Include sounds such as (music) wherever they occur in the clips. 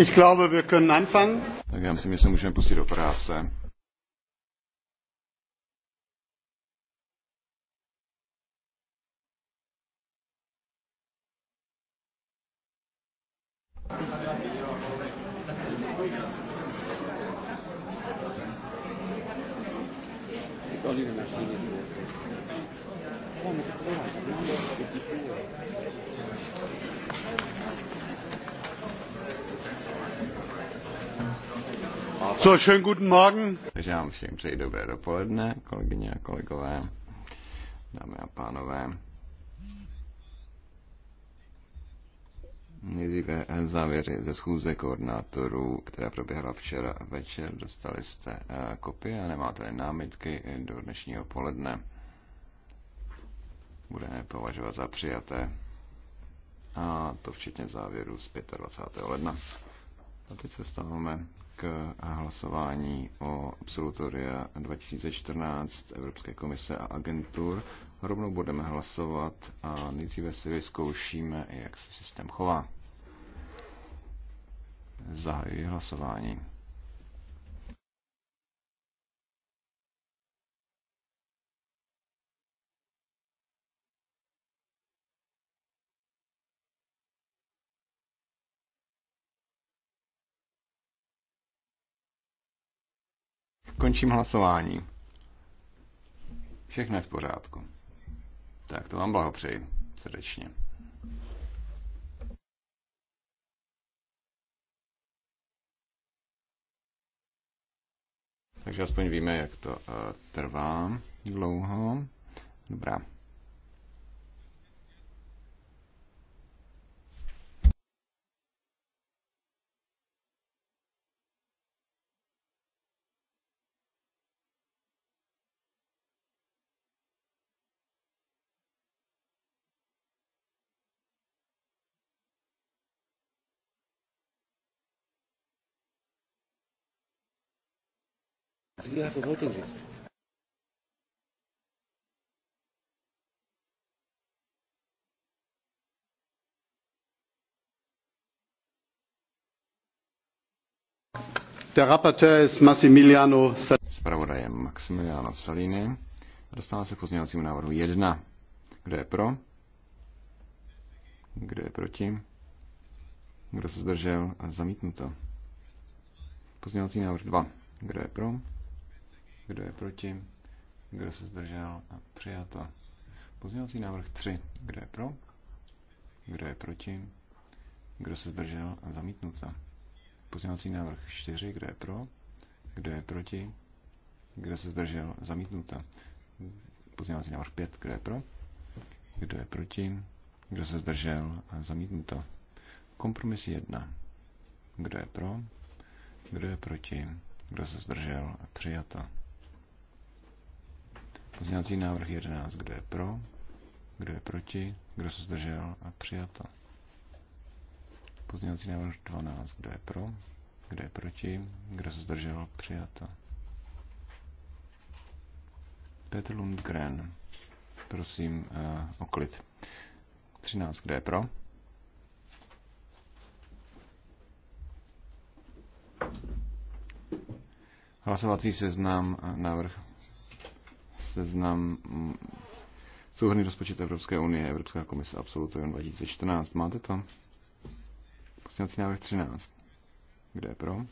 Ich glaube, wir können anfangen. Tak já myslím, že se můžeme pustit do práce. So, schönen guten Morgen. Takže vám všem přeji dobré dopoledne, kolegyně a kolegové, dámy a pánové. Nejdříve závěry ze schůze koordinátorů, která proběhla včera večer. Dostali jste eh, kopie a nemáte námitky do dnešního poledne. Budeme považovat za přijaté. A to včetně závěru z 25. ledna. A teď se stáváme k hlasování o absolutoria 2014 Evropské komise a agentur. Rovnou budeme hlasovat a nejdříve si vyzkoušíme, jak se systém chová. Zahajuji hlasování. Končím hlasování. Všechno je v pořádku. Tak to vám blahopřeji srdečně. Takže aspoň víme, jak to uh, trvá dlouho. Dobrá, you have a voting list? Der Rapporteur ist Massimiliano Salini. Maximiliano Salini. Dostává se k pozměňovacímu návrhu 1. Kdo je pro? Kdo je proti? Kdo se zdržel? Zamítnuto. Pozměňovací návrh 2. Kdo je pro? Kdo je proti? Kdo se zdržel? A přijato. Pozměňovací návrh 3. Kdo je pro? Kdo je proti? Kdo se zdržel? A zamítnuto. Pozměňovací návrh 4. Kdo je pro? Kdo je proti? Kdo se zdržel? Zamítnuto. Pozměňovací návrh 5. Kdo je pro? Kdo je proti? Kdo se zdržel? A zamítnuto. Kompromis 1. Kdo je pro? Kdo je proti? Kdo se zdržel? A přijato. Pozměňovací návrh 11. Kdo je pro? Kdo je proti? Kdo se zdržel? A přijato. Pozměňovací návrh 12. Kdo je pro? Kdo je proti? Kdo se zdržel? Přijato. Petr Lundgren. Prosím uh, o klid. 13. Kdo je pro? Hlasovací seznam, eh, návrh seznam mm, souhrný rozpočet Evropské unie, Evropská komise Absolutorium 2014. Máte to? Poslanecí návrh 13. Kdo je pro?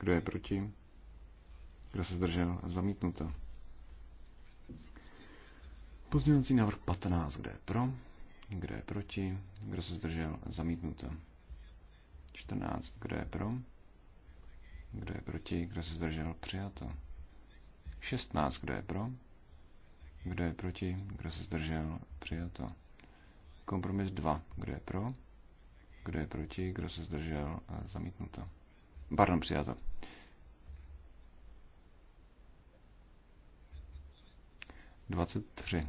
Kdo je proti? Kdo se zdržel? Zamítnuto. Pozměňovací návrh 15. Kdo je pro? Kdo je proti? Kdo se zdržel? Zamítnuto. 14. Kdo je pro? Kdo je proti? Kdo se zdržel? Přijato. 16. Kdo je pro? Kdo je proti? Kdo se zdržel? Přijato. Kompromis 2. Kdo je pro? Kdo je proti? Kdo se zdržel? Zamítnuto. Pardon, přijato. Dvacet tři.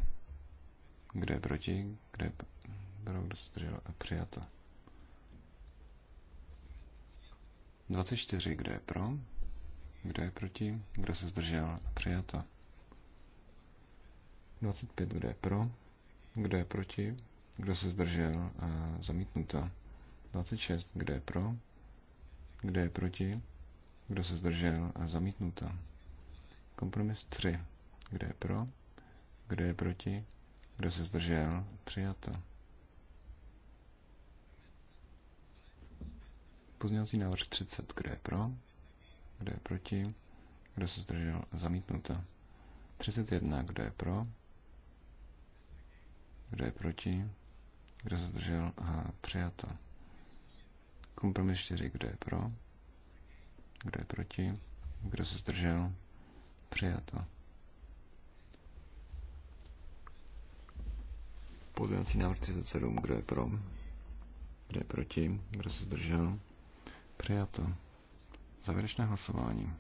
Kdo je proti? Kdo je pro? Kdo se zdržel? Přijato. dvacet čtyři, Kdo je pro? Kdo je proti? Kdo se zdržel? Přijato. 25. Kdo je pro? Kdo je proti? Kdo se zdržel? Zamítnuto. 26. Kdo je pro? Kdo je proti? Kdo se zdržel? Zamítnuto. Kompromis 3. Kdo je pro? Kdo je proti? Kdo se zdržel? Přijato. Pozměňovací návrh 30. Kdo je pro? kdo je proti, kdo se zdržel, zamítnuto. 31, kdo je pro, kdo je proti, kdo se zdržel, a přijato. Kompromis 4, kdo je pro, kdo je proti, kdo se zdržel, přijato. Pozvěnací návrh 37, kdo je pro, kdo je proti, kdo se zdržel, přijato. Závěrečné hlasování.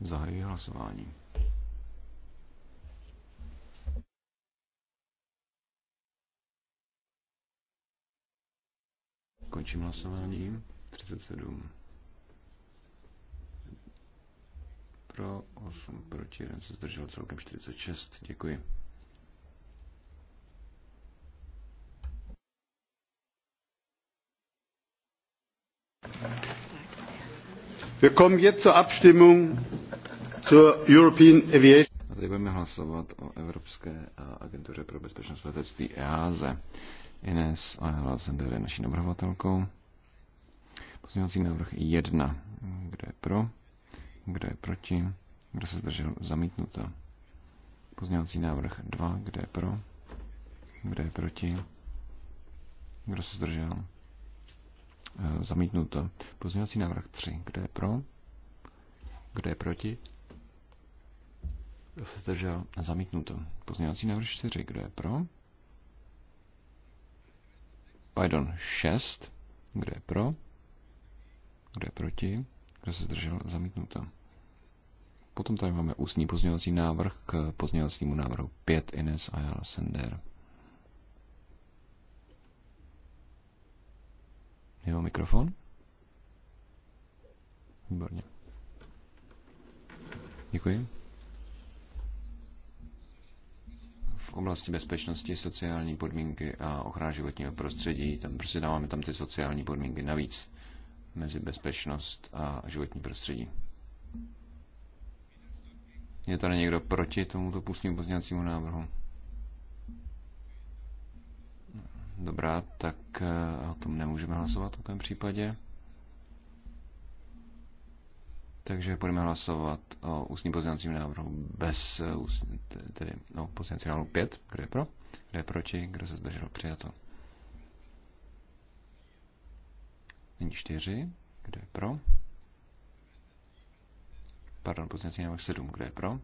Zahajuji hlasování. Končím hlasování. 37. Pro 8, proti 1 se zdržel celkem 46. Děkuji. Wir kommen jetzt zur Abstimmung zur European Aviation. A budeme hlasovat o Evropské eh, agentuře pro bezpečnost letectví EASE. Ines Ayala Sender je naší navrhovatelkou. Pozměňovací návrh 1. Kdo je pro? Kdo je proti? Kdo se zdržel? Zamítnuto. Pozměňovací návrh 2. Kdo je pro? Kdo je proti? Kdo se zdržel? Eh, zamítnuto. Pozměňovací návrh 3. Kdo je pro? Kdo je proti? Kdo se zdržel? Zamítnuto. Pozměňovací návrh 4. Kdo je pro? Pardon, 6. Kdo je pro? Kdo je proti? Kdo se zdržel? Zamítnuto. Potom tady máme ústní pozměňovací návrh k pozměňovacímu návrhu 5 Ines a Sender. Jeho mikrofon? Výborně. Děkuji. V oblasti bezpečnosti, sociální podmínky a ochrana životního prostředí, tam prostě dáváme tam ty sociální podmínky navíc mezi bezpečnost a životní prostředí. Je tady někdo proti tomuto pustnímu pozněcímu návrhu? Dobrá, tak eh, o tom nemůžeme hlasovat v takovém případě. Takže budeme hlasovat o ústním pozměňovacím návrhu bez eh, ústní, tedy o no, pozměňovacím návrhu 5. Kdo je pro? Kdo je proti? Kdo se zdržel? Přijato. Nyní 4. Kdo je pro? Pardon, pozměňovací návrh 7. Kdo je pro?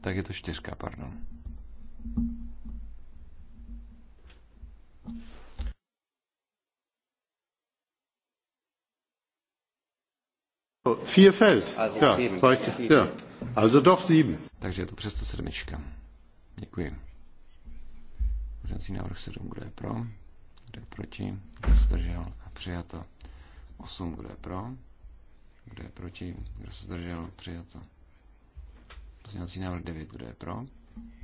Tak je to čtyřka, pardon. Vier feld, Also ja, sieben. Ja. Also doch sieben. Takže je to přesto sedmička. Děkuji. Pořádcí návrh 7, kdo je pro, kdo je proti, kdo zdržel a přijato. 8, kdo je pro, kdo je proti, kdo se zdržel, přijato. Pozměňovací návrh 9, kdo je pro?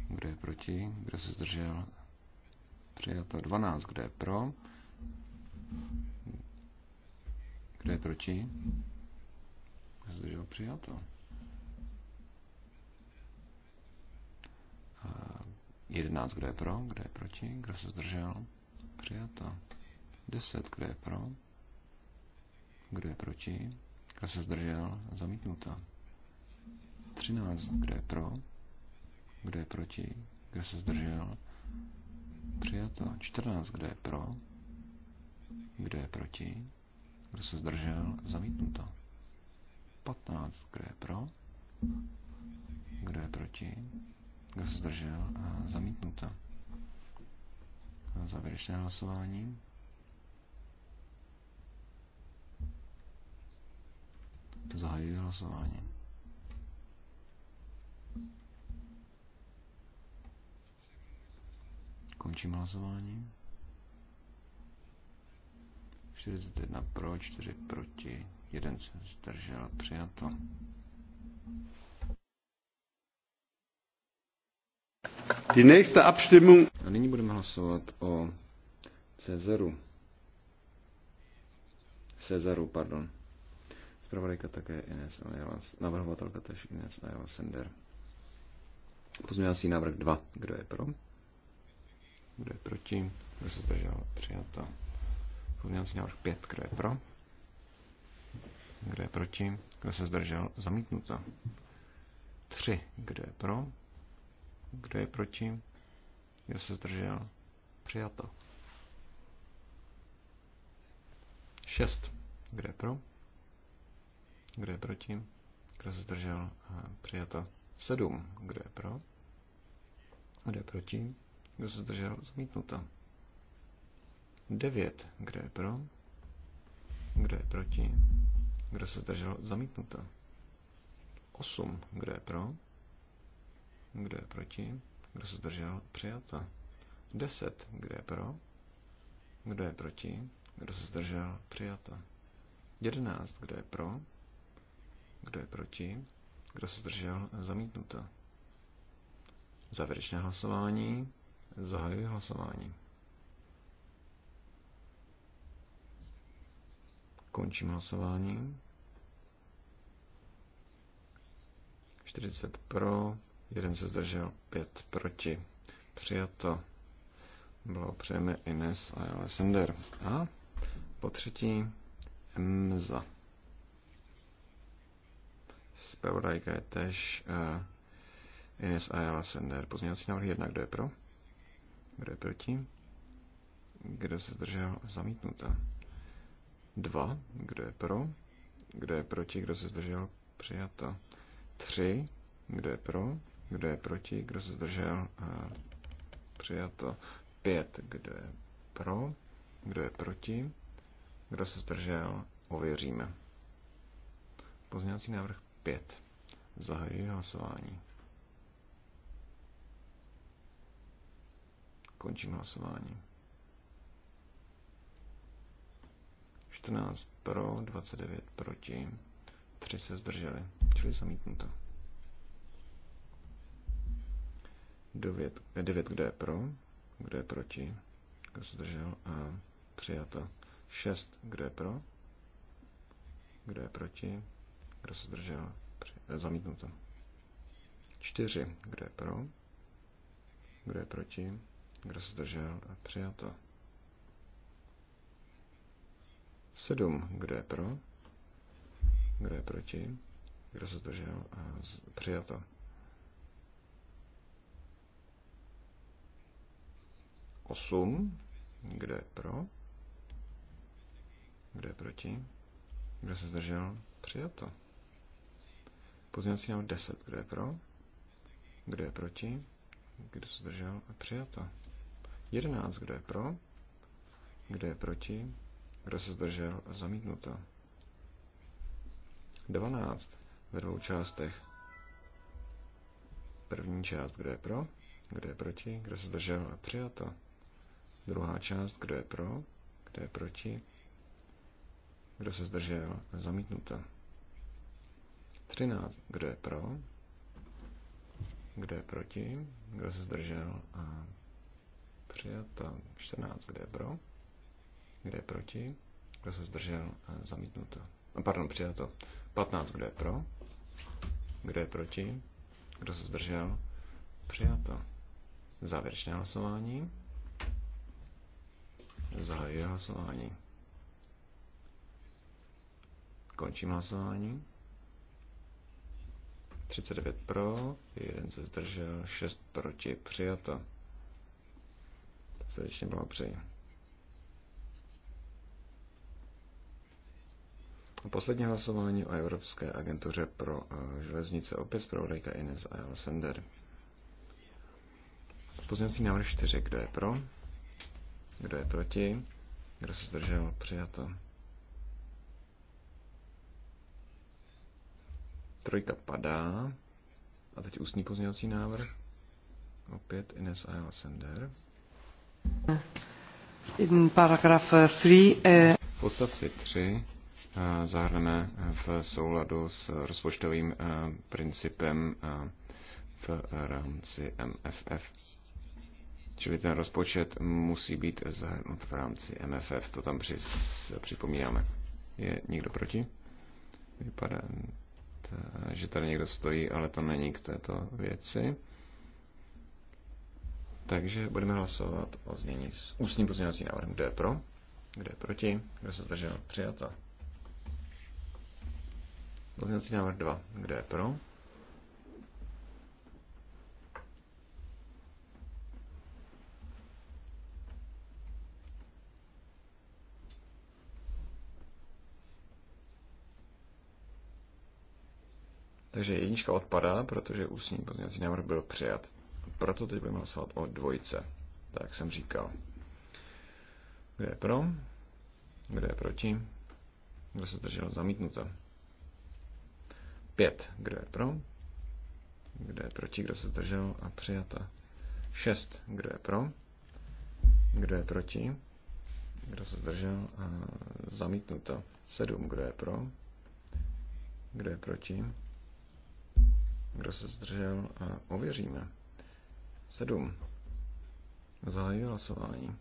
Kdo je proti? Kdo se zdržel? Přijato 12, kdo je pro? Kdo je proti? Kdo se zdržel? Přijato. A 11, kdo je pro? Kdo je proti? Kdo se zdržel? Přijato. 10, kdo je pro? Kdo je proti? Kdo se zdržel? Zamítnuto. 13. Kdo je pro? Kdo je proti? Kdo se zdržel? Přijato. 14. Kdo je pro? Kdo je proti? Kdo se zdržel? Zamítnuto. 15. Kdo je pro? Kdo je proti? Kdo se zdržel? A zamítnuto. A závěrečné hlasování. Zahajuji hlasování. Končím hlasování. 41 pro, 4 proti, 1 se zdržel, přijato. Die nächste Abstimmung. A nyní budeme hlasovat o Cezaru. Cezaru, pardon. Zpravodajka také Ines Aylas, navrhovatelka tež Ines Ayala Sender. Pozměňovací návrh 2. Kdo je pro? kdo je proti, kdo se zdržel, přijato. Pozměňovací návrh 5, kdo je pro, kdo je proti, kdo se zdržel, zamítnuto. 3, kdo je pro, kdo je proti, kdo se zdržel, přijato. 6, kdo je pro, kdo je proti, kdo se zdržel, přijato. 7, kdo je pro, kdo je proti, kdo se zdržel? Zamítnuto. 9. Kdo je pro? Kdo je proti? Kdo se zdržel? Zamítnuto. 8. Kdo je pro? Kdo je proti? Kdo se zdržel? Přijato. 10. Kdo je pro? Kdo je proti? Kdo se zdržel? Přijato. 11. Kdo je pro? Kdo je proti? Kdo se zdržel? Zamítnuto. Závěrečné hlasování. Zahajuji hlasování. Končím hlasování. 40 pro, jeden se zdržel, 5 proti. Přijato. Bylo přejeme Ines a Alexander. A po třetí Mza. Spravodajka je tež uh, Ines a Alexander. Pozměňovací návrh jednak kdo je pro? Kdo je proti? Kdo se zdržel? Zamítnuta. 2. Kdo je pro? Kdo je proti? Kdo se zdržel? Přijato. 3. Kdo je pro? Kdo je proti? Kdo se zdržel? Eh, přijato. 5. Kdo je pro? Kdo je proti? Kdo se zdržel? Ověříme. Pozněvací návrh 5. Zahajuji hlasování. Končím hlasování. 14 pro, 29 proti, 3 se zdrželi, čili zamítnuto. 9, 9 kdo je pro, kdo je proti, kdo se zdržel a přijato. 6 kdo je pro, kdo je proti, kdo se zdržel, při, eh, zamítnuto. 4 kdo je pro, kdo je proti, kdo se zdržel? Přijato. 7. Kdo je pro? Kdo je proti? Kdo se zdržel? Přijato. 8. Kdo je pro? Kdo je proti? Kdo se zdržel? Přijato. Pozměňovací návrh 10. Kdo je pro? Kdo je proti? Kdo se zdržel? Přijato. 11. Kdo je pro? Kdo je proti? Kdo se zdržel? Zamítnuto. 12. Ve dvou částech. První část, kdo je pro? Kdo je proti? Kdo se zdržel? Přijato. Druhá část, kdo je pro? Kdo je proti? Kdo se zdržel? Zamítnuto. 13. Kdo je pro? Kdo je proti? Kdo se zdržel? A Přijata 14, kde je pro? Kde je proti? Kdo se zdržel? Zamítnuto. Pardon, přijato. 15, kde je pro? Kdo je proti? Kdo se zdržel? Přijato. Závěrečné hlasování. Zahajuji hlasování. Končím hlasování. 39 pro, 1 se zdržel, 6 proti, přijato. Srdečně blahopřeji. Poslední hlasování o Evropské agentuře pro eh, železnice opět zpravodajka Ines Ayala Sender. Pozměňovací návrh 4. Kdo je pro? Kdo je proti? Kdo se zdržel? Přijato. Trojka padá. A teď ústní pozměňovací návrh. Opět Ines Ayala Sender. Eh, eh. V odstavci 3 eh, zahrneme v souladu s rozpočtovým principem v rámci MFF. Čili ten rozpočet musí být zahrnut v rámci MFF, to tam při, připomínáme. Je někdo proti? Vypadá, že tady někdo stojí, ale to není k této věci. Takže budeme hlasovat o změní s ústním pozměňovacím návrhem. Kdo je pro? Kdo je proti? Kdo se zdržel? Přijato. Pozměňovací návrh 2. Kdo je pro? Takže jednička odpadá, protože ústní pozměňovací návrh byl přijat proto teď budeme hlasovat o dvojce. Tak jak jsem říkal. Kdo je pro? Kdo je proti? Kdo se zdržel? Zamítnuto. Pět. Kdo je pro? Kdo je proti? Kdo se zdržel? A přijata. Šest. Kdo je pro? Kdo je proti? Kdo se zdržel? A zamítnuto. Sedm. Kdo je pro? Kdo je proti? Kdo se zdržel? A ověříme. 7. Zahajuji hlasování.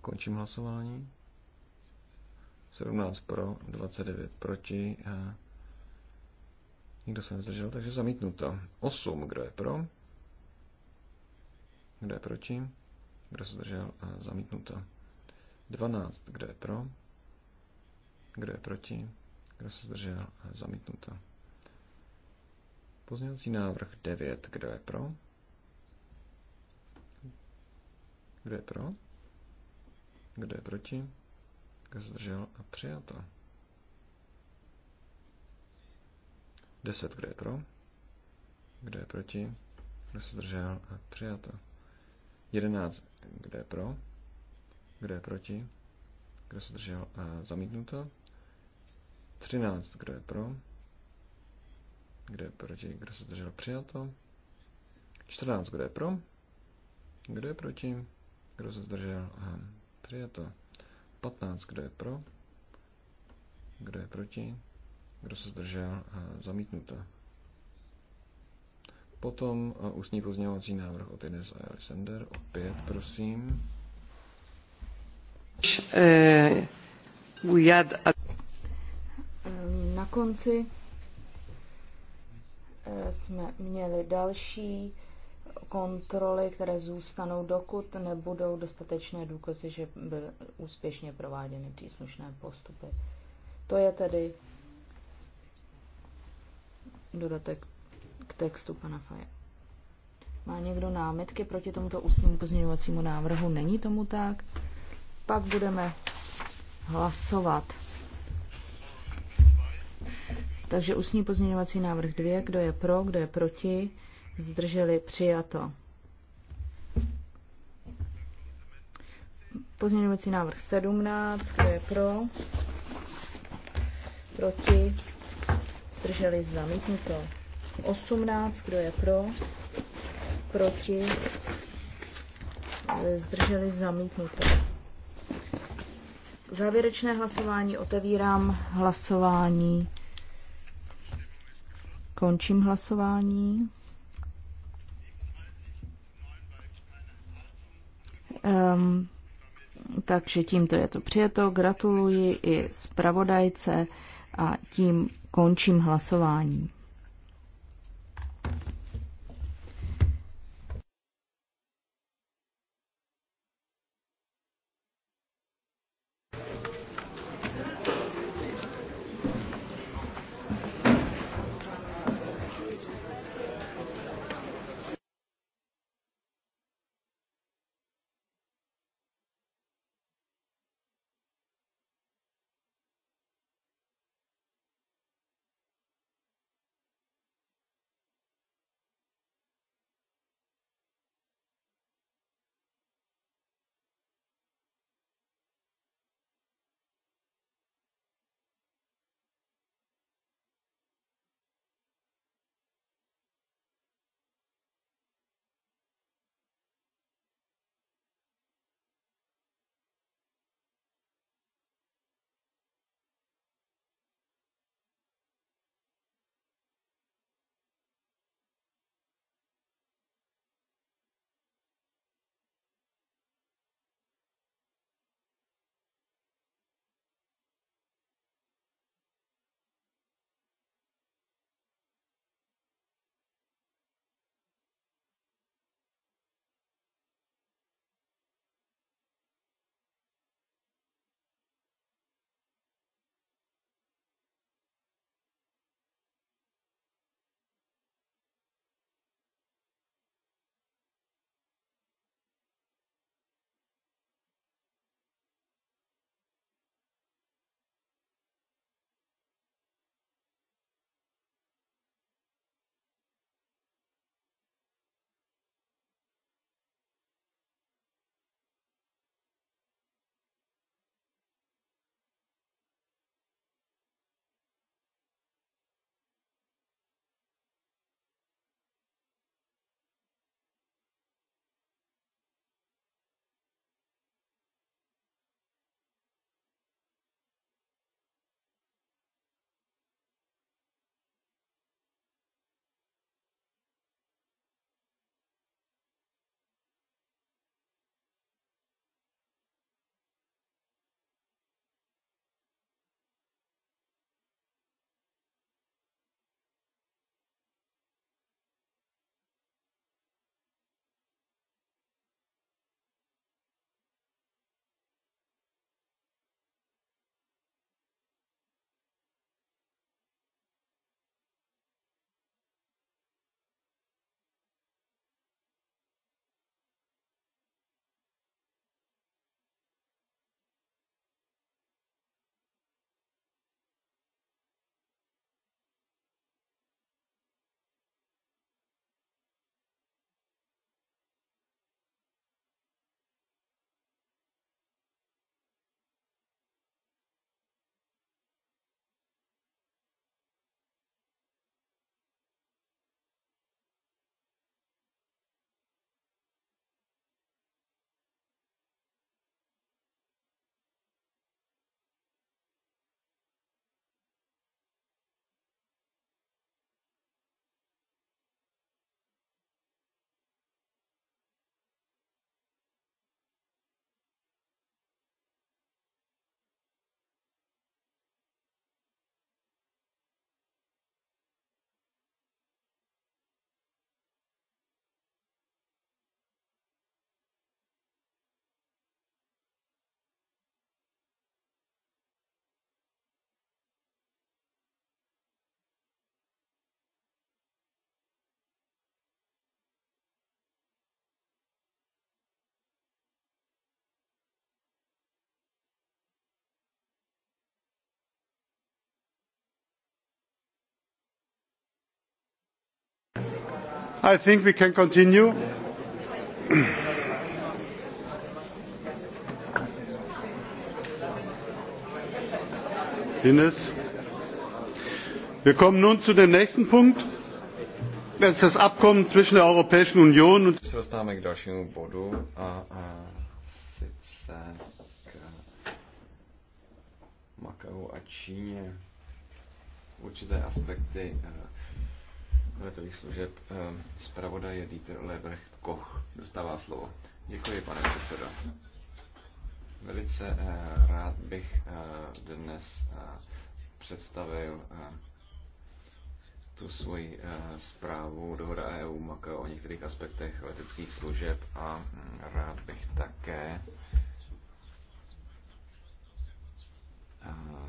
Končím hlasování. 17 pro, 29 proti. A nikdo se nezdržel, takže zamítnuto. 8. Kdo je pro? Kdo je proti? Kdo se zdržel? A zamítnuto. 12. Kdo je pro? Kdo je proti? Kdo se zdržel? A zamítnuto. Pozměňovací návrh 9. Kdo je pro? Kdo je pro? Kdo je proti? Kdo se zdržel a přijato? 10. Kdo je pro? Kdo je proti? Kdo se zdržel a přijato? 11. Kdo je pro? Kdo je proti? Kdo se zdržel a zamítnuto? 13. Kdo je pro? Kdo je proti? Kdo se zdržel? Přijato. 14. Kdo je pro? Kdo je proti? Kdo se zdržel? Aha. Přijato. 15. Kdo je pro? Kdo je proti? Kdo se zdržel? A Zamítnuto. Potom eh, ústní pozměňovací návrh od Ines a Alexander. Opět, prosím. Eh, Na konci Eh, jsme měli další kontroly, které zůstanou, dokud nebudou dostatečné důkazy, že byly úspěšně prováděny příslušné postupy. To je tedy dodatek k textu pana Faje. Má někdo námitky proti tomuto ústnímu pozměňovacímu návrhu? Není tomu tak. Pak budeme hlasovat. Takže ústní pozměňovací návrh 2, kdo je pro, kdo je proti, zdrželi přijato. Pozměňovací návrh 17, kdo je pro, proti, zdrželi zamítnuto. 18, kdo je pro, proti, zdrželi zamítnuto. Závěrečné hlasování otevírám hlasování. Končím hlasování. Um, takže tímto je to přijeto. Gratuluji i zpravodajce a tím končím hlasování. I think we can continue. Hines. Wir kommen nun zu dem nächsten Punkt. Das ist das Abkommen zwischen der Europäischen Union und. Makau a Číně. Určité aspekty eh, letových služeb eh, zpravodaj je Dieter Lebrecht Koch. Dostává slovo. Děkuji, pane předsedo. Velice eh, rád bych eh, dnes představil tu svoji zprávu Dohoda EU o některých aspektech leteckých služeb a hm, rád bych také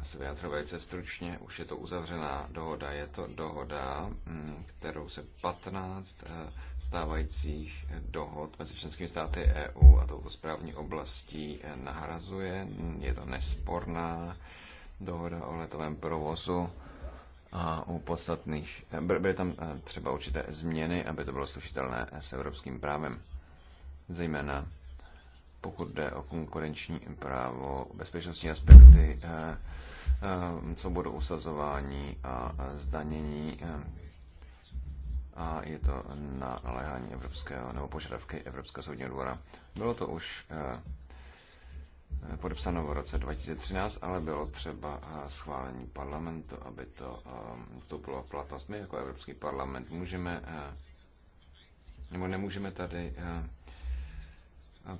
se vyjádřil velice stručně. Už je to uzavřená dohoda. Je to dohoda, mm, kterou se 15 eh, stávajících dohod mezi členskými státy EU a touto správní oblastí eh, nahrazuje. Je to nesporná dohoda o letovém provozu a u podstatných, eh, byly tam třeba určité změny, aby to bylo slušitelné s evropským právem. Zejména pokud jde o konkurenční právo, bezpečnostní aspekty, co eh, eh, bude usazování a zdanění eh, a je to na naléhání evropského nebo požadavky Evropského soudního dvora. Bylo to už podepsáno v roce 2013, ale bylo třeba schválení parlamentu, aby to vstoupilo v platnost. My jako Evropský parlament můžeme nebo nemůžeme tady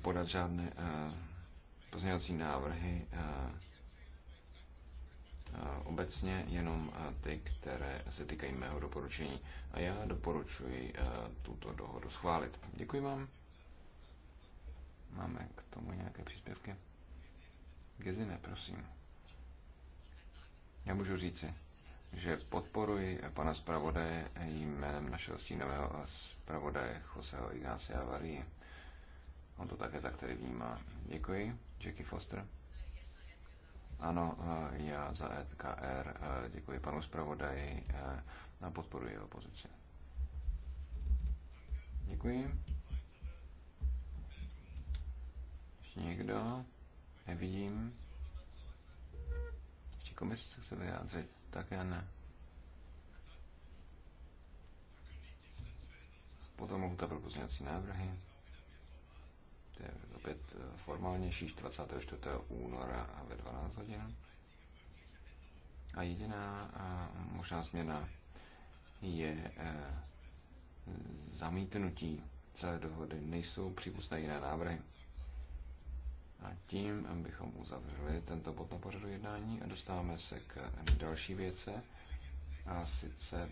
podat žádné eh, pozměňovací návrhy eh, eh, obecně, jenom ty, které se týkají mého doporučení. A já doporučuji tuto dohodu schválit. Děkuji vám. Máme k tomu nějaké příspěvky? Gezine, prosím. Já můžu říci, že podporuji pana zpravodaje jménem našeho stínového zpravodaje Joseho Ignácia Varii. On to také tak tedy vnímá. Děkuji. Jackie Foster. Ano, eh, já za EKR eh, děkuji panu zpravodaji eh, a podporuji jeho pozici. Děkuji. Ještě někdo? Nevidím. Ještě komise se chce vyjádřit? Také ne. Potom mohu tam pozměňovací návrhy je opět eh, formálnější 24. února ve 12 hodin. A jediná možná změna je eh, zamítnutí celé dohody. Nejsou přípustné jiné návrhy. A tím bychom uzavřeli tento bod na pořadu jednání a dostáváme se k další věce, a sice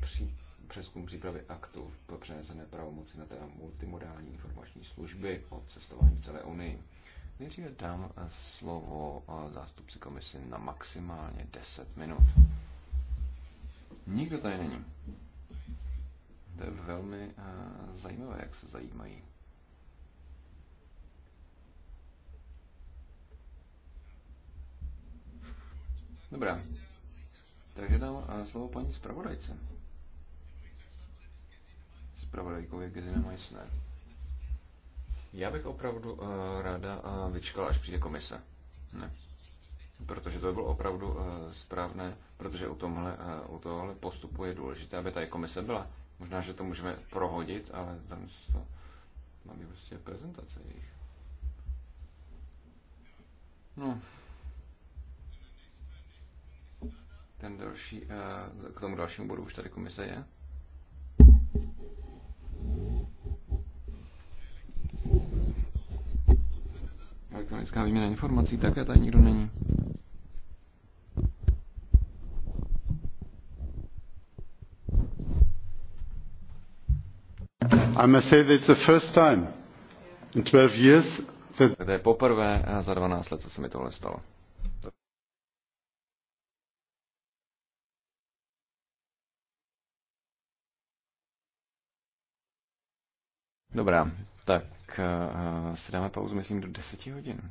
příp- přeskum přípravy aktů v přenesené pravomoci na té multimodální informační služby o cestování v celé Unii. Nejdříve dám eh, slovo eh, zástupci komisy na maximálně 10 minut. Nikdo tady není. To je velmi eh, zajímavé, jak se zajímají. Dobrá. Takže dám slovo paní zpravodajce kdy nemají sné. Já bych opravdu eh, ráda eh, vyčkal, až přijde komise. Ne. Protože to by bylo opravdu eh, správné, protože u, tomhle, u tohohle postupu je důležité, aby ta komise byla. Možná, že to můžeme prohodit, ale tam se to má být prostě prezentace jejich. No. Ten další, k tomu dalšímu bodu už tady komise je. Elektronická výměna informací také tady nikdo není. I must say that it's the first time in 12 years that... To je poprvé eh, za 12 let, co se mi tohle stalo. Dobrá, tak tak uh, eh, se dáme pauzu, myslím, do 10 hodin.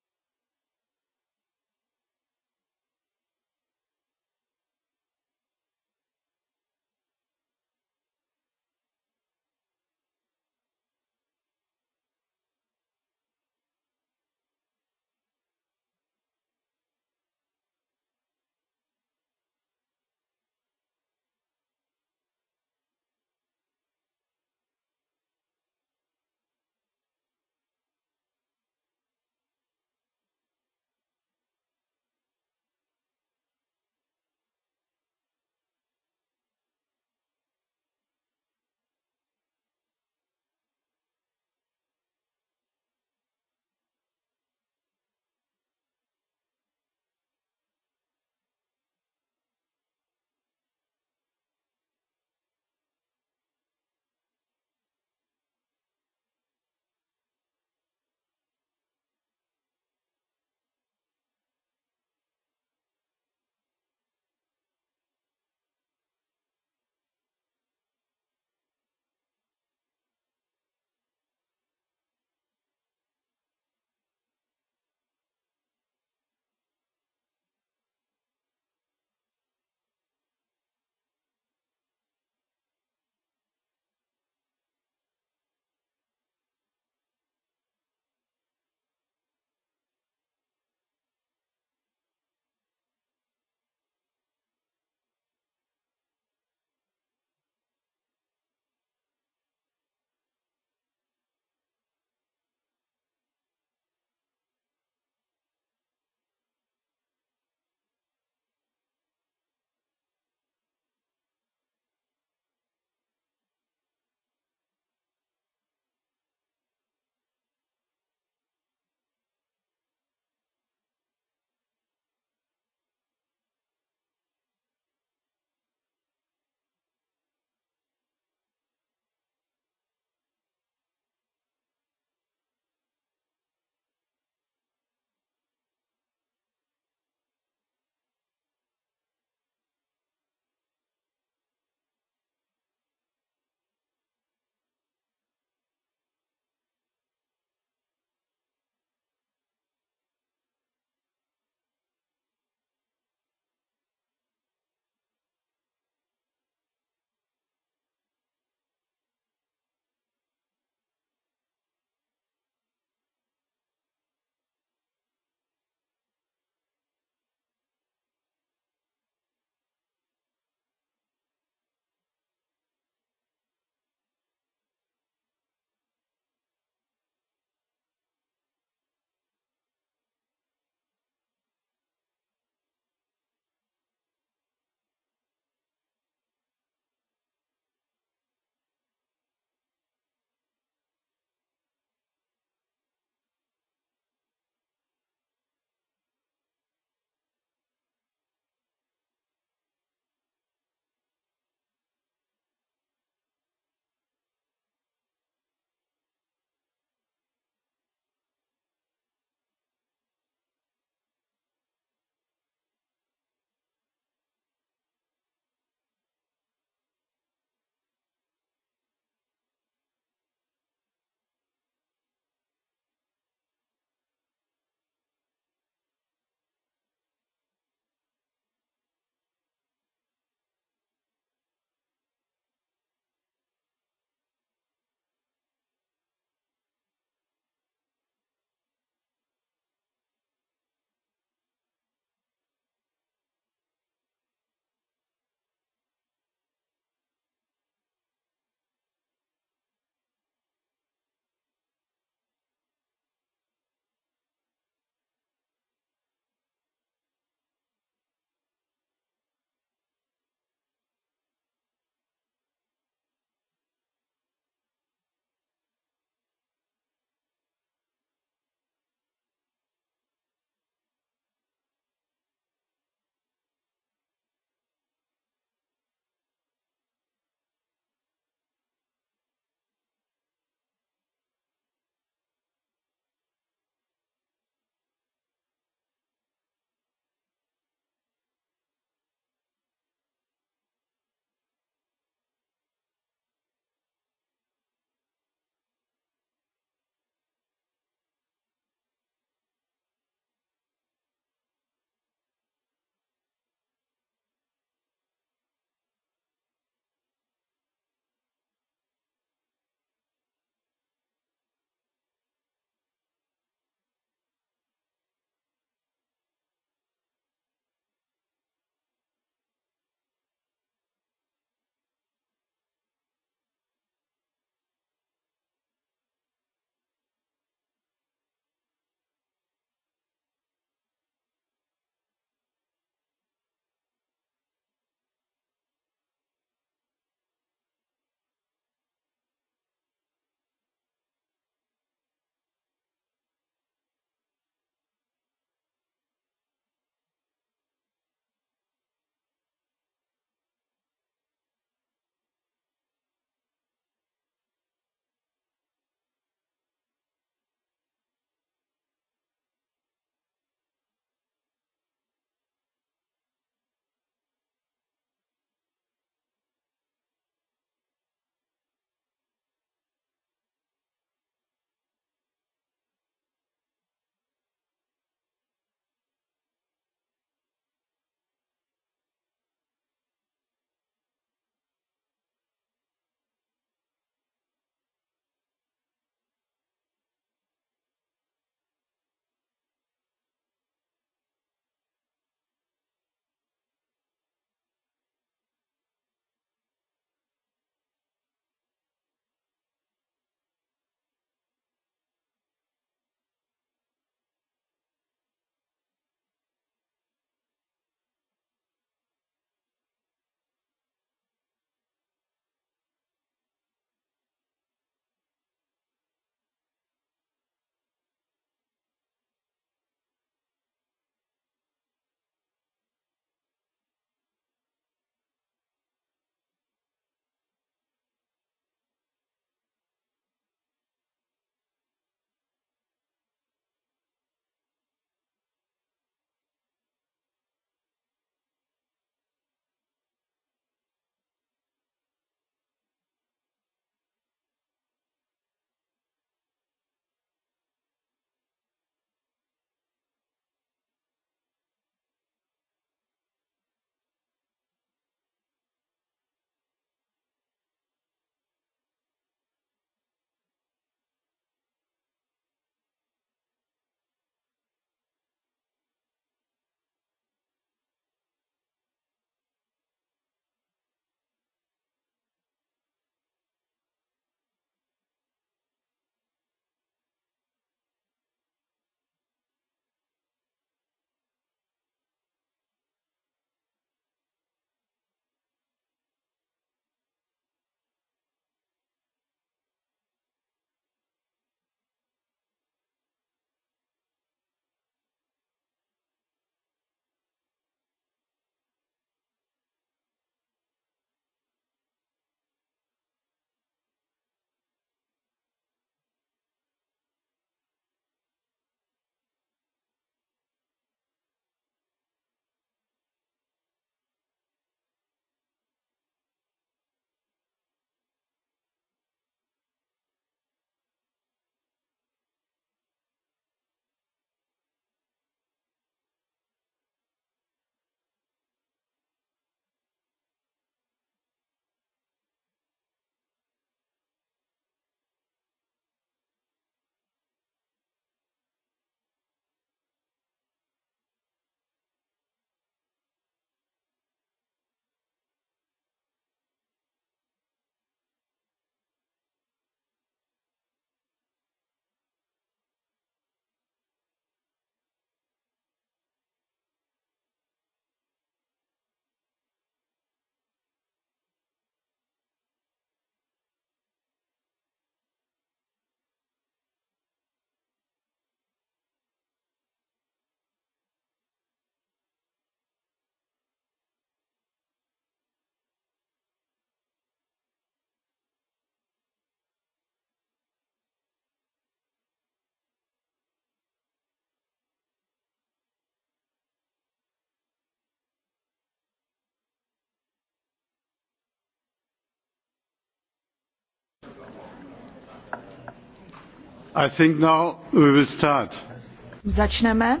Začneme,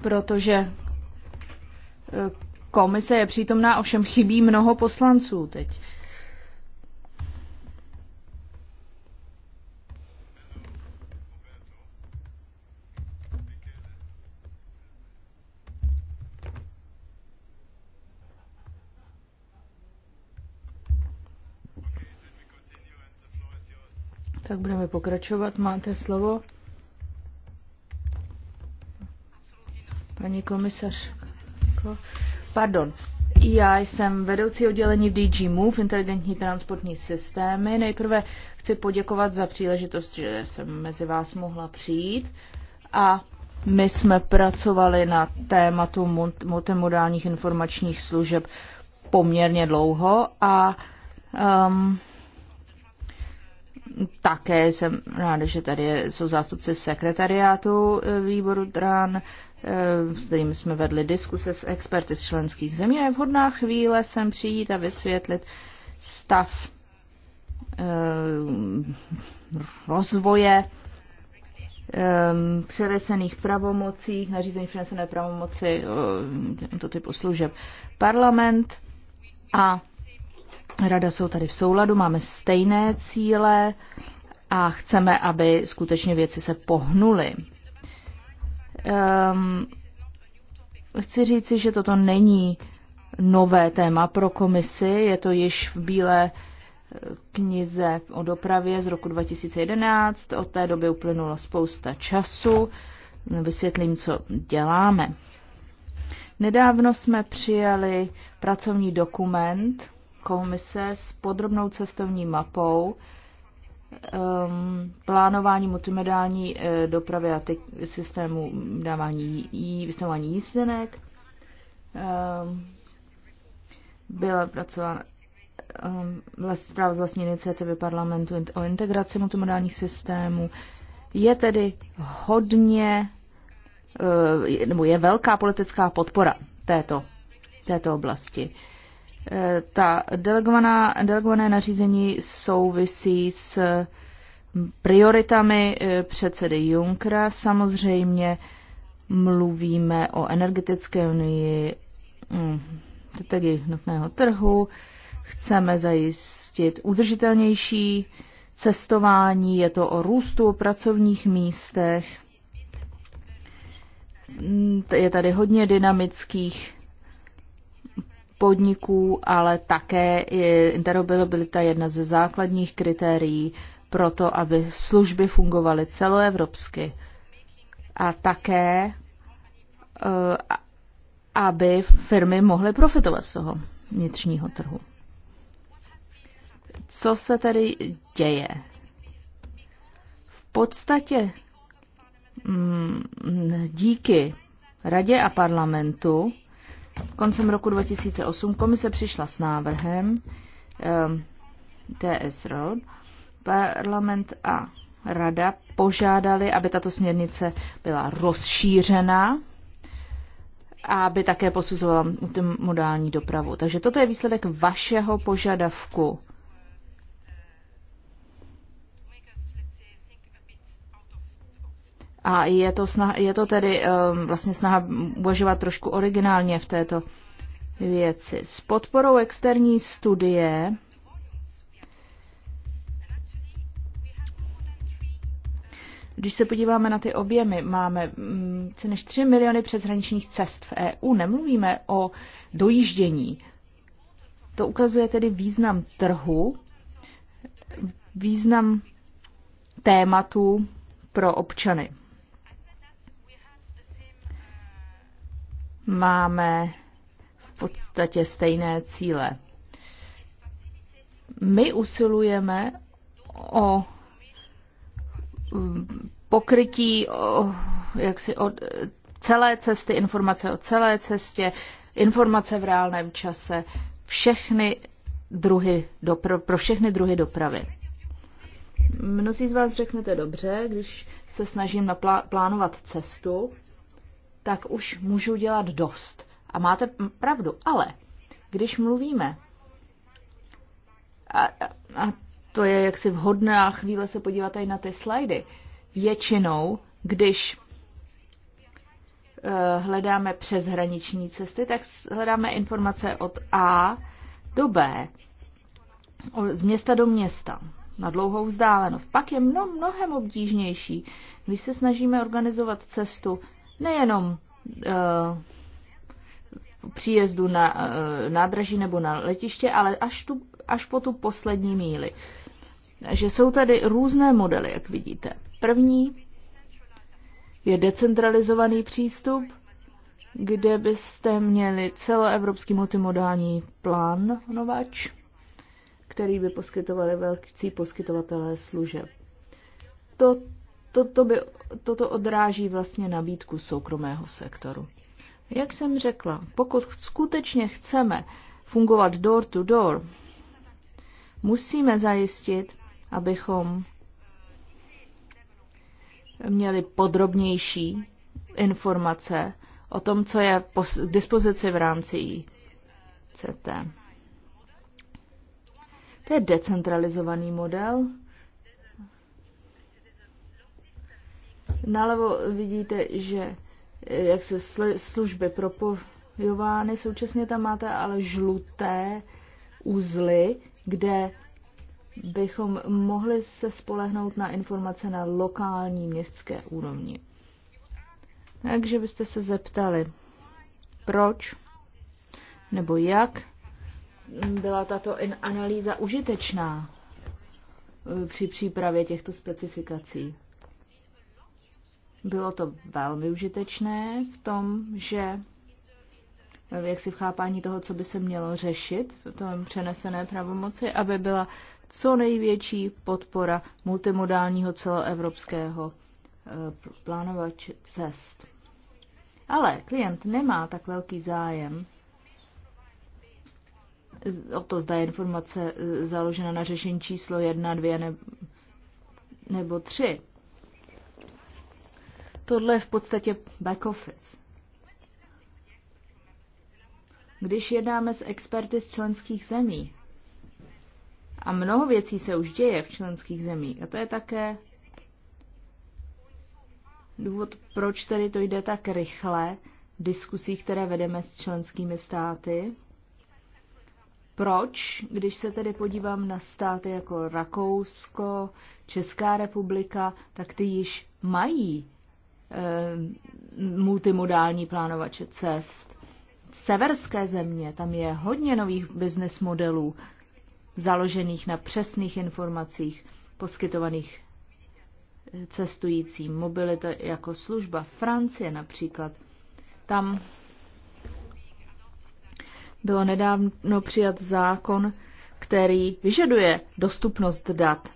protože eh, komise je přítomná, ovšem chybí mnoho poslanců teď. Můžeme pokračovat, máte slovo. Paní komisař. pardon. Já jsem vedoucí oddělení v DG Move, inteligentní transportní systémy. Nejprve chci poděkovat za příležitost, že jsem mezi vás mohla přijít. A my jsme pracovali na tématu multimodálních informačních služeb poměrně dlouho a um, také jsem ráda, že tady jsou zástupci sekretariátu e, výboru DRAN, e, s kterým jsme vedli diskuse s experty z členských zemí a je vhodná chvíle sem přijít a vysvětlit stav e, rozvoje um, přenesených pravomocí, nařízení přenesené pravomoci um, typu služeb. Parlament a rada jsou tady v souladu, máme stejné cíle a chceme, aby skutečně věci se pohnuly. Um, chci říci, že toto není nové téma pro komisi, je to již v bílé eh, knize o dopravě z roku 2011. Od té doby uplynulo spousta času. Vysvětlím, co děláme. Nedávno jsme přijali pracovní dokument komise s podrobnou cestovní mapou, um, plánování multimediální uh, dopravy a ty, systému dávání jí, vystavování jízdenek. Um, byla pracována um, právě z vlastní iniciativy parlamentu o integraci multimodálních systémů. Je tedy hodně, e, nebo je velká politická podpora této, této oblasti. Eh, ta delegovaná, delegované nařízení souvisí s mm, prioritami eh, předsedy Junckera. Samozřejmě mluvíme o energetické unii, mm, tedy jednotného trhu, chceme zajistit udržitelnější cestování, je to o růstu, o pracovních místech, mm, je tady hodně dynamických podniků, ale také interoperabilita je jedna ze základních kritérií pro to, aby služby fungovaly celoevropsky a také, eh, aby firmy mohly profitovat z toho vnitřního trhu. Co se tedy děje? V podstatě mm, díky radě a parlamentu koncem roku 2008 komise přišla s návrhem um, ehm, TS Road. Parlament a rada požádali, aby tato směrnice byla rozšířena a aby také posuzovala modální dopravu. Takže toto je výsledek vašeho požadavku A je to, snaha, je to tedy um, vlastně snaha uvažovat trošku originálně v této věci. S podporou externí studie Když se podíváme na ty objemy, máme mm, více než 3 miliony přeshraničních cest v EU. Nemluvíme o dojíždění. To ukazuje tedy význam trhu, význam tématu pro občany. máme v podstatě stejné cíle. My usilujeme o mm, pokrytí o, jaksi od celé cesty, informace o celé cestě, informace v reálném čase, všechny druhy dopra- pro všechny druhy dopravy. Mnozí z vás řeknete dobře, když se snažím naplánovat cestu, tak už můžu dělat dost. A máte pravdu, ale když mluvíme, a, a to je jaksi vhodná chvíle se podívat i na ty slajdy, většinou, když e, hledáme přeshraniční cesty, tak hledáme informace od A do B, z města do města, na dlouhou vzdálenost. Pak je mno, mnohem obtížnější, když se snažíme organizovat cestu nejenom eh, příjezdu na eh, nádraží nebo na letiště, ale až, tu, až po tu poslední míli. Že jsou tady různé modely, jak vidíte. První je decentralizovaný přístup, kde byste měli celoevropský multimodální plán novač, který by poskytovali velcí poskytovatelé služeb. To toto, by, toto odráží vlastně nabídku soukromého sektoru. Jak jsem řekla, pokud skutečně chceme fungovat door to door, musíme zajistit, abychom měli podrobnější informace o tom, co je k dispozici v rámci CT. To je decentralizovaný model, Nalevo vidíte, že eh, jak se služby propojovány, současně tam máte ale žluté uzly, kde bychom mohli se spolehnout na informace na lokální městské úrovni. Takže byste se zeptali, proč nebo jak byla tato analýza užitečná eh, při přípravě těchto specifikací. Bylo to velmi užitečné v tom, že eh, jak si v chápání toho, co by se mělo řešit v tom přenesené pravomoci, aby byla co největší podpora multimodálního celoevropského eh, plánovač cest. Ale klient nemá tak velký zájem o to, zda je informace eh, založena na řešení číslo 1, 2 nebo 3. Tohle je v podstatě back office. Když jednáme s experty z členských zemí, a mnoho věcí se už děje v členských zemích, a to je také důvod, proč tedy to jde tak rychle v diskusích, které vedeme s členskými státy. Proč, když se tedy podívám na státy jako Rakousko, Česká republika, tak ty již mají Eh, multimodální plánovače cest. Severské země, tam je hodně nových business modelů, založených na přesných informacích poskytovaných eh, cestujícím. Mobilita jako služba Francie například. Tam bylo nedávno přijat zákon, který vyžaduje dostupnost dat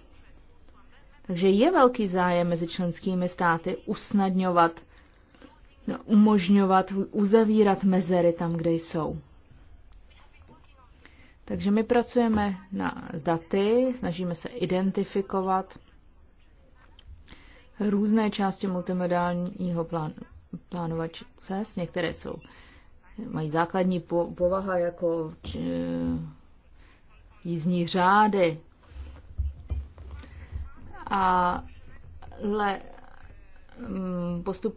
takže je velký zájem mezi členskými státy usnadňovat, no, umožňovat, uzavírat mezery tam, kde jsou. Takže my pracujeme na, s daty, snažíme se identifikovat různé části multimodálního plán, plánovače cest. Některé jsou, mají základní po, povaha jako či, jízdní řády, a le mm, postup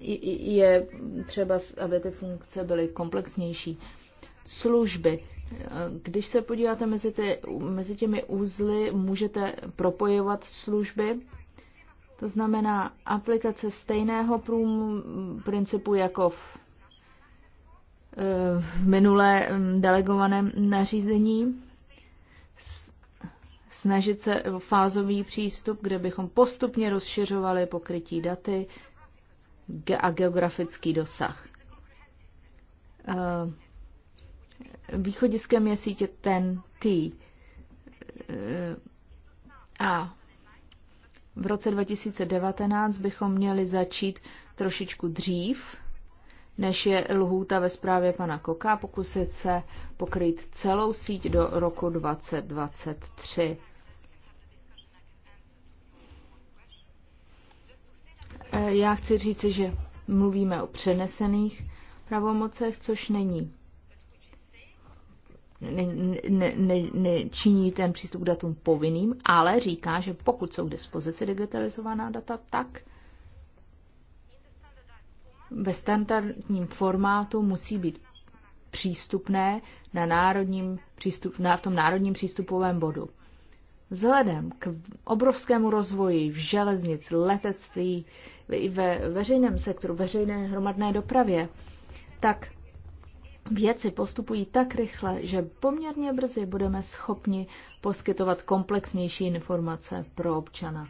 je třeba, aby ty funkce byly komplexnější. Služby. Když se podíváte mezi, ty, mezi těmi úzly, můžete propojovat služby. To znamená aplikace stejného prům, principu jako v, eh, v minulé mm, delegovaném nařízení snažit se o fázový přístup, kde bychom postupně rozšiřovali pokrytí daty a geografický dosah. Eh, východiskem je sítě ten T. Eh, a v roce 2019 bychom měli začít trošičku dřív, než je lhůta ve zprávě pana Koka, pokusit se pokryt celou síť do roku 2023. Já chci říct, že mluvíme o přenesených pravomocech, což není. Nečiní ne, ne, ne ten přístup k datům povinným, ale říká, že pokud jsou k dispozici digitalizovaná data, tak ve standardním formátu musí být přístupné na národním přístup, na, v tom národním přístupovém bodu. Vzhledem k obrovskému rozvoji v železnic, letectví, i ve veřejném sektoru, veřejné hromadné dopravě, tak věci postupují tak rychle, že poměrně brzy budeme schopni poskytovat komplexnější informace pro občana.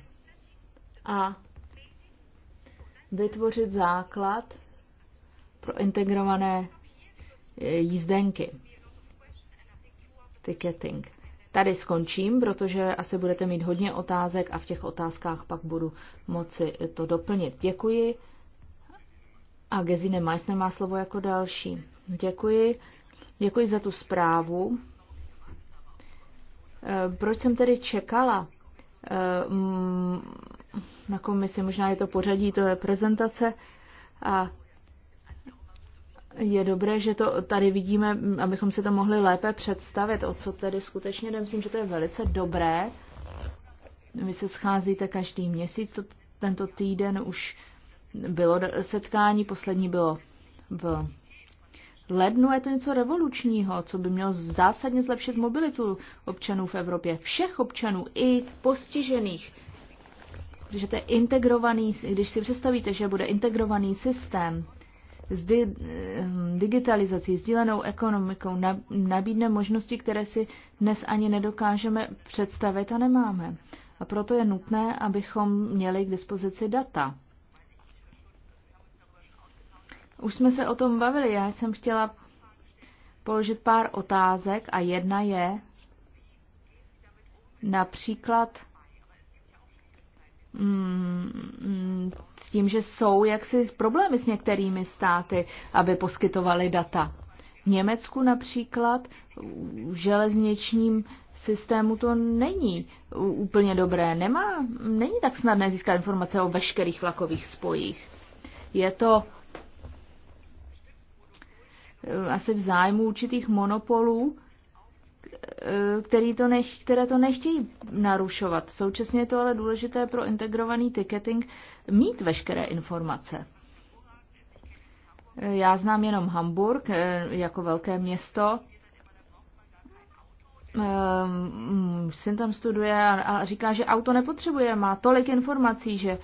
A vytvořit základ pro integrované eh, jízdenky, ticketing. Tady skončím, protože asi budete mít hodně otázek a v těch otázkách pak budu moci to doplnit. Děkuji. A Gezine Meissner má slovo jako další. Děkuji. Děkuji za tu zprávu. E, proč jsem tedy čekala e, na komisi? Možná je to pořadí, to je prezentace. A je dobré, že to tady vidíme, abychom si to mohli lépe představit, o co tedy skutečně jde. Myslím, že to je velice dobré. Vy se scházíte každý měsíc, to, tento týden už bylo setkání, poslední bylo v lednu. Je to něco revolučního, co by mělo zásadně zlepšit mobilitu občanů v Evropě. Všech občanů, i postižených. Protože to je integrovaný, když si představíte, že bude integrovaný systém, s di- digitalizací, sdílenou ekonomikou nabídne možnosti, které si dnes ani nedokážeme představit a nemáme. A proto je nutné, abychom měli k dispozici data. Už jsme se o tom bavili. Já jsem chtěla položit pár otázek a jedna je například, Mm, mm, s tím, že jsou jaksi problémy s některými státy, aby poskytovali data. V Německu například v železničním systému to není úplně dobré. Nemá, není tak snadné získat informace o veškerých vlakových spojích. Je to eh, asi v zájmu určitých monopolů, Eh, který to nech, které to nechtějí narušovat. Současně je to ale důležité pro integrovaný ticketing mít veškeré informace. Eh, já znám jenom Hamburg eh, jako velké město. Mm, syn tam studuje a říká, že auto nepotřebuje, má tolik informací, že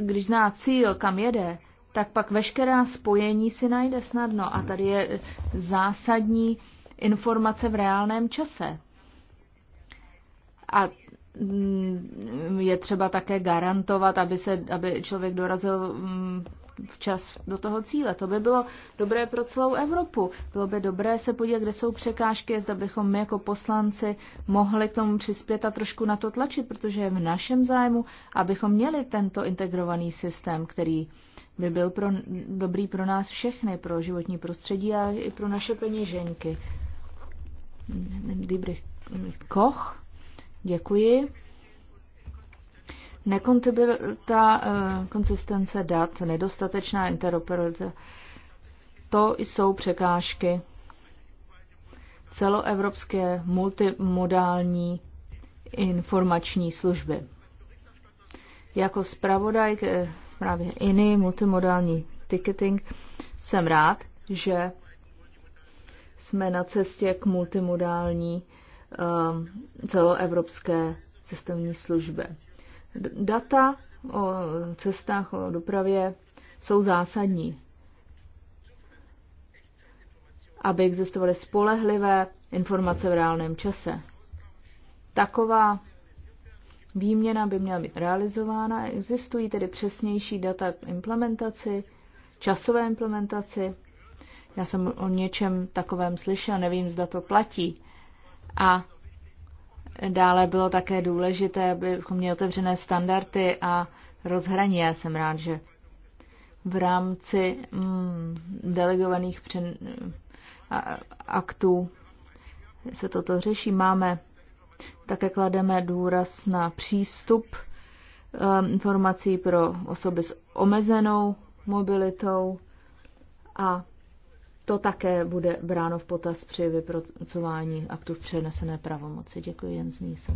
když zná cíl, kam jede, tak pak veškerá spojení si najde snadno. A tady je zásadní informace v reálném čase. A mm, je třeba také garantovat, aby, se, aby člověk dorazil mm, včas do toho cíle. To by bylo dobré pro celou Evropu. Bylo by dobré se podívat, kde jsou překážky, zda bychom my jako poslanci mohli k tomu přispět a trošku na to tlačit, protože je v našem zájmu, abychom měli tento integrovaný systém, který by byl pro, dobrý pro nás všechny, pro životní prostředí a i pro naše peněženky. Diebrich Koch. Děkuji. Nekontibilita, eh, konsistence dat, nedostatečná interoperabilita, to jsou překážky celoevropské multimodální informační služby. Jako zpravodaj právě INI, multimodální ticketing, jsem rád, že jsme na cestě k multimodální ehm, celoevropské cestovní službě. Data o cestách, o dopravě jsou zásadní, aby existovaly spolehlivé informace v reálném čase. Taková výměna by měla být realizována. Existují tedy přesnější data k implementaci, časové implementaci já jsem o něčem takovém slyšel, nevím, zda to platí. A dále bylo také důležité, abychom měli otevřené standardy a rozhraní. Já jsem rád, že v rámci mm, delegovaných přen, a, aktů se toto řeší. Máme také klademe důraz na přístup um, informací pro osoby s omezenou mobilitou a to také bude bráno v potaz při vypracování aktu v přenesené pravomoci. Děkuji, Jens Nýsen.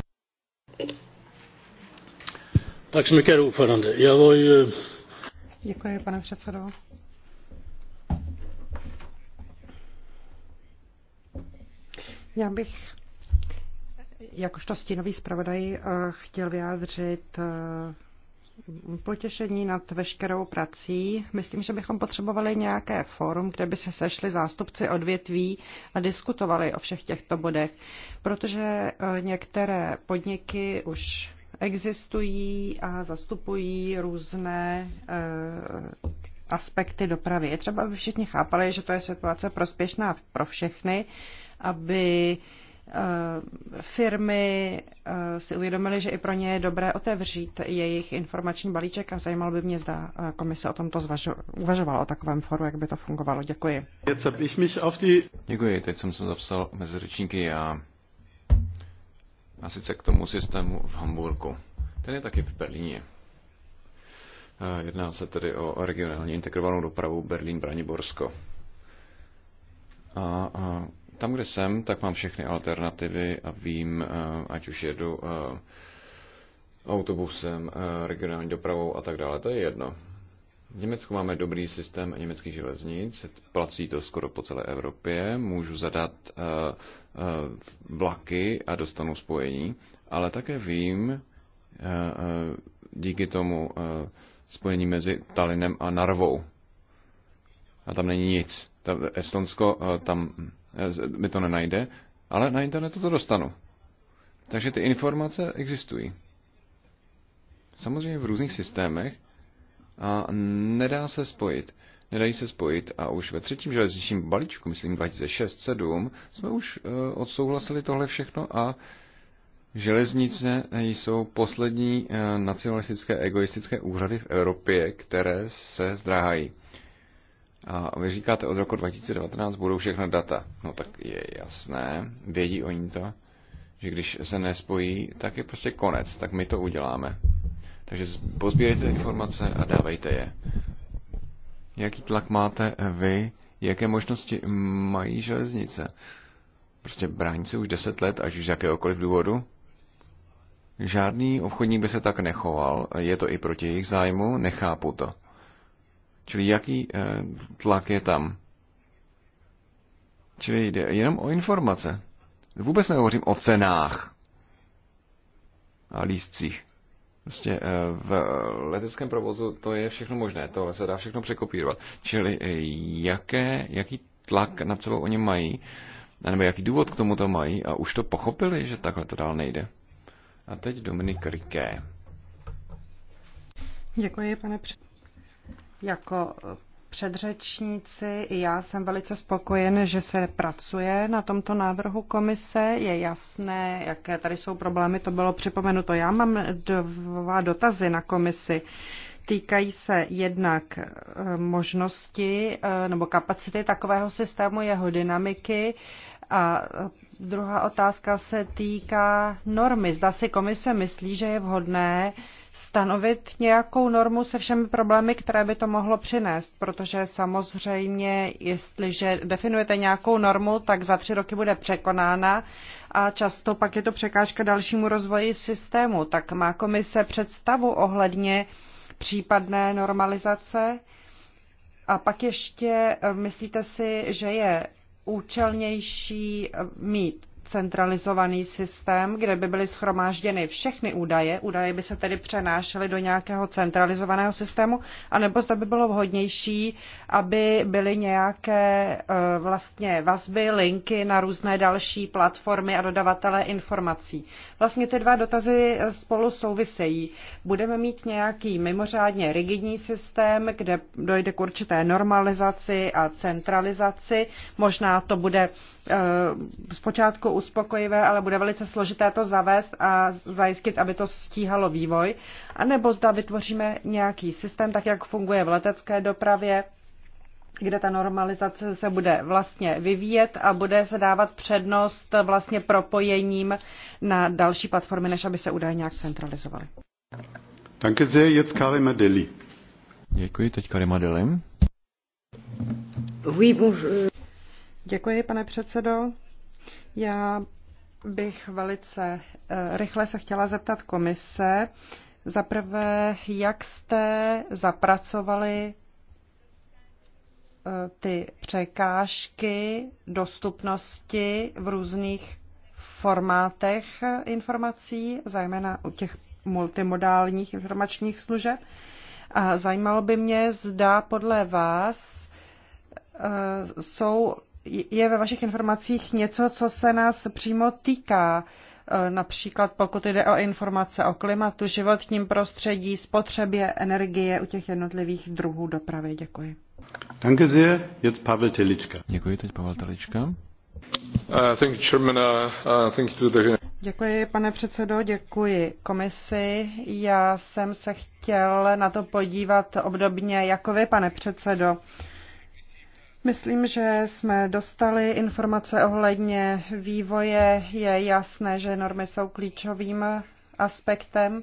Tak kerou, Fernande. Já eh, Děkuji, pane předsedo. Já bych jakožto stínový zpravodaj eh, chtěl vyjádřit eh, potěšení nad veškerou prací. Myslím, že bychom potřebovali nějaké fórum, kde by se sešli zástupci odvětví a diskutovali o všech těchto bodech, protože eh, některé podniky už existují a zastupují různé eh, aspekty dopravy. Je třeba, aby všichni chápali, že to je situace prospěšná pro všechny, aby Eh, firmy eh, si uvědomily, že i pro ně je dobré otevřít jejich informační balíček a zajímalo by mě, zda eh, komise o tomto zvažo- uvažovala o takovém foru, jak by to fungovalo. Děkuji. Děkuji, teď jsem se zapsal mezi řečníky a, a sice k tomu systému v Hamburgu. Ten je taky v Berlíně. Jedná se tedy o regionálně integrovanou dopravu Berlín-Braniborsko. A, a tam, kde jsem, tak mám všechny alternativy a vím, eh, ať už jedu eh, autobusem, eh, regionální dopravou a tak dále, to je jedno. V Německu máme dobrý systém německých železnic, platí to skoro po celé Evropě, můžu zadat vlaky a dostanu spojení, ale také vím díky tomu spojení mezi Talinem a Narvou. A tam není nic. Estonsko tam Eh, mi to nenajde, ale na internetu to dostanu. Takže ty informace existují. Samozřejmě v různých systémech a nedá se spojit. Nedají se spojit a už ve třetím železničním balíčku, myslím 2006-2007, jsme už eh, odsouhlasili tohle všechno a Železnice jsou poslední eh, nacionalistické egoistické úřady v Evropě, které se zdráhají. A vy říkáte, od roku 2019 budou všechna data. No tak je jasné, vědí oni to, že když se nespojí, tak je prostě konec, tak my to uděláme. Takže pozbírejte informace a dávejte je. Jaký tlak máte vy, jaké možnosti mají železnice? Prostě brání se už 10 let, až z jakéhokoliv důvodu? Žádný obchodník by se tak nechoval, je to i proti jejich zájmu, nechápu to. Čili jaký eh, tlak je tam? Čili jde jenom o informace. Vůbec nehovořím o cenách a lístcích. Prostě eh, v leteckém provozu to je všechno možné, tohle se dá všechno překopírovat. Čili eh, jaké, jaký tlak na celou oni mají, nebo jaký důvod k tomu to mají a už to pochopili, že takhle to dál nejde. A teď Dominik Riké. Děkuji, pane předsedo. Jako předřečníci, i já jsem velice spokojen, že se pracuje na tomto návrhu komise. Je jasné, jaké tady jsou problémy, to bylo připomenuto. Já mám dva dotazy na komisi. Týkají se jednak eh, možnosti eh, nebo kapacity takového systému, jeho dynamiky a eh, druhá otázka se týká normy. Zda si komise myslí, že je vhodné stanovit nějakou normu se všemi problémy, které by to mohlo přinést, protože samozřejmě, jestliže definujete nějakou normu, tak za tři roky bude překonána a často pak je to překážka dalšímu rozvoji systému. Tak má komise představu ohledně případné normalizace? A pak ještě eh, myslíte si, že je účelnější eh, mít centralizovaný systém, kde by byly schromážděny všechny údaje, údaje by se tedy přenášely do nějakého centralizovaného systému, anebo zda by bylo vhodnější, aby byly nějaké eh, vlastně vazby, linky na různé další platformy a dodavatele informací. Vlastně ty dva dotazy eh, spolu souvisejí. Budeme mít nějaký mimořádně rigidní systém, kde dojde k určité normalizaci a centralizaci. Možná to bude Eh, zpočátku uspokojivé, ale bude velice složité to zavést a zajistit, aby to stíhalo vývoj, anebo zda vytvoříme nějaký systém, tak jak funguje v letecké dopravě, kde ta normalizace se bude vlastně vyvíjet a bude se dávat přednost vlastně propojením na další platformy, než aby se údaje nějak centralizovaly. Danke sehr, jetzt Karima Děkuji, teď Karima Deli. Oui, bonjour. Děkuji, pane předsedo. Já bych velice eh, rychle se chtěla zeptat komise. Za prvé, jak jste zapracovali eh, ty překážky dostupnosti v různých formátech informací, zejména u těch multimodálních informačních služeb. A zajímalo by mě, zda podle vás eh, jsou je ve vašich informacích něco, co se nás přímo týká? E, například pokud jde o informace o klimatu, životním prostředí, spotřebě energie u těch jednotlivých druhů dopravy. Děkuji. Danke sehr. Jetzt Pavel Telička. Děkuji, teď Pavel Telička. Uh, uh, uh, děkuji, pane předsedo, děkuji komisi. Já jsem se chtěl na to podívat obdobně jako vy, pane předsedo. Uh, Myslím, že jsme dostali informace ohledně vývoje. Je jasné, že normy jsou klíčovým aspektem,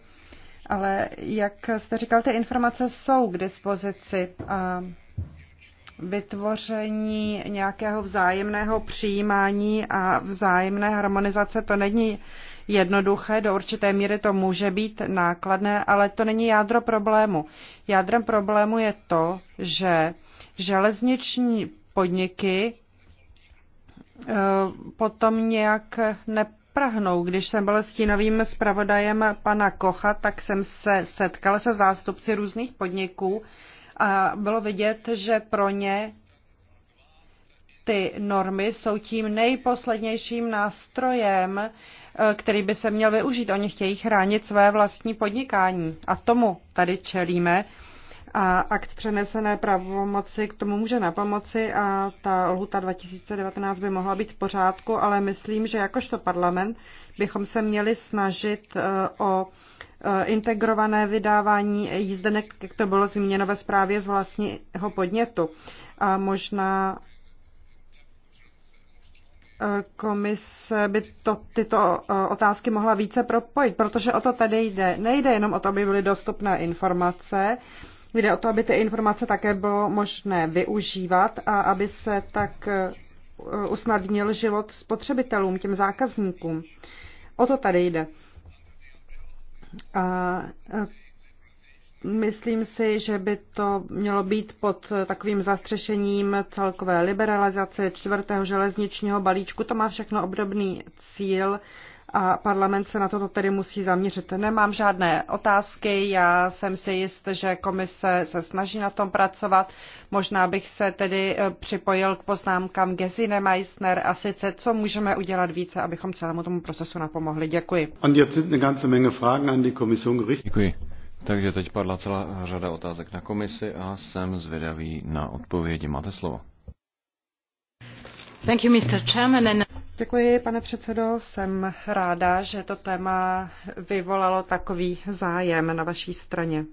ale jak jste říkal, ty informace jsou k dispozici a vytvoření nějakého vzájemného přijímání a vzájemné harmonizace, to není jednoduché, do určité míry to může být nákladné, ale to není jádro problému. Jádrem problému je to, že železniční podniky eh, potom nějak neprahnou. Když jsem byl s tínovým zpravodajem pana Kocha, tak jsem se setkal se zástupci různých podniků a bylo vidět, že pro ně ty normy jsou tím nejposlednějším nástrojem, eh, který by se měl využít. Oni chtějí chránit své vlastní podnikání a tomu tady čelíme a akt přenesené pravomoci k tomu může na pomoci a ta lhuta 2019 by mohla být v pořádku, ale myslím, že jakožto parlament bychom se měli snažit e, o e, integrované vydávání jízdenek, jak to bylo zmíněno ve zprávě z vlastního podnětu. A možná e, komise by to, tyto otázky mohla více propojit, protože o to tady jde. Nejde jenom o to, aby byly dostupné informace, Jde o to, aby ty informace také bylo možné využívat a aby se tak eh, usnadnil život spotřebitelům, těm zákazníkům. O to tady jde. A eh, myslím si, že by to mělo být pod eh, takovým zastřešením celkové liberalizace čtvrtého železničního balíčku. To má všechno obdobný cíl a parlament se na toto tedy musí zaměřit. Nemám žádné otázky, já jsem si jist, že komise se snaží na tom pracovat. Možná bych se tedy eh, připojil k poznámkám Gesine Meissner a sice, co můžeme udělat více, abychom celému tomu procesu napomohli. Děkuji. Děkuji. Takže teď padla celá řada otázek na komisi a jsem zvědavý na odpovědi. Máte slovo. Děkuji, pane předsedající Jsem ráda, že to téma vyvolalo takový zájem na vaší straně.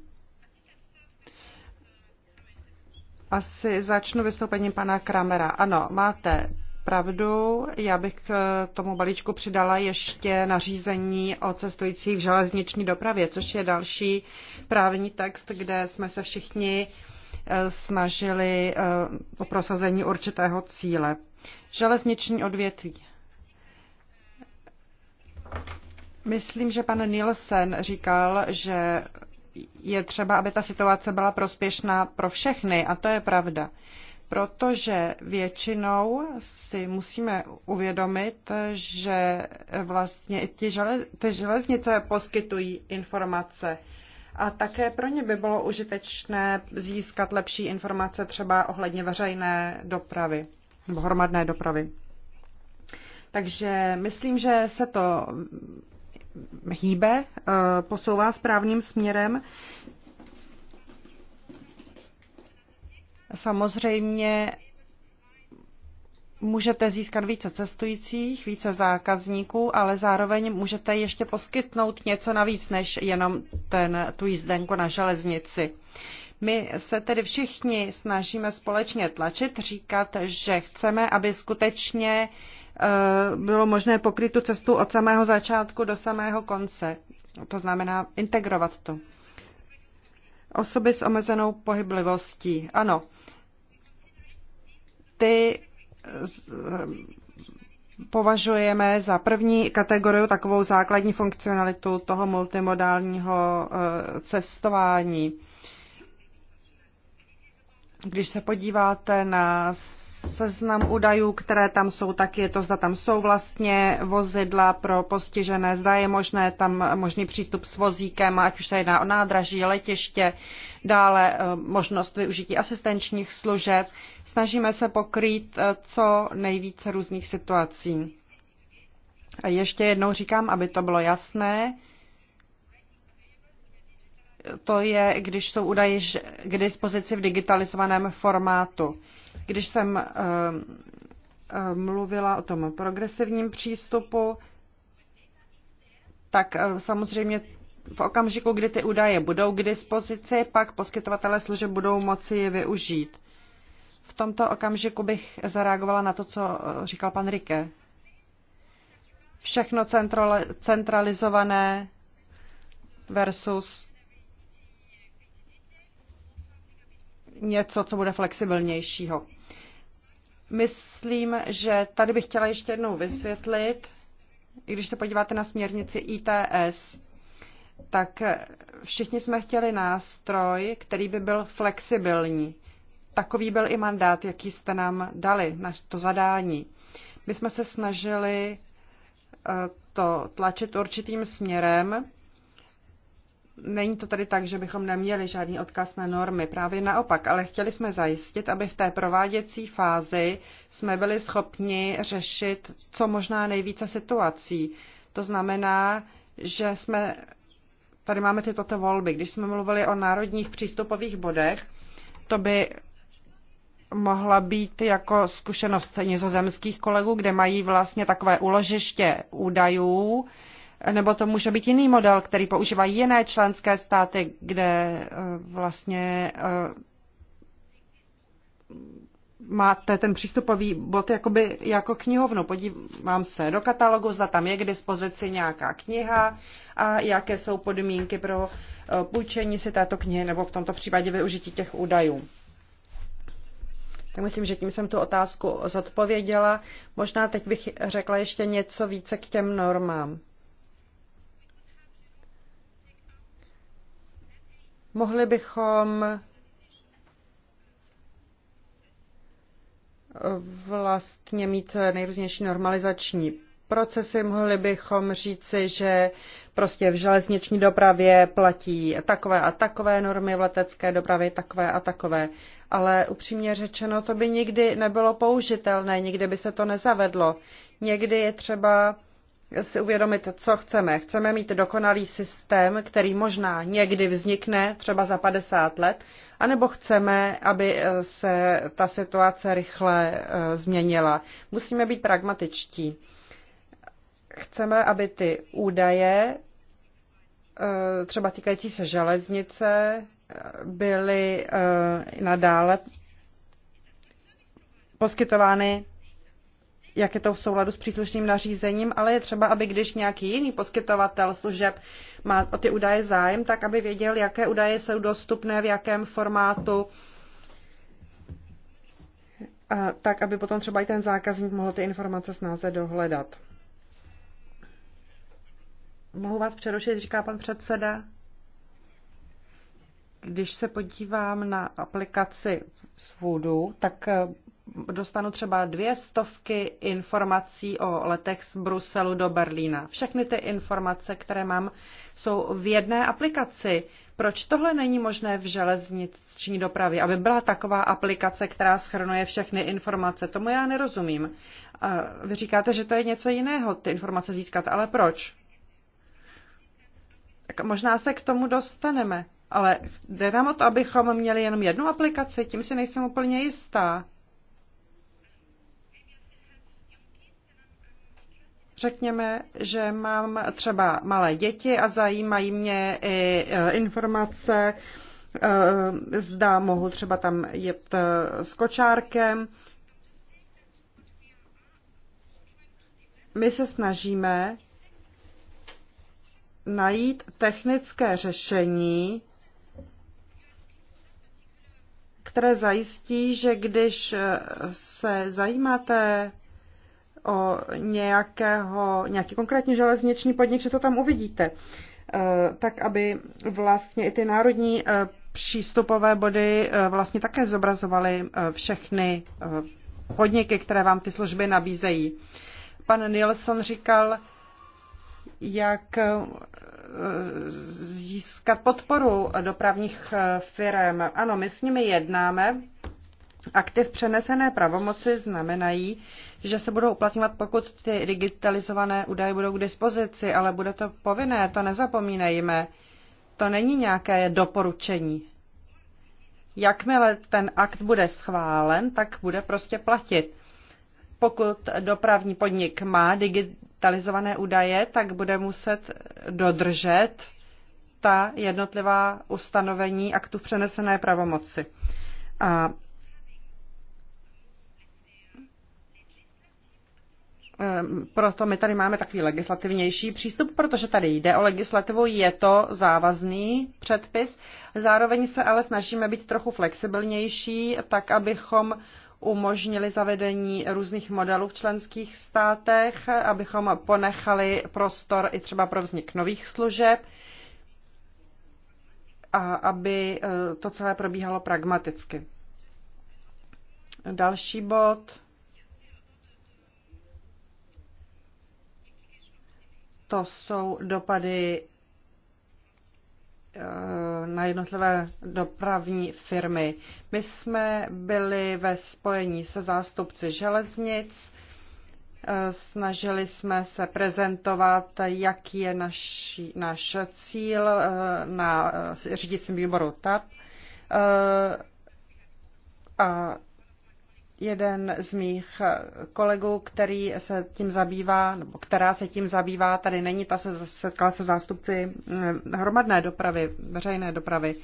Asi začnu vystoupením pana Kramera. Ano, máte pravdu. Já bych k tomu balíčku přidala ještě nařízení o cestujících v železniční dopravě, což je další právní text, kde jsme se všichni eh, snažili eh, o prosazení určitého cíle. Železniční odvětví. Myslím, že pan Nielsen říkal, že je třeba, aby ta situace byla prospěšná pro všechny a to je pravda. Protože většinou si musíme uvědomit, že vlastně i ty, žele, ty železnice poskytují informace. A také pro ně by bylo užitečné získat lepší informace třeba ohledně veřejné dopravy nebo hromadné dopravy. Takže myslím, že se to hýbe, eh, posouvá správným směrem. Samozřejmě můžete získat více cestujících, více zákazníků, ale zároveň můžete ještě poskytnout něco navíc než jenom ten, tu jízdenku na železnici. My se tedy všichni snažíme společně tlačit, říkat, že chceme, aby skutečně e, bylo možné pokryt tu cestu od samého začátku do samého konce. To znamená integrovat to. Osoby s omezenou pohyblivostí. Ano, ty e, považujeme za první kategorii takovou základní funkcionalitu toho multimodálního e, cestování. Když se podíváte na seznam údajů, které tam jsou, tak je to, zda tam jsou vlastně vozidla pro postižené, zda je možné tam možný přístup s vozíkem, ať už se jedná o nádraží, letiště, dále eh, možnost využití asistenčních služeb. Snažíme se pokrýt eh, co nejvíce různých situací. Ještě jednou říkám, aby to bylo jasné, to je, když jsou údaje k dispozici v digitalizovaném formátu. Když jsem eh, eh, mluvila o tom progresivním přístupu, tak eh, samozřejmě v okamžiku, kdy ty údaje budou k dispozici, pak poskytovatelé služeb budou moci je využít. V tomto okamžiku bych zareagovala na to, co říkal pan Rike. Všechno centralizované versus něco, co bude flexibilnějšího. Myslím, že tady bych chtěla ještě jednou vysvětlit, i když se podíváte na směrnici ITS, tak všichni jsme chtěli nástroj, který by byl flexibilní. Takový byl i mandát, jaký jste nám dali na to zadání. My jsme se snažili eh, to tlačit určitým směrem, Není to tedy tak, že bychom neměli žádný odkaz na normy, právě naopak, ale chtěli jsme zajistit, aby v té prováděcí fázi jsme byli schopni řešit co možná nejvíce situací. To znamená, že jsme tady máme tyto volby. Když jsme mluvili o národních přístupových bodech, to by mohla být jako zkušenost nizozemských kolegů, kde mají vlastně takové uložiště údajů, nebo to může být jiný model, který používají jiné členské státy, kde eh, vlastně eh, máte ten přístupový bod jakoby jako knihovnu. Podívám se do katalogu, zda tam je k dispozici nějaká kniha a jaké jsou podmínky pro eh, půjčení si této knihy nebo v tomto případě využití těch údajů. Tak myslím, že tím jsem tu otázku zodpověděla. Možná teď bych řekla ještě něco více k těm normám. Mohli bychom vlastně mít nejrůznější normalizační procesy. Mohli bychom říci, že prostě v železniční dopravě platí takové a takové normy, v letecké dopravě takové a takové. Ale upřímně řečeno, to by nikdy nebylo použitelné, nikdy by se to nezavedlo. Někdy je třeba si uvědomit, co chceme. Chceme mít dokonalý systém, který možná někdy vznikne, třeba za 50 let, anebo chceme, aby eh, se ta situace rychle eh, změnila. Musíme být pragmatičtí. Chceme, aby ty údaje, eh, třeba týkající se železnice, byly nadále poskytovány jak je to v souladu s příslušným nařízením, ale je třeba, aby když nějaký jiný poskytovatel služeb má o ty údaje zájem, tak aby věděl, jaké údaje jsou dostupné, v jakém formátu, a tak aby potom třeba i ten zákazník mohl ty informace snáze dohledat. Mohu vás přerušit, říká pan předseda. Když se podívám na aplikaci z Voodoo, tak dostanu třeba dvě stovky informací o letech z Bruselu do Berlína. Všechny ty informace, které mám, jsou v jedné aplikaci. Proč tohle není možné v železniční dopravě, aby byla taková aplikace, která schrnuje všechny informace? Tomu já nerozumím. Vy říkáte, že to je něco jiného, ty informace získat, ale proč? Tak možná se k tomu dostaneme, ale jde nám o to, abychom měli jenom jednu aplikaci, tím si nejsem úplně jistá. Řekněme, že mám třeba malé děti a zajímají mě i e, informace, e, zda mohu třeba tam jet e, s kočárkem. My se snažíme najít technické řešení, které zajistí, že když se zajímáte o nějakého, nějaký konkrétní železniční podnik, že to tam uvidíte, e, tak aby vlastně i ty národní e, přístupové body e, vlastně také zobrazovaly všechny podniky, které vám ty služby nabízejí. Pan Nilsson říkal, jak získat podporu dopravních firm. Ano, my s nimi jednáme. Aktiv přenesené pravomoci znamenají, že se budou uplatňovat, pokud ty digitalizované údaje budou k dispozici, ale bude to povinné, to nezapomínejme. To není nějaké doporučení. Jakmile ten akt bude schválen, tak bude prostě platit. Pokud dopravní podnik má digitalizované údaje, tak bude muset dodržet ta jednotlivá ustanovení aktu v přenesené pravomoci. A Ehm, proto my tady máme takový legislativnější přístup, protože tady jde o legislativu, je to závazný předpis. Zároveň se ale snažíme být trochu flexibilnější, tak abychom umožnili zavedení různých modelů v členských státech, abychom ponechali prostor i třeba pro vznik nových služeb a aby eh, to celé probíhalo pragmaticky. Další bod to jsou dopady eh, na jednotlivé dopravní firmy. My jsme byli ve spojení se zástupci železnic, eh, snažili jsme se prezentovat, jaký je naš, náš cíl eh, na řídícím výboru TAP. A jeden z mých kolegů, který se tím zabývá, nebo která se tím zabývá, tady není, ta se setkala se zástupci eh, hromadné dopravy, veřejné dopravy.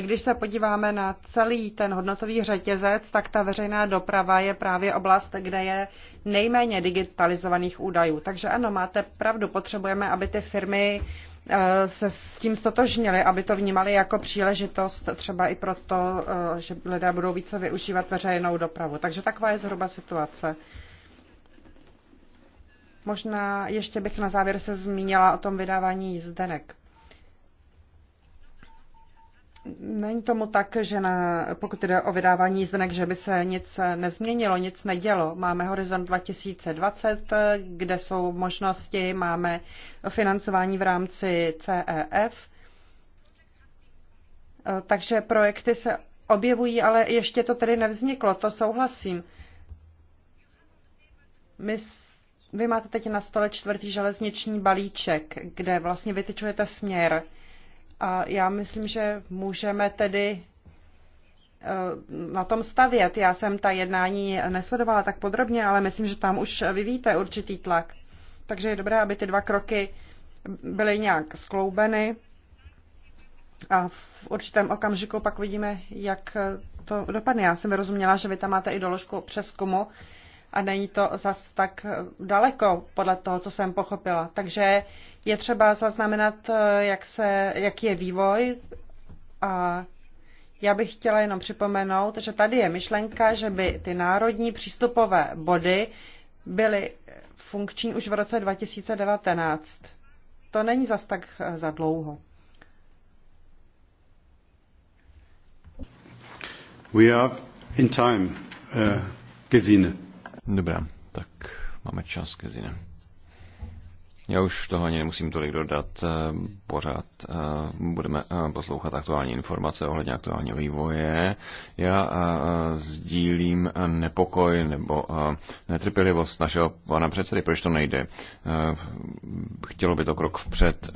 Když se podíváme na celý ten hodnotový řetězec, tak ta veřejná doprava je právě oblast, kde je nejméně digitalizovaných údajů. Takže ano, máte pravdu, potřebujeme, aby ty firmy Eh, se s tím stotožnili, aby to vnímali jako příležitost třeba i proto, eh, že lidé budou více využívat veřejnou dopravu. Takže taková je zhruba situace. Možná ještě bych na závěr se zmínila o tom vydávání jízdenek. Není tomu tak, že na, pokud jde o vydávání jízdenek, že by se nic nezměnilo, nic nedělo. Máme Horizont 2020, kde jsou možnosti, máme financování v rámci CEF. Takže projekty se objevují, ale ještě to tedy nevzniklo, to souhlasím. My, vy máte teď na stole čtvrtý železniční balíček, kde vlastně vytyčujete směr. A já myslím, že můžeme tedy eh, na tom stavět. Já jsem ta jednání nesledovala tak podrobně, ale myslím, že tam už vyvíjíte určitý tlak. Takže je dobré, aby ty dva kroky byly nějak skloubeny a v určitém okamžiku pak vidíme, jak to dopadne. Já jsem vyrozuměla, že vy tam máte i doložku přes komu a není to zas tak daleko, podle toho, co jsem pochopila. Takže je třeba zaznamenat, jak, se, jaký je vývoj a já bych chtěla jenom připomenout, že tady je myšlenka, že by ty národní přístupové body byly funkční už v roce 2019. To není zas tak za dlouho. We are in time, uh, Gesine. Dobrá, tak máme čas ke zinem. Já už toho ani nemusím tolik dodat. Eh, pořád Eh, budeme eh, poslouchat aktuální informace ohledně aktuálního vývoje. Já eh, sdílím nepokoj nebo netrpělivost našeho pana předsedy, proč to nejde. Chtělo by to krok vpřed.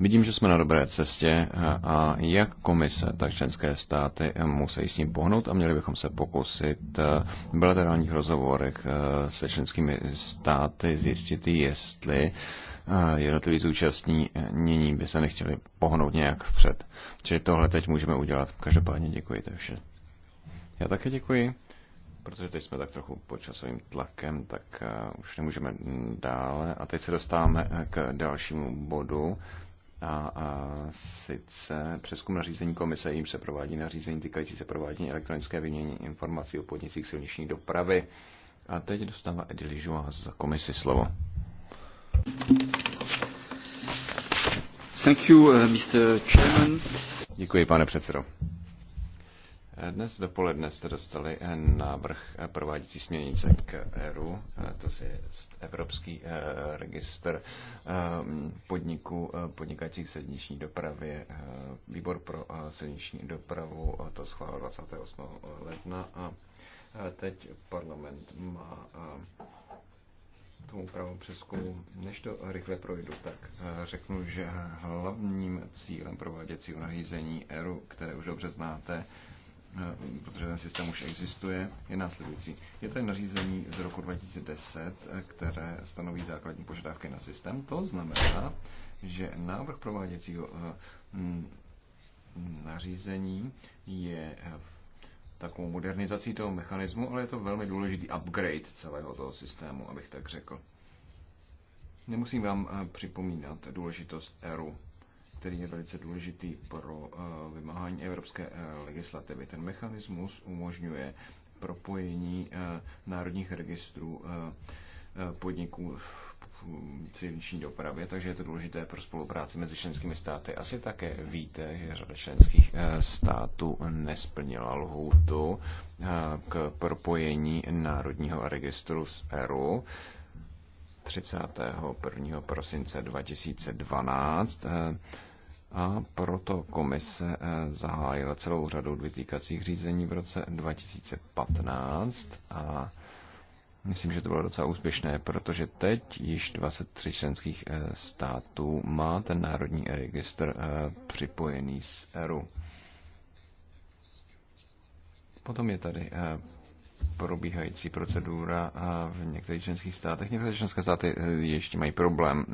Vidím, že jsme na dobré cestě a jak komise, tak členské státy musí s ním pohnout a měli bychom se pokusit v bilaterálních rozhovorech se členskými státy zjistit, jestli jednotliví zúčastnění by se nechtěli pohnout nějak vpřed. Čili tohle teď můžeme udělat. Každopádně děkuji, to je vše. Já také děkuji, protože teď jsme tak trochu pod časovým tlakem, tak eh, už nemůžeme dále. A teď se dostáváme eh, k dalšímu bodu. A, a sice přeskum nařízení komise, jim se provádí nařízení týkající se provádění elektronické vyměny informací o podnicích silniční dopravy. A teď dostává Edily Žuás za komisi slovo. Thank you, uh, Mr. Chairman. Děkuji, pane předsedo. Dnes dopoledne jste dostali eh, návrh eh, prováděcí směrnice k ERU, eh, to je Evropský registr podniků podnikajících v silniční dopravě. Výbor pro silniční dopravu to schválil 28. ledna a teď parlament má tomu úpravu přeskumu, než to rychle projdu, tak eh, řeknu, že hlavním cílem prováděcího nařízení ERU, které už dobře znáte, eh, protože ten systém už existuje, je následující. Je to nařízení z roku 2010, eh, které stanoví základní požadavky na systém. To znamená, že návrh prováděcího nařízení je v takovou modernizací toho mechanismu, ale je to velmi důležitý upgrade celého toho systému, abych tak řekl. Nemusím vám eh, připomínat důležitost ERU, který je velice důležitý pro eh, vymáhání evropské eh, legislativy. Ten mechanismus umožňuje propojení národních registrů podniků silniční dopravě, takže je to důležité pro spolupráci mezi členskými státy. Asi také víte, že řada členských eh, států nesplnila lhůtu eh, k propojení Národního registru s ERU. 31. prosince 2012 eh, a proto komise zahájila celou řadu vytýkacích řízení v roce 2015 a Myslím, že to bylo docela úspěšné, protože teď již 23 členských eh, států má ten národní registr eh, připojený s ERU. Potom je tady eh, probíhající procedura a v některých členských státech. Některé členské státy ještě mají problém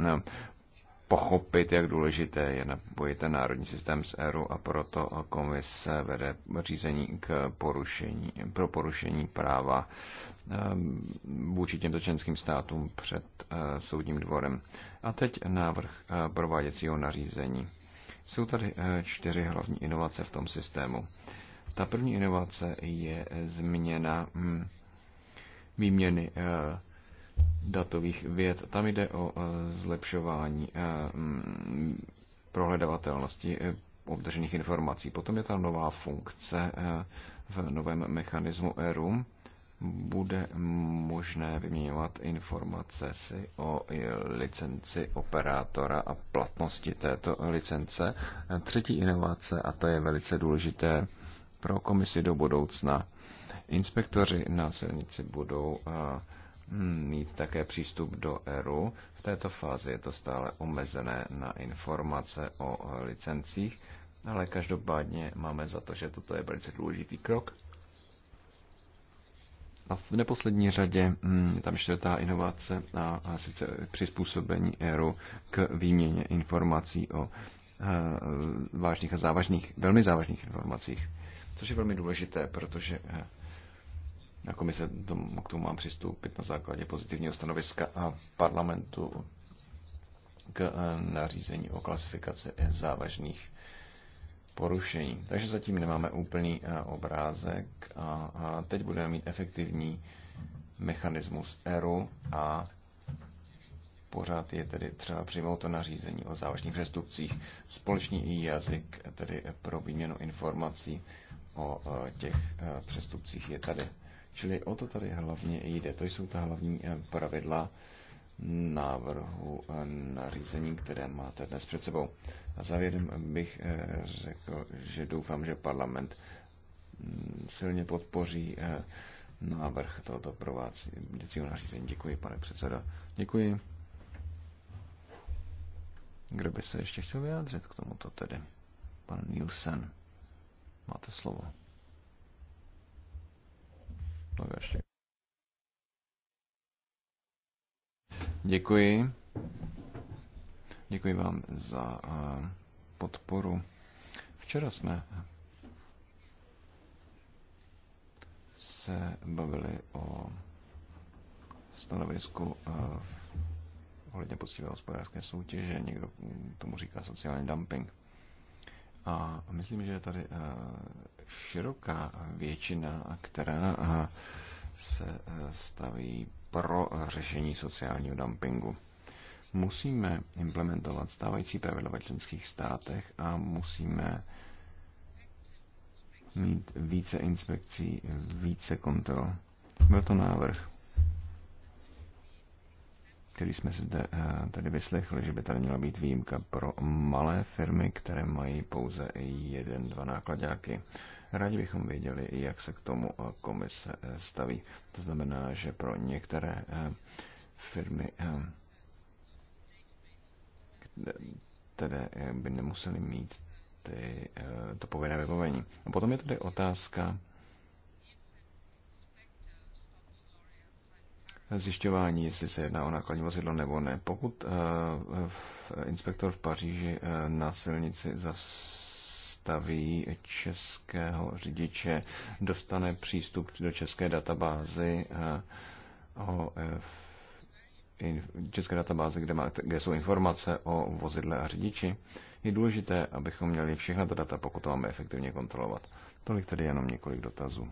pochopit, jak důležité je napojit ten národní systém z ERU a proto komise vede řízení k porušení, pro porušení práva ehm, vůči těmto členským státům před eh, soudním dvorem. A teď návrh eh, prováděcího nařízení. Jsou tady eh, čtyři hlavní inovace v tom systému. Ta první inovace je změna hm, výměny datových věd. Tam jde o eh, zlepšování eh, mm, prohledavatelnosti eh, obdržených informací. Potom je tam nová funkce v novém mechanismu ERUM. Bude možné vyměňovat informace si o licenci operátora a platnosti této licence. Třetí inovace, a to je velice důležité pro komisi do budoucna. Inspektoři na silnici budou uh, mít také přístup do ERU. V této fázi je to stále omezené na informace o e, licencích, ale každopádně máme za to, že toto je velice důležitý krok. A v neposlední řadě mm, je tam čtvrtá inovace a, sice přizpůsobení ERU k výměně informací o e, vážných a závažných, velmi závažných informacích, což je velmi důležité, protože e, komise tomu, k tomu mám přistoupit na základě pozitivního stanoviska a parlamentu k eh, nařízení o klasifikaci závažných porušení. Takže zatím nemáme úplný eh, obrázek a teď budeme mít efektivní mechanismus ERU a pořád je tedy třeba přijmout to nařízení o závažných přestupcích, společný jazyk tedy pro výměnu informací o eh, těch přestupcích je tady. Čili o to tady hlavně jde. To jsou ta hlavní eh, pravidla návrhu eh, nařízení, které máte dnes před sebou. A závěrem bych eh, řekl, že doufám, že parlament mm, silně podpoří návrh tohoto provádějícího nařízení. Děkuji, pane předsedo. Děkuji. Kdo by se ještě chtěl vyjádřit k tomuto tedy? Pan Nielsen, máte slovo. Legaši. No, Děkuji. Děkuji vám za eh, podporu. Včera jsme se bavili o stanovisku eh, ohledně poctivé hospodářské soutěže, někdo tomu říká sociální dumping. A myslím, že je tady eh, široká většina, která se staví pro řešení sociálního dumpingu. Musíme implementovat stávající pravidla ve členských státech a musíme mít více inspekcí, více kontrol. Byl to návrh, který jsme si zde tady vyslechli, že by tady měla být výjimka pro malé firmy, které mají pouze jeden, dva nákladáky. Rádi bychom věděli, jak se k tomu eh, komise eh, staví. To znamená, že pro některé eh, firmy tedy by nemuseli mít ty, to povinné vybavení. A potom je tady otázka zjišťování, jestli se jedná o nákladní vozidlo nebo ne. Pokud inspektor v Paříži na silnici zas zastaví českého řidiče, dostane přístup do české databázy eh, o eh, české databáze, kde, má, kde jsou informace o vozidle a řidiči, je důležité, abychom měli všechna ta data, pokud to máme efektivně kontrolovat. Tolik tedy jenom několik dotazů.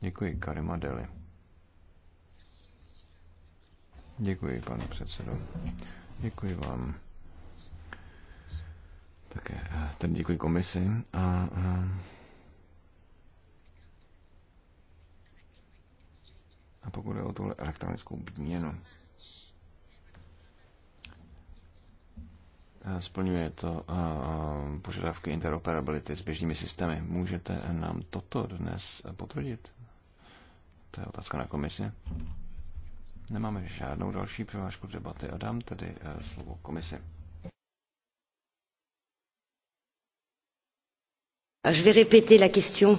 Děkuji, Karima Deli. Děkuji, pane předsedo. Děkuji vám. Také eh, tady děkuji komisi. A, a, eh, a pokud je o tuhle elektronickou výměnu, eh, splňuje to požadavky interoperability s běžnými systémy. Můžete nám toto dnes potvrdit? To je otázka na komisi. Nemáme žádnou další přihlášku debaty a dám tedy slovo komisi. Ah, je vais répéter la question.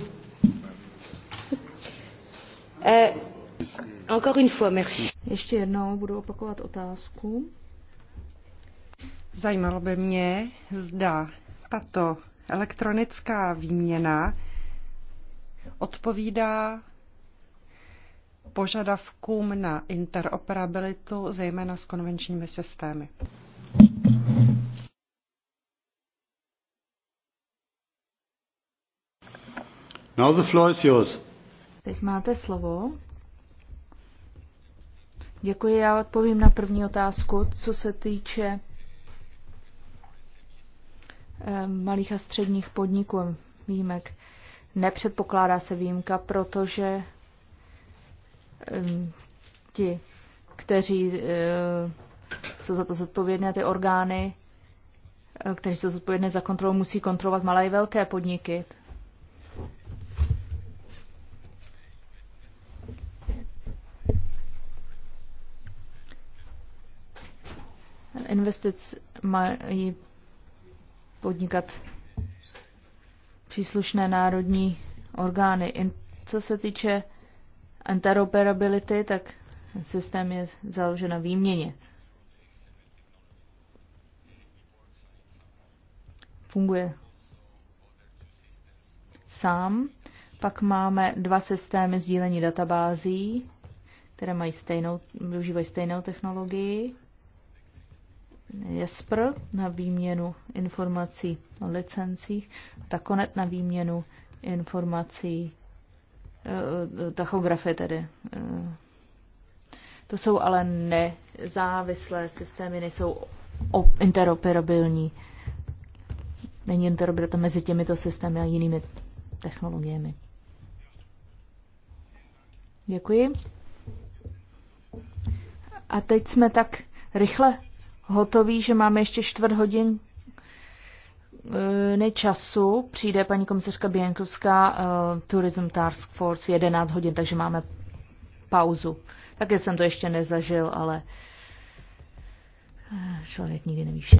Euh, encore une fois, merci. Ještě jednou budu opakovat otázku. Zajímalo by mě, zda tato elektronická výměna odpovídá požadavkům na interoperabilitu, zejména s konvenčními systémy. Now the floor is yours. Teď máte slovo. Děkuji, já odpovím na první otázku, co se týče eh, malých a středních podniků výjimek. Nepředpokládá se výjimka, protože ehm, ti, kteří eh, jsou za to zodpovědné, ty orgány, eh, kteří jsou zodpovědné za kontrolu, musí kontrolovat malé i velké podniky. investic mají podnikat příslušné národní orgány. co se týče interoperability, tak systém je založen na výměně. Funguje sám. Pak máme dva systémy sdílení databází, které mají stejnou, využívají stejnou technologii. JESPR na výměnu informací o licencích, Takonet na výměnu informací, eh, eh, tachografy tedy. Eh. To jsou ale nezávislé systémy, nejsou interoperabilní. Není interoperabilita mezi těmito systémy a jinými technologiemi. Děkuji. A teď jsme tak rychle hotový, že máme ještě čtvrt hodin e, času. Přijde paní komisařka Běnkovská e, Tourism Task Force v 11 hodin, takže máme pauzu. Také jsem to ještě nezažil, ale e, člověk nikdy neví vše.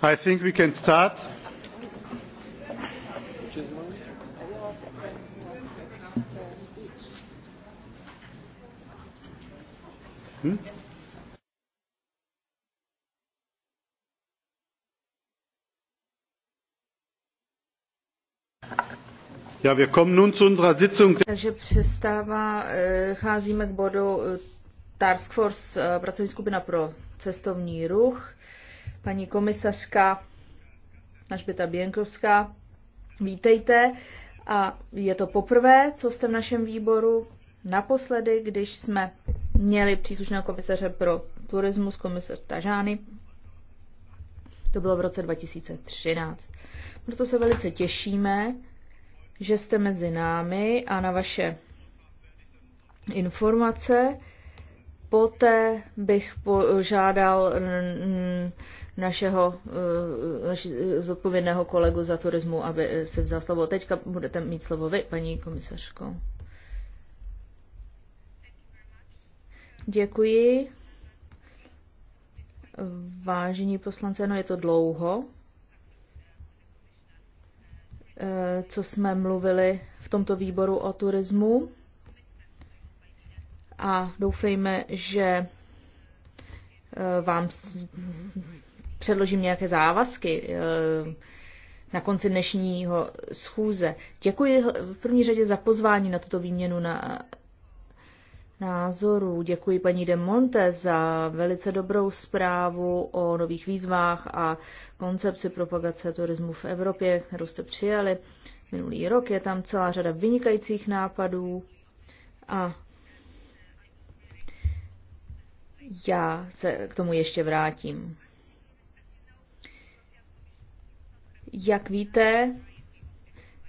I think we can start. Hmm? Ja, wir kommen nun zu unserer Sitzung. Takže přestává, eh, cházíme k bodu eh, Task Force, eh, pracovní skupina pro cestovní ruch paní komisařka Nažbita Běnkovská. Vítejte a je to poprvé, co jste v našem výboru. Naposledy, když jsme měli příslušného komisaře pro turismus, komisař Tažány, to bylo v roce 2013. Proto se velice těšíme, že jste mezi námi a na vaše informace. Poté bych požádal našeho eh, zodpovědného kolegu za turismu, aby se vzal slovo. Teďka budete mít slovo vy, paní komisařko. Děkuji. Vážení poslance, no je to dlouho, eh, co jsme mluvili v tomto výboru o turismu a doufejme, že e, vám předložím nějaké závazky e, na konci dnešního schůze. Děkuji v první řadě za pozvání na tuto výměnu na názoru. Děkuji paní de Monte za velice dobrou zprávu o nových výzvách a koncepci propagace turismu v Evropě, kterou jste přijali. Minulý rok je tam celá řada vynikajících nápadů a já se k tomu ještě vrátím. Jak víte,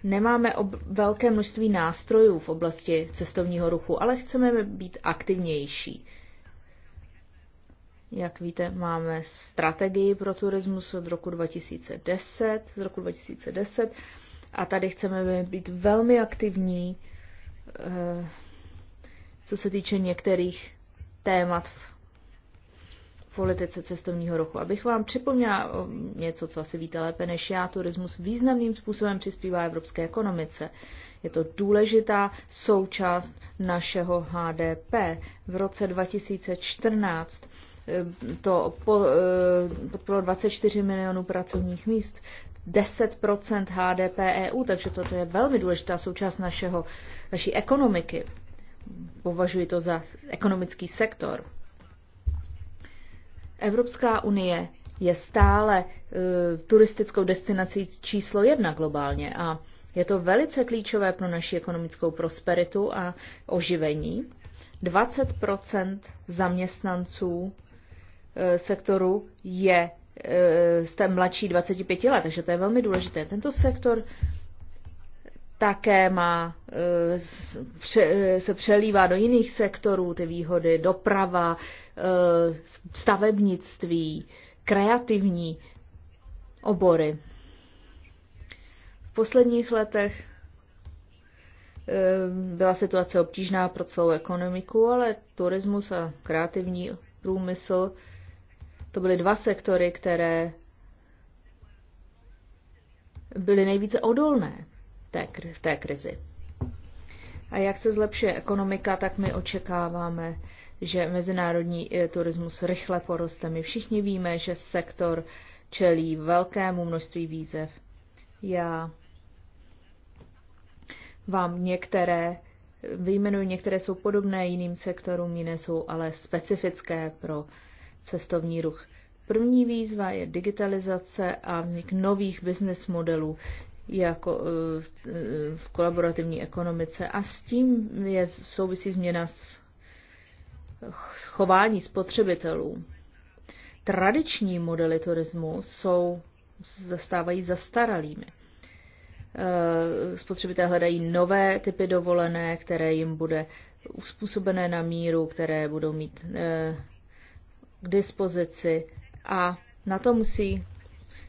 nemáme ob- velké množství nástrojů v oblasti cestovního ruchu, ale chceme být aktivnější. Jak víte, máme strategii pro turismus od roku 2010, z roku 2010 a tady chceme být velmi aktivní, eh, co se týče některých témat v politice cestovního ruchu. Abych vám připomněla eh, něco, co asi víte lépe než já, turismus významným způsobem přispívá evropské ekonomice. Je to důležitá součást našeho HDP. V roce 2014 eh, to eh, podporovalo 24 milionů pracovních míst, 10 HDP EU, takže toto je velmi důležitá součást našeho, naší ekonomiky. Považuji to za ekonomický sektor. Evropská unie je stále uh, turistickou destinací číslo jedna globálně a je to velice klíčové pro naši ekonomickou prosperitu a oživení. 20 zaměstnanců e, sektoru je jste mladší 25 let, takže to je velmi důležité. Tento sektor také má, eh, eh, se přelívá do jiných sektorů, ty výhody, doprava, eh, stavebnictví, kreativní obory. V posledních letech byla situace obtížná pro celou ekonomiku, ale turismus a kreativní průmysl to byly dva sektory, které byly nejvíce odolné té, v té krizi. A jak se zlepšuje ekonomika, tak my očekáváme, že mezinárodní eh, turismus rychle poroste. My všichni víme, že sektor čelí velkému množství výzev. Já vám některé vyjmenuji, některé jsou podobné jiným sektorům, jiné jsou ale specifické pro cestovní ruch. První výzva je digitalizace a vznik nových business modelů, jako eh, v kolaborativní ekonomice a s tím je souvisí změna s chování spotřebitelů. Tradiční modely turismu jsou, zastávají zastaralými. Eh, spotřebitelé hledají nové typy dovolené, které jim bude uspůsobené na míru, které budou mít eh, k dispozici a na to musí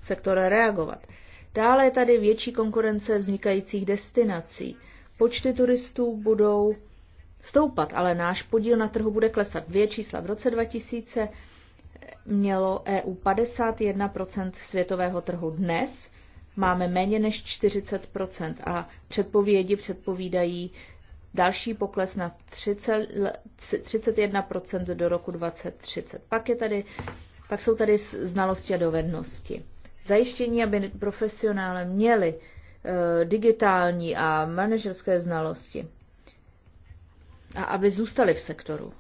sektor reagovat. Dále je tady větší konkurence vznikajících destinací. Počty turistů budou stoupat, ale náš podíl na trhu bude klesat. Dvě čísla. V roce 2000 mělo EU 51% světového trhu. Dnes máme méně než 40% a předpovědi předpovídají další pokles na 30, 31% do roku 2030. Pak, je tady, pak jsou tady znalosti a dovednosti zajištění, aby profesionále měli eh, digitální a manažerské znalosti a aby zůstali v sektoru.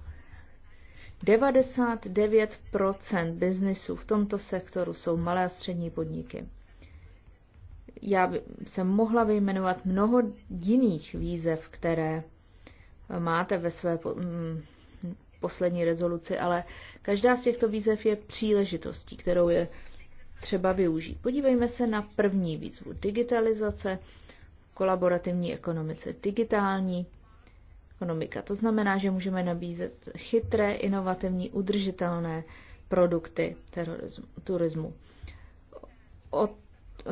99 biznisů v tomto sektoru jsou malé a střední podniky. Já jsem mohla vyjmenovat mnoho jiných výzev, které máte ve své mm, poslední rezoluci, ale každá z těchto výzev je příležitostí, kterou je třeba využít. Podívejme se na první výzvu digitalizace, kolaborativní ekonomice digitální ekonomika. To znamená, že můžeme nabízet chytré, inovativní, udržitelné produkty terorismu, turismu. O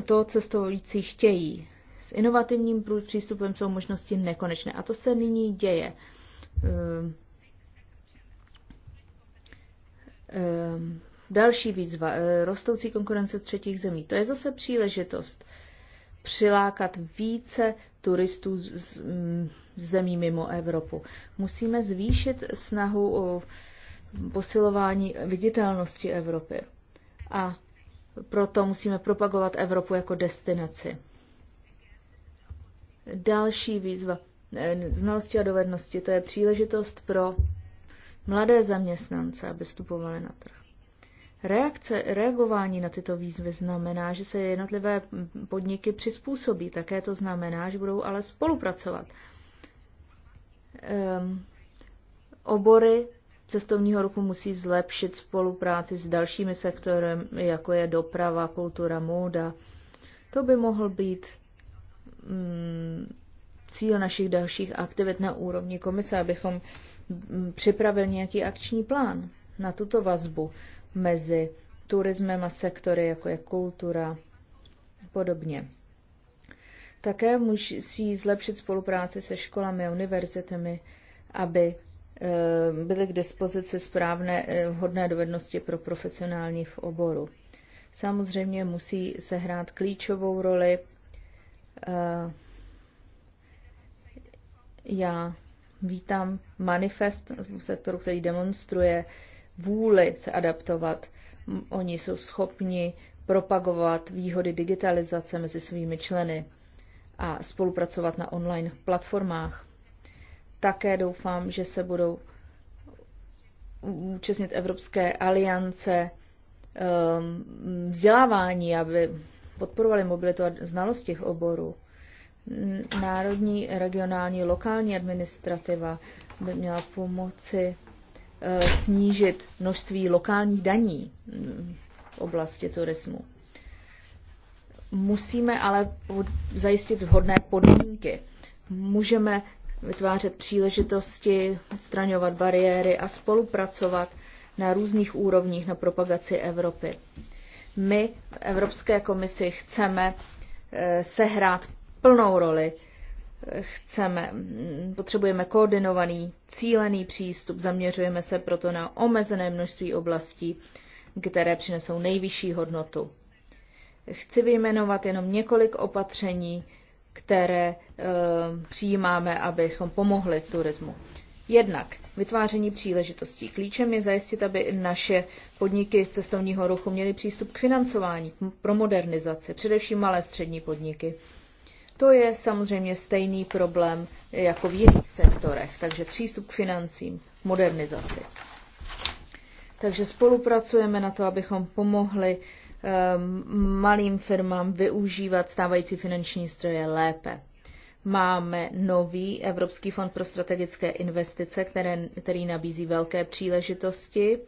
to cestující chtějí. S inovativním přístupem jsou možnosti nekonečné. A to se nyní děje. Um, um, Další výzva, eh, rostoucí konkurence třetích zemí. To je zase příležitost přilákat více turistů z mm, zemí mimo Evropu. Musíme zvýšit snahu o posilování viditelnosti Evropy. A proto musíme propagovat Evropu jako destinaci. Další výzva. Eh, znalosti a dovednosti. To je příležitost pro mladé zaměstnance, aby vstupovali na trh. Reakce, reagování na tyto výzvy znamená, že se jednotlivé podniky přizpůsobí. Také to znamená, že budou ale spolupracovat. Um, obory cestovního ruchu musí zlepšit spolupráci s dalšími sektorem, jako je doprava, kultura, móda. To by mohl být um, cíl našich dalších aktivit na úrovni komise, abychom mm, připravili nějaký akční plán na tuto vazbu mezi turismem a sektory, jako je kultura a podobně. Také musí zlepšit spolupráci se školami a univerzitami, aby eh, byly k dispozici správné eh, vhodné dovednosti pro profesionální v oboru. Samozřejmě musí sehrát klíčovou roli. Eh, já vítám manifest v sektoru, který demonstruje vůli se adaptovat. Oni jsou schopni propagovat výhody digitalizace mezi svými členy a spolupracovat na online platformách. Také doufám, že se budou účastnit Evropské aliance ehm, vzdělávání, aby podporovali mobilitu a znalosti v oboru. Národní, regionální, lokální administrativa by měla pomoci Eh, snížit množství lokálních daní mm, v oblasti turismu. Musíme ale zajistit vhodné podmínky. Můžeme vytvářet příležitosti, straňovat bariéry a spolupracovat na různých úrovních na propagaci Evropy. My v Evropské komisi chceme eh, sehrát plnou roli chceme. Potřebujeme koordinovaný, cílený přístup, zaměřujeme se proto na omezené množství oblastí, které přinesou nejvyšší hodnotu. Chci vyjmenovat jenom několik opatření, které e, přijímáme, abychom pomohli turismu. Jednak vytváření příležitostí. Klíčem je zajistit, aby naše podniky cestovního ruchu měly přístup k financování, pro modernizaci, především malé střední podniky. To je samozřejmě stejný problém jako v jiných sektorech, takže přístup k financím, modernizaci. Takže spolupracujeme na to, abychom pomohli ehm, malým firmám využívat stávající finanční stroje lépe. Máme nový Evropský fond pro strategické investice, které, který nabízí velké příležitosti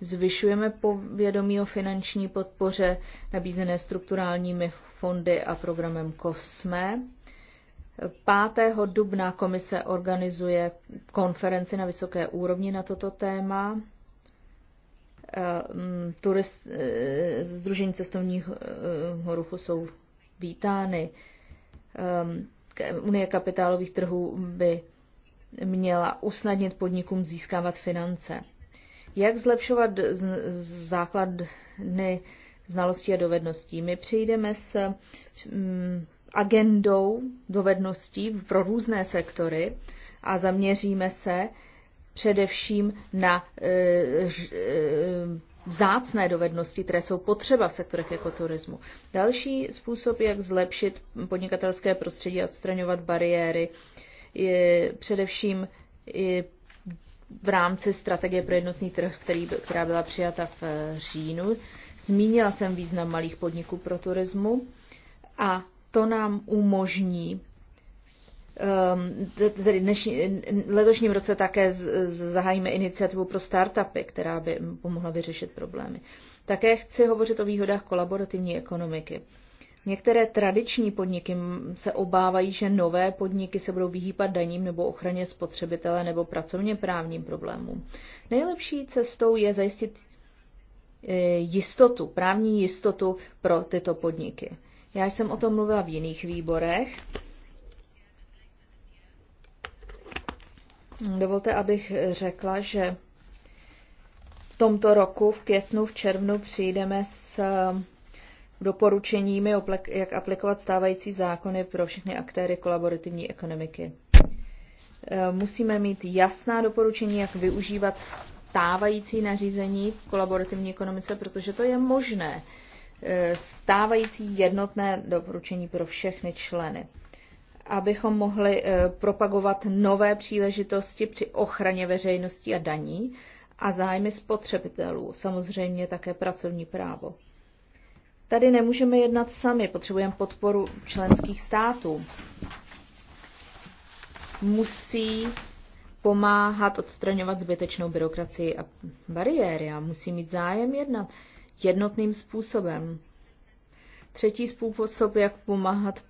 Zvyšujeme povědomí o finanční podpoře nabízené strukturálními fondy a programem COSME. 5. dubna komise organizuje konferenci na vysoké úrovni na toto téma. Eh, mm, turist, Združení eh, cestovních ruchu jsou vítány. Ehm, Unie kapitálových trhů by měla usnadnit podnikům získávat finance. Jak zlepšovat základny znalosti a dovedností? My přijdeme s mm, agendou dovedností pro různé sektory a zaměříme se především na e, e, vzácné dovednosti, které jsou potřeba v sektorech jako turismu. Další způsob, jak zlepšit podnikatelské prostředí a odstraňovat bariéry, je především v rámci strategie pro jednotný trh, který, která byla přijata v eh, říjnu. Zmínila jsem význam malých podniků pro turismu a to nám umožní ehm, tedy dnešní, letošním roce také zahájíme iniciativu pro startupy, která by pomohla vyřešit problémy. Také chci hovořit o výhodách kolaborativní ekonomiky. Některé tradiční podniky se obávají, že nové podniky se budou vyhýbat daním nebo ochraně spotřebitele nebo pracovně právním problémům. Nejlepší cestou je zajistit e, jistotu, právní jistotu pro tyto podniky. Já jsem o tom mluvila v jiných výborech. Dovolte, abych řekla, že v tomto roku v květnu, v červnu přijdeme s doporučeními, jak aplikovat stávající zákony pro všechny aktéry kolaborativní ekonomiky. E, musíme mít jasná doporučení, jak využívat stávající nařízení v kolaborativní ekonomice, protože to je možné. E, stávající jednotné doporučení pro všechny členy abychom mohli e, propagovat nové příležitosti při ochraně veřejnosti a daní a zájmy spotřebitelů, samozřejmě také pracovní právo. Tady nemůžeme jednat sami, potřebujeme podporu členských států. Musí pomáhat odstraňovat zbytečnou byrokracii a bariéry a musí mít zájem jednat jednotným způsobem. Třetí způsob, jak pomáhat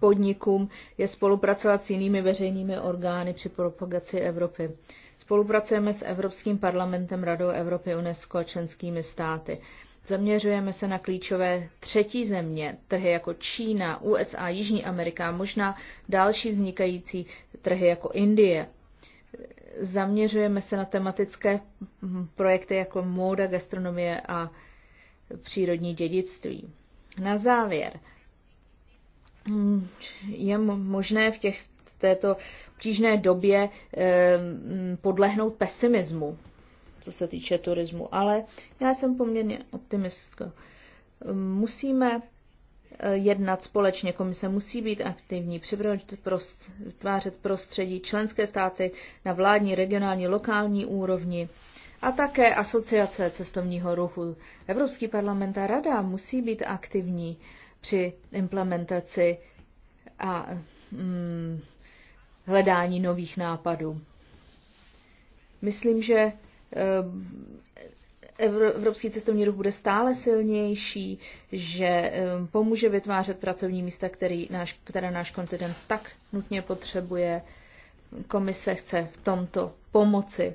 podnikům, je spolupracovat s jinými veřejnými orgány při propagaci Evropy. Spolupracujeme s Evropským parlamentem, Radou Evropy, UNESCO a členskými státy. Zaměřujeme se na klíčové třetí země, trhy jako Čína, USA, Jižní Amerika, možná další vznikající trhy jako Indie. Zaměřujeme se na tematické hm, projekty jako móda, gastronomie a přírodní dědictví. Na závěr, hm, je možné v těch, této obtížné době eh, hm, podlehnout pesimismu co se týče turismu. Ale já jsem poměrně optimistka. Musíme eh, jednat společně. Komise musí být aktivní, prost, vytvářet prostředí členské státy na vládní, regionální, lokální úrovni a také asociace cestovního ruchu. Evropský parlament a rada musí být aktivní při implementaci a mm, hledání nových nápadů. Myslím, že Eh, evropský cestovní ruch bude stále silnější, že eh, pomůže vytvářet pracovní místa, který náš, které náš kontinent tak nutně potřebuje. Komise chce v tomto pomoci.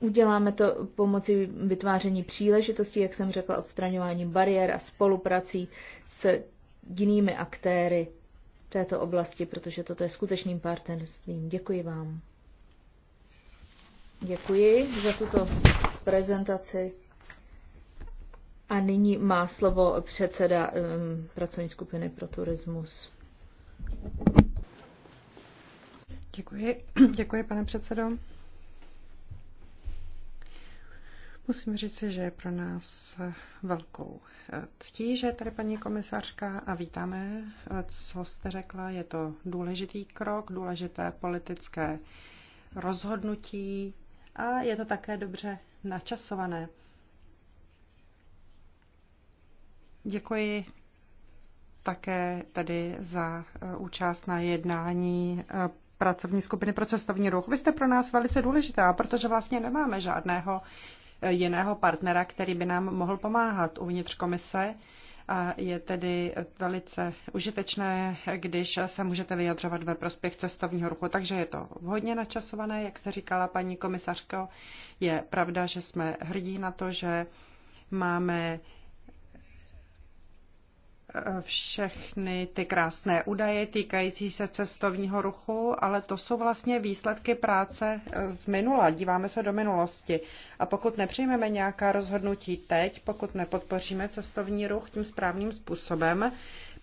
Uděláme to pomocí vytváření příležitostí, jak jsem řekla, odstraňování bariér a spoluprací s jinými aktéry této oblasti, protože toto je skutečným partnerstvím. Děkuji vám. Děkuji za tuto prezentaci. A nyní má slovo předseda um, pracovní skupiny pro turismus. Děkuji. (clears throat) Děkuji, pane předsedo. Musím říct, že je pro nás eh, velkou eh, ctí, že tady paní komisařka a vítáme, eh, co jste řekla. Je to důležitý krok, důležité politické rozhodnutí, a je to také dobře načasované. Děkuji také tady za eh, účast na jednání eh, pracovní skupiny pro cestovní ruch. Vy jste pro nás velice důležitá, protože vlastně nemáme žádného eh, jiného partnera, který by nám mohl pomáhat uvnitř komise a je tedy velice užitečné, když se můžete vyjadřovat ve prospěch cestovního ruchu. Takže je to hodně načasované, jak jste říkala paní komisařko. Je pravda, že jsme hrdí na to, že máme všechny ty krásné údaje týkající se cestovního ruchu, ale to jsou vlastně výsledky práce eh, z minula. Díváme se do minulosti. A pokud nepřijmeme nějaká rozhodnutí teď, pokud nepodpoříme cestovní ruch tím správným způsobem,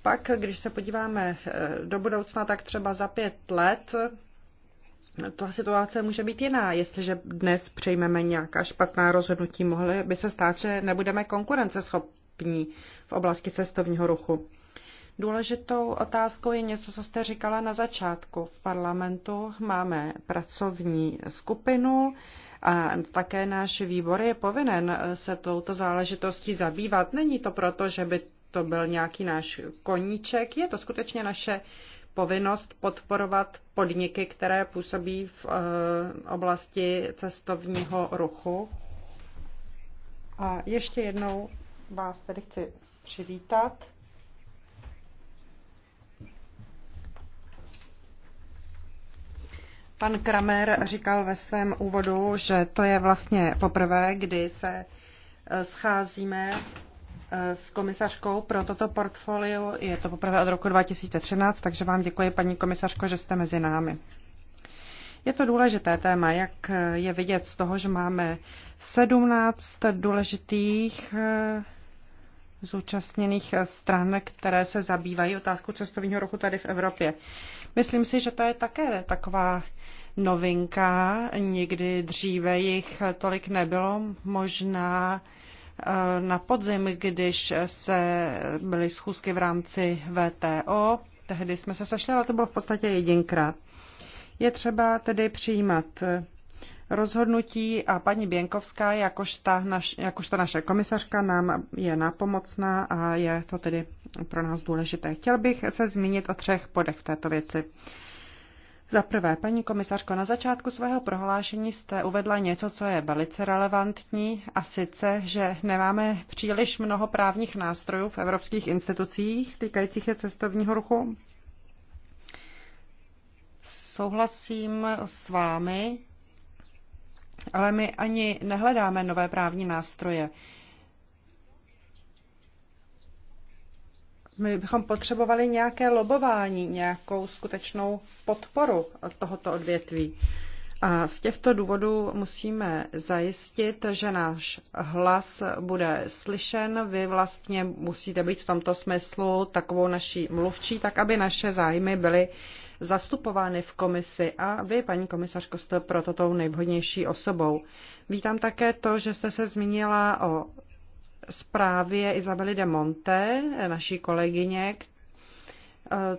pak, když se podíváme eh, do budoucna, tak třeba za pět let eh, ta situace může být jiná. Jestliže dnes přejmeme nějaká špatná rozhodnutí, mohly by se stát, že nebudeme konkurenceschopní dostupní v oblasti cestovního ruchu. Důležitou otázkou je něco, co jste říkala na začátku. V parlamentu máme pracovní skupinu a také náš výbor je povinen se touto záležitostí zabývat. Není to proto, že by to byl nějaký náš koníček, je to skutečně naše povinnost podporovat podniky, které působí v eh, oblasti cestovního ruchu. A ještě jednou vás tedy chci přivítat. Pan Kramer říkal ve svém úvodu, že to je vlastně poprvé, kdy se eh, scházíme eh, s komisařkou pro toto portfolio. Je to poprvé od roku 2013, takže vám děkuji, paní komisařko, že jste mezi námi. Je to důležité téma, jak eh, je vidět z toho, že máme 17 důležitých zúčastněných eh, stran, které se zabývají otázkou cestovního ruchu tady v Evropě. Myslím si, že to je také taková novinka. Nikdy dříve jich tolik nebylo. Možná eh, na podzim, když se byly schůzky v rámci VTO, tehdy jsme se sešli, ale to bylo v podstatě jedinkrát. Je třeba tedy přijímat eh, rozhodnutí a paní Běnkovská, jakož ta, naš, jakož naše komisařka, nám je napomocná a je to tedy pro nás důležité. Chtěl bych se zmínit o třech podech v této věci. Za prvé, paní komisařko, na začátku svého prohlášení jste uvedla něco, co je velice relevantní, a sice, že nemáme příliš mnoho právních nástrojů v evropských institucích týkajících se cestovního ruchu. Souhlasím s vámi, ale my ani nehledáme nové právní nástroje. My bychom potřebovali nějaké lobování, nějakou skutečnou podporu od tohoto odvětví. A z těchto důvodů musíme zajistit, že náš hlas bude slyšen. Vy vlastně musíte být v tomto smyslu takovou naší mluvčí, tak aby naše zájmy byly uh, zastupovány v komisi a vy, paní komisařko, jste proto tou nejvhodnější osobou. Vítám také to, že jste se zmínila o zprávě Izabely de Monte, naší kolegyně, eh,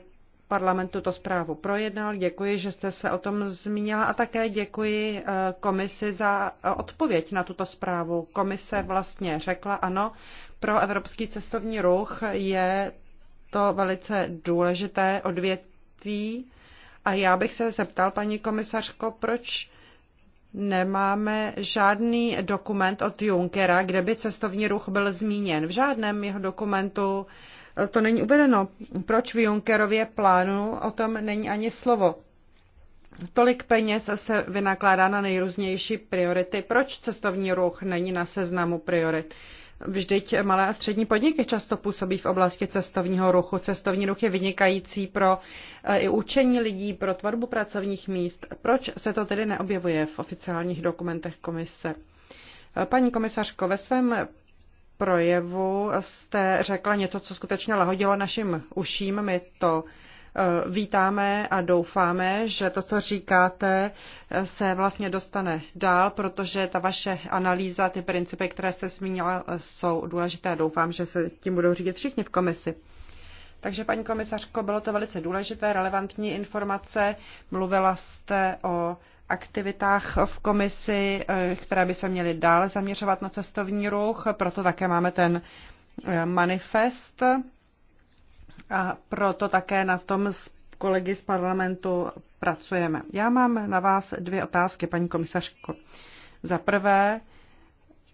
parlament tuto zprávu projednal. Děkuji, že jste se o tom zmínila a také děkuji eh, komisi za eh, odpověď na tuto zprávu. Komise vlastně řekla ano, pro evropský cestovní ruch je to velice důležité odvětví školství. A já bych se zeptal, paní komisařko, proč nemáme žádný dokument od Junckera, kde by cestovní ruch byl zmíněn. V žádném jeho dokumentu to není uvedeno. Proč v Junckerově plánu o tom není ani slovo? Tolik peněz se vynakládá na nejrůznější priority. Proč cestovní ruch není na seznamu priorit? Vždyť malé a střední podniky často působí v oblasti cestovního ruchu. Cestovní ruch je vynikající pro eh, i učení lidí, pro tvorbu pracovních míst. Proč se to tedy neobjevuje v oficiálních dokumentech komise? Eh, paní komisařko, ve svém projevu jste řekla něco, co skutečně lahodilo našim uším. My to Eh, vítáme a doufáme, že to, co říkáte, eh, se vlastně dostane dál, protože ta vaše analýza, ty principy, které jste zmínila, eh, jsou důležité. Doufám, že se tím budou řídit všichni v komisi. Takže, paní komisařko, bylo to velice důležité, relevantní informace. Mluvila jste o aktivitách v komisi, které by se měly dále zaměřovat na cestovní ruch, proto také máme ten manifest a proto také na tom s kolegy z parlamentu pracujeme. Já mám na vás dvě otázky, paní komisařko. Za prvé,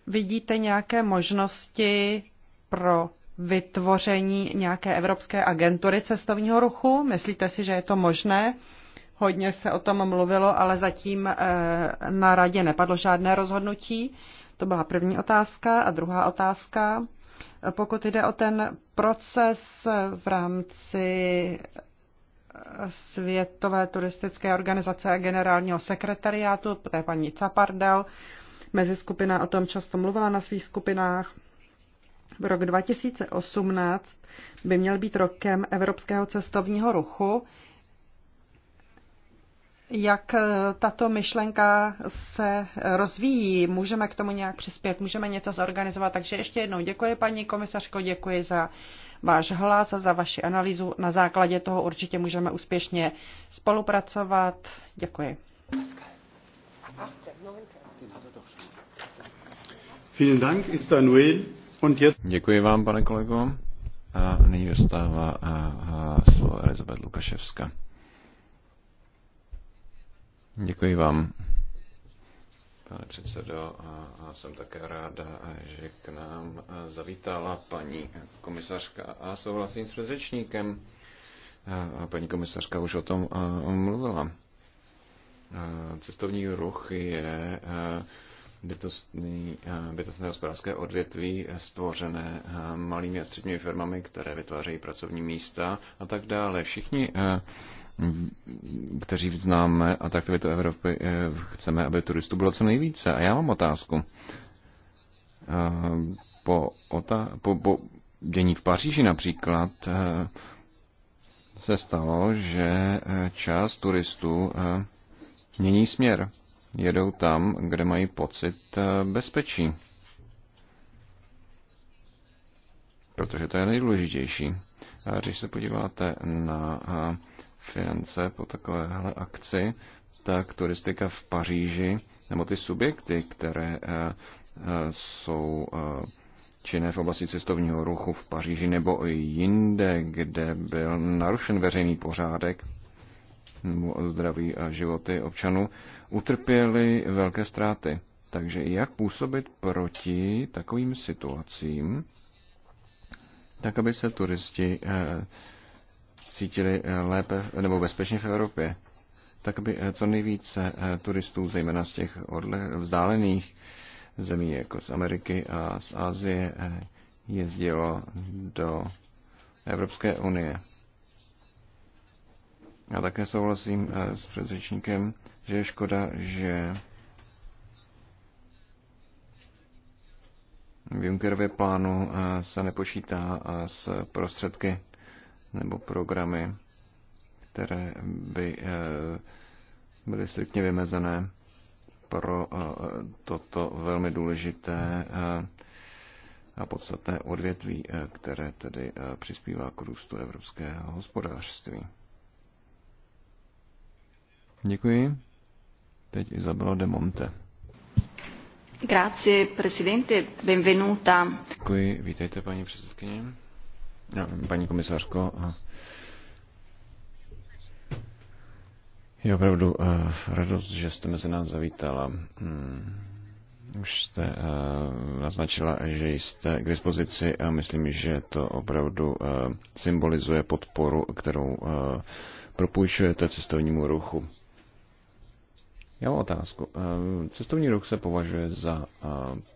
vidíte nějaké možnosti pro vytvoření nějaké evropské agentury cestovního ruchu? Myslíte si, že je to možné? Hodně se o tom mluvilo, ale zatím eh, na radě nepadlo žádné rozhodnutí. To byla první otázka. A druhá otázka, pokud jde o ten proces v rámci eh, Světové turistické organizace a generálního sekretariátu, to je paní Capardel, mezi skupina o tom často mluvila na svých skupinách. V rok 2018 by měl být rokem evropského cestovního ruchu jak eh, tato myšlenka se rozvíjí. Můžeme k tomu nějak přispět, můžeme něco zorganizovat. Takže ještě jednou děkuji, paní komisařko, děkuji za váš hlas, za vaši analýzu. Na základě toho určitě můžeme úspěšně spolupracovat. Děkuji. Děkuji vám, pane kolego. A nyní dostává eh, eh, slovo Elizabeth Lukaševska. Děkuji vám. Pane předsedo, a jsem také ráda, že k nám zavítala paní komisařka a souhlasím s předřečníkem. Paní komisařka už o tom mluvila. Cestovní ruch je bytostný, bytostné hospodářské odvětví stvořené malými a středními firmami, které vytvářejí pracovní místa a tak dále. Všichni kteří známe atraktivitu Evropy, eh, chceme, aby turistů bylo co nejvíce. A já mám otázku. Eh, po, ota, po, po dění v Paříži například eh, se stalo, že část turistů mění směr. Jedou tam, kde mají pocit bezpečí. Protože to je nejdůležitější. A když se podíváte na Firenze po takovéhle akci, tak turistika v Paříži, nebo ty subjekty, které eh, eh, jsou eh, činné v oblasti cestovního ruchu v Paříži nebo i jinde, kde byl narušen veřejný pořádek nebo zdraví a životy občanů, utrpěli velké ztráty. Takže jak působit proti takovým situacím, tak aby se turisti cítili eh, lépe nebo bezpečně v Evropě, tak by eh, co nejvíce eh, turistů, zejména z těch vzdálených zemí, jako z Ameriky a z Asie, jezdilo do Evropské unie. Já také souhlasím s předřečníkem, že je škoda, že v Junckerově plánu se nepočítá s prostředky nebo programy, které by eh, byly striktně vymezené pro eh, toto velmi důležité eh, a podstatné odvětví, které tedy přispívá k růstu evropského hospodářství. Děkuji. Teď Izabela de Monte. Grazie, presidente, benvenuta. Děkuji, vítejte paní předsedkyně paní komisařko. Je opravdu eh, radost, že jste mezi nás zavítala. Hmm. Už jste eh, naznačila, že jste k dispozici a myslím, že to opravdu eh, symbolizuje podporu, kterou propůjčujete cestovnímu ruchu. Já mám otázku. Eh, cestovní ruch se považuje za eh,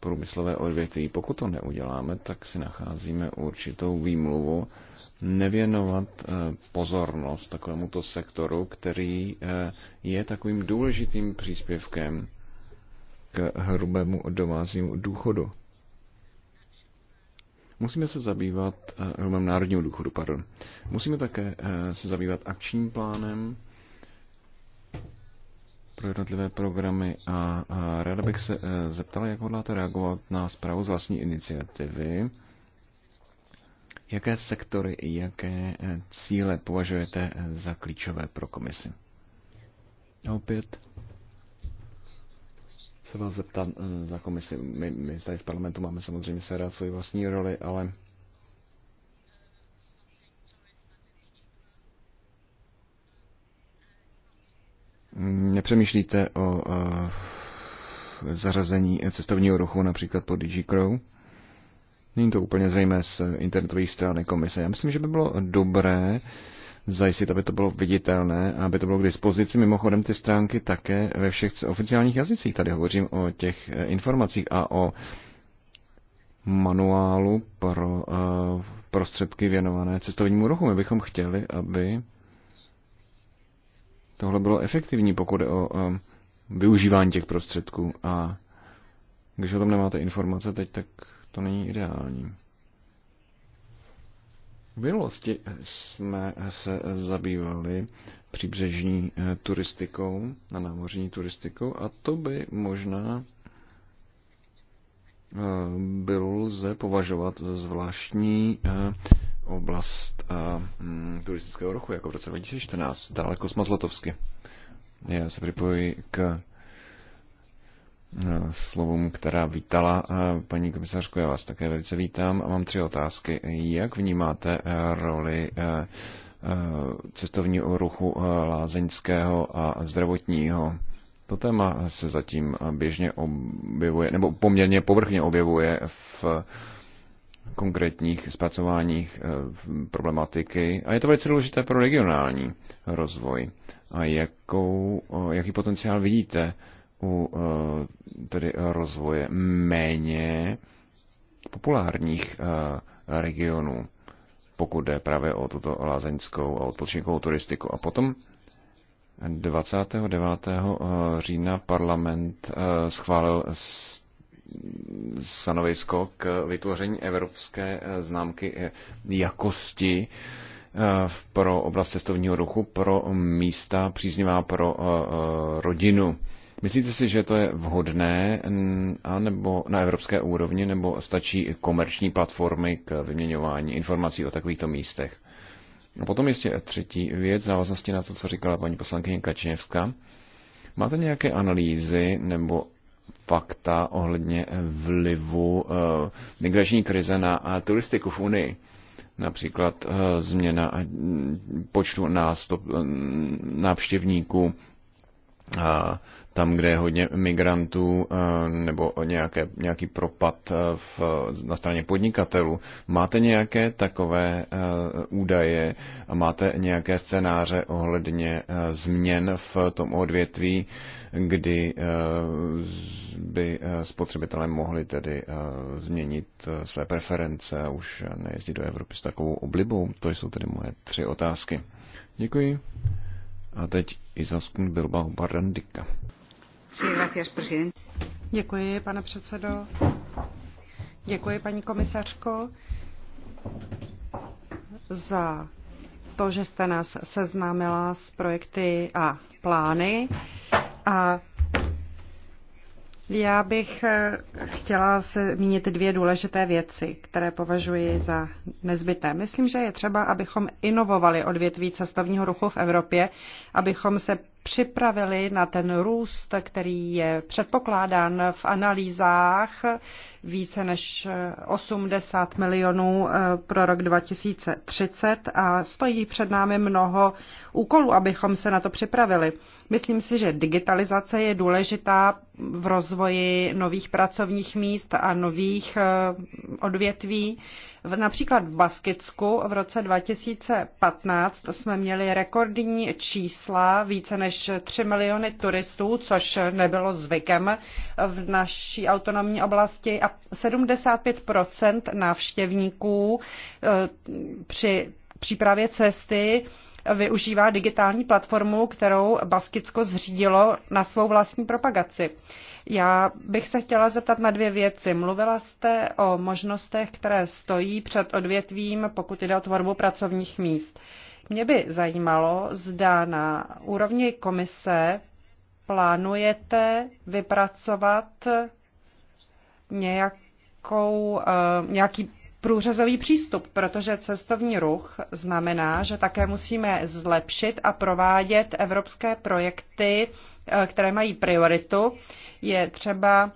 průmyslové odvětví. Pokud to neuděláme, tak si nacházíme určitou výmluvu nevěnovat eh, pozornost takovémuto sektoru, který je takovým důležitým příspěvkem k hrubému domácímu důchodu. Musíme se zabývat, hrubém národního důchodu, pardon. Musíme také se zabývat akčním plánem, pro jednotlivé programy a, a ráda bych se e, zeptal, jak hodláte reagovat na zprávu z vlastní iniciativy. Jaké sektory, i jaké e, cíle považujete e, za klíčové pro komisi? A opět se vás zeptám za komisi. My, my tady v parlamentu máme samozřejmě se rád svoji vlastní roli, ale nepřemýšlíte o eh, zařazení cestovního ruchu například pod DigiCrow? Není to úplně zřejmé z internetových strany komise. Já myslím, že by bylo dobré zajistit, aby to bylo viditelné, a aby to bylo k dispozici. Mimochodem ty stránky také ve všech oficiálních jazycích. Tady hovořím o těch eh, informacích a o manuálu pro eh, prostředky věnované cestovnímu ruchu. My bychom chtěli, aby tohle bylo efektivní, pokud je o využívání těch prostředků. A když o tom nemáte informace teď, tak to není ideální. V minulosti jsme se zabývali příbřežní eh, turistikou a námořní turistikou a to by možná eh, bylo lze považovat za zvláštní eh, oblast a, eh, mm, hm, turistického ruchu, jako v roce 2014. Dále Kosma Já se připojuji k eh, slovům, která vítala. Eh, paní komisařko, já vás také velice vítám a mám tři otázky. Jak vnímáte roli cestovního ruchu lázeňského a zdravotního? To téma se zatím běžně objevuje, nebo poměrně povrchně objevuje v konkrétních zpracováních eh, problematiky a je to velice důležité pro regionální rozvoj. A jakou, eh, jaký potenciál vidíte u eh, tedy rozvoje méně populárních regionů, pokud jde právě o tuto lázeňskou a odpočinkovou turistiku. A potom 29. října parlament schválil stanovisko k vytvoření evropské eh, známky eh, jakosti eh, pro oblast cestovního ruchu, pro místa příznivá pro rodinu. Myslíte si, že to je vhodné nebo na evropské úrovni, nebo stačí komerční platformy k vyměňování informací o takovýchto místech? A potom ještě třetí věc, v návaznosti na to, co říkala paní poslankyně Kačněvská. Máte nějaké analýzy nebo fakta ohledně vlivu eh, migrační krize na eh, turistiku v Unii. Například eh, změna počtu nástup, návštěvníků, tam, kde je hodně migrantů e, nebo nějaké, nějaký propad e, v, na straně podnikatelů. Máte nějaké takové e, údaje a máte nějaké scénáře ohledně změn v tom odvětví, kdy by spotřebitelé mohli tedy změnit své preference a už nejezdit do Evropy s takovou oblibou? To jsou tedy moje tři otázky. Děkuji. A teď Izaskun Bilbao Barandika. Děkuji, pane předsedo. Děkuji, paní komisařko, za to, že jste nás seznámila s projekty a plány. A já bych eh, chtěla se zmínit dvě důležité věci, které považuji za nezbytné. Myslím, že je třeba, abychom inovovali odvětví cestovního ruchu v Evropě, abychom se připravili na ten růst, který je předpokládán v analýzách více než 80 milionů eh, pro rok 2030 a stojí před námi mnoho úkolů, abychom se na to připravili. Myslím si, že digitalizace je důležitá v rozvoji nových pracovních míst a nových eh, odvětví. V Například v Baskicku v roce 2015 jsme měli rekordní čísla, více než 3 miliony turistů, což nebylo zvykem v naší autonomní oblasti a 75 návštěvníků eh, při přípravě cesty využívá digitální platformu, kterou Baskicko zřídilo na svou vlastní propagaci. Já bych se chtěla zeptat na dvě věci. Mluvila jste o možnostech, které stojí před odvětvím, pokud jde o tvorbu pracovních míst. Mě by zajímalo, zda na úrovni komise plánujete vypracovat nějakou, eh, nějaký průřezový přístup, protože cestovní ruch znamená, že také musíme zlepšit a provádět evropské projekty, eh, které mají prioritu. Je třeba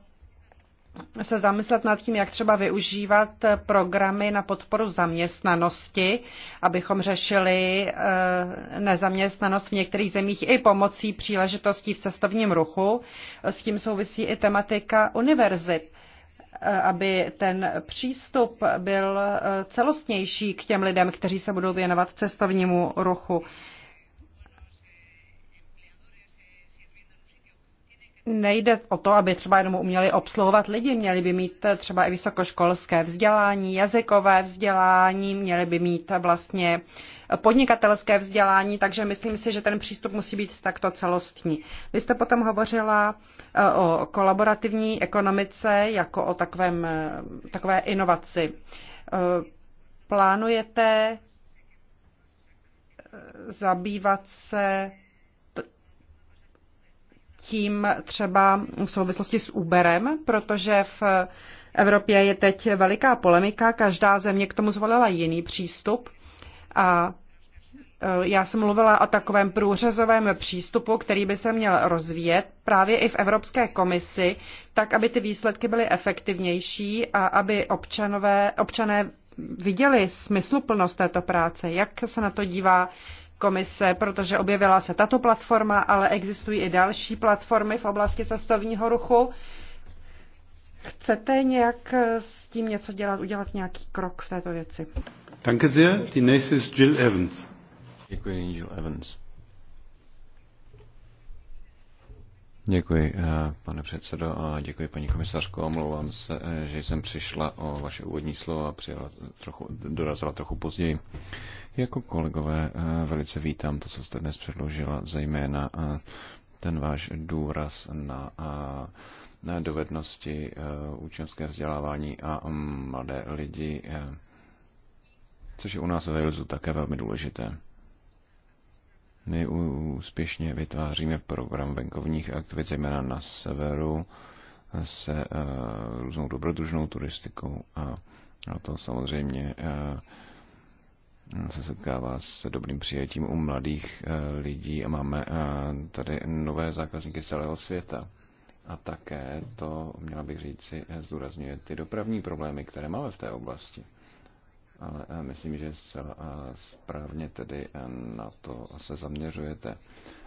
se zamyslet nad tím, jak třeba využívat programy na podporu zaměstnanosti, abychom řešili eh, nezaměstnanost v některých zemích i pomocí příležitostí v cestovním ruchu. S tím souvisí i tematika univerzit aby ten přístup byl eh, celostnější k těm lidem, kteří se budou věnovat cestovnímu ruchu. Nejde o to, aby třeba jenom uměli obsluhovat lidi, měli by mít třeba i vysokoškolské vzdělání, jazykové vzdělání, měli by mít vlastně podnikatelské vzdělání, takže myslím si, že ten přístup musí být takto celostní. Vy jste potom hovořila eh, o kolaborativní ekonomice jako o takovém, eh, takové inovaci. Eh, plánujete zabývat se tím třeba v souvislosti s Uberem, protože v Evropě je teď veliká polemika, každá země k tomu zvolila jiný přístup a e, já jsem mluvila o takovém průřezovém přístupu, který by se měl rozvíjet právě i v Evropské komisi, tak aby ty výsledky byly efektivnější a aby občanové, občané viděli smysluplnost této práce. Jak se na to dívá komise, protože objevila se tato platforma, ale existují i další platformy v oblasti cestovního ruchu. Chcete nějak eh, s tím něco dělat, udělat nějaký krok v této věci? Danke sehr. Die nächste ist Jill Evans. Děkuji, Jill Evans. Děkuji, eh, pane předsedo, a děkuji, paní komisařko. Omlouvám se, eh, že jsem přišla o vaše úvodní slovo a přijela trochu, dorazila trochu později. Jako kolegové eh, velice vítám to, co jste dnes předložila, zejména ten váš důraz na dovednosti, učňovské vzdělávání a mladé lidi, což je u nás ve Walesu také velmi důležité. My úspěšně vytváříme program venkovních aktivit, zejména na severu, se uh, různou dobrodružnou turistikou a, a to samozřejmě uh, se setkává s dobrým přijetím u mladých uh, lidí a máme uh, tady nové zákazníky z celého světa. A také to, měla bych říci, zdůrazňuje ty dopravní problémy, které máme v té oblasti ale eh, myslím, že se eh, správně tedy eh, na to se zaměřujete.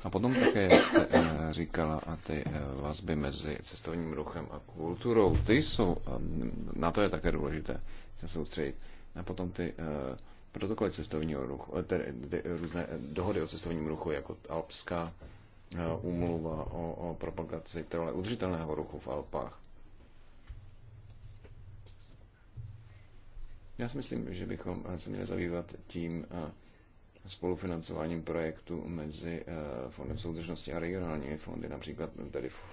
A potom také, jak jste říkala, a ty vazby mezi cestovním ruchem a kulturou, ty jsou, na to je také důležité se soustředit. A potom ty protokoly cestovního ruchu, tedy různé dohody o cestovním ruchu, jako Alpská úmluva o, o propagaci trvalé udržitelného ruchu v Alpách. Já si myslím, že bychom eh, se měli zabývat tím eh, spolufinancováním projektu mezi eh, Fondem soudržnosti a regionálními fondy, například tedy v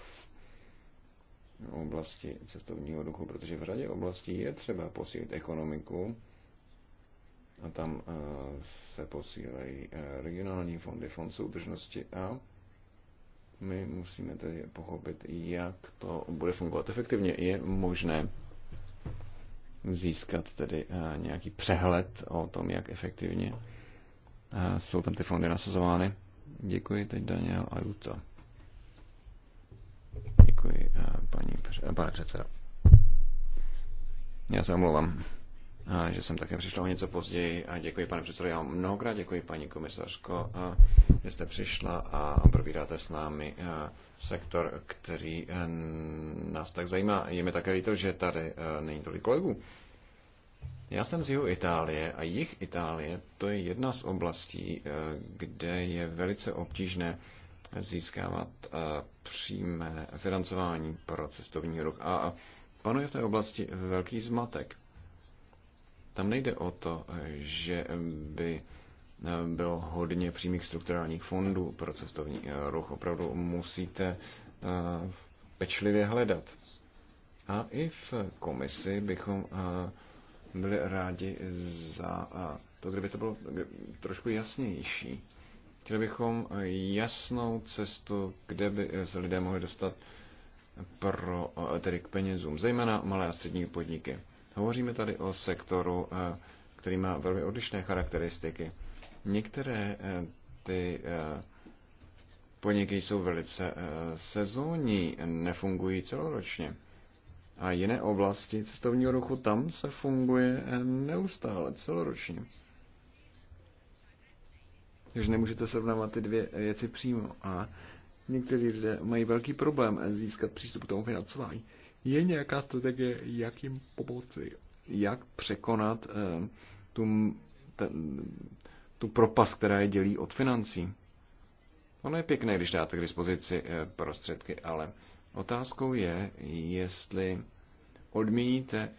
oblasti cestovního ruchu, protože v řadě oblastí je třeba posílit ekonomiku a tam se posílejí regionální fondy, fond soudržnosti a my musíme tedy pochopit, jak to bude fungovat efektivně. Je možné získat tedy eh, nějaký přehled o tom, jak efektivně eh, jsou tam ty fondy nasazovány. Děkuji, teď Daniel a Juta. Děkuji, eh, paní, pane předsedo. Já se omlouvám a že jsem také přišla o něco později. A děkuji, pane předsedo, já mnohokrát děkuji, paní komisařko, a, že jste přišla a probíráte s námi a, sektor, který a, nás tak zajímá. Je mi také líto, že tady a, není tolik kolegů. Já jsem z jihu Itálie a jich Itálie to je jedna z oblastí, kde je velice obtížné získávat přímé financování pro cestovní ruch. A panuje v té oblasti velký zmatek. Tam nejde o to, že by eh, bylo hodně přímých strukturálních fondů pro cestovní eh, ruch. Opravdu musíte eh, pečlivě hledat. A i v komisi bychom byli rádi za to, kdyby to bylo trošku jasnější. Chtěli bychom jasnou cestu, kde by se lidé mohli dostat pro, tedy k penězům, zejména malé a střední podniky. Hovoříme tady o sektoru, eh, který má velmi odlišné charakteristiky. Některé eh, ty eh, podniky jsou velice sezónní, nefungují celoročně. A jiné oblasti cestovního ruchu, tam se funguje neustále, celoročně. Takže nemůžete srovnávat ty dvě věci přímo. A někteří lidé mají velký problém získat přístup k tomu financování. Je nějaká strategie, jak jim pomoci? Jak překonat eh, tu, ten, tu propast, která je dělí od financí? Ono je pěkné, když dáte k dispozici eh, prostředky, ale otázkou je, jestli odmíníte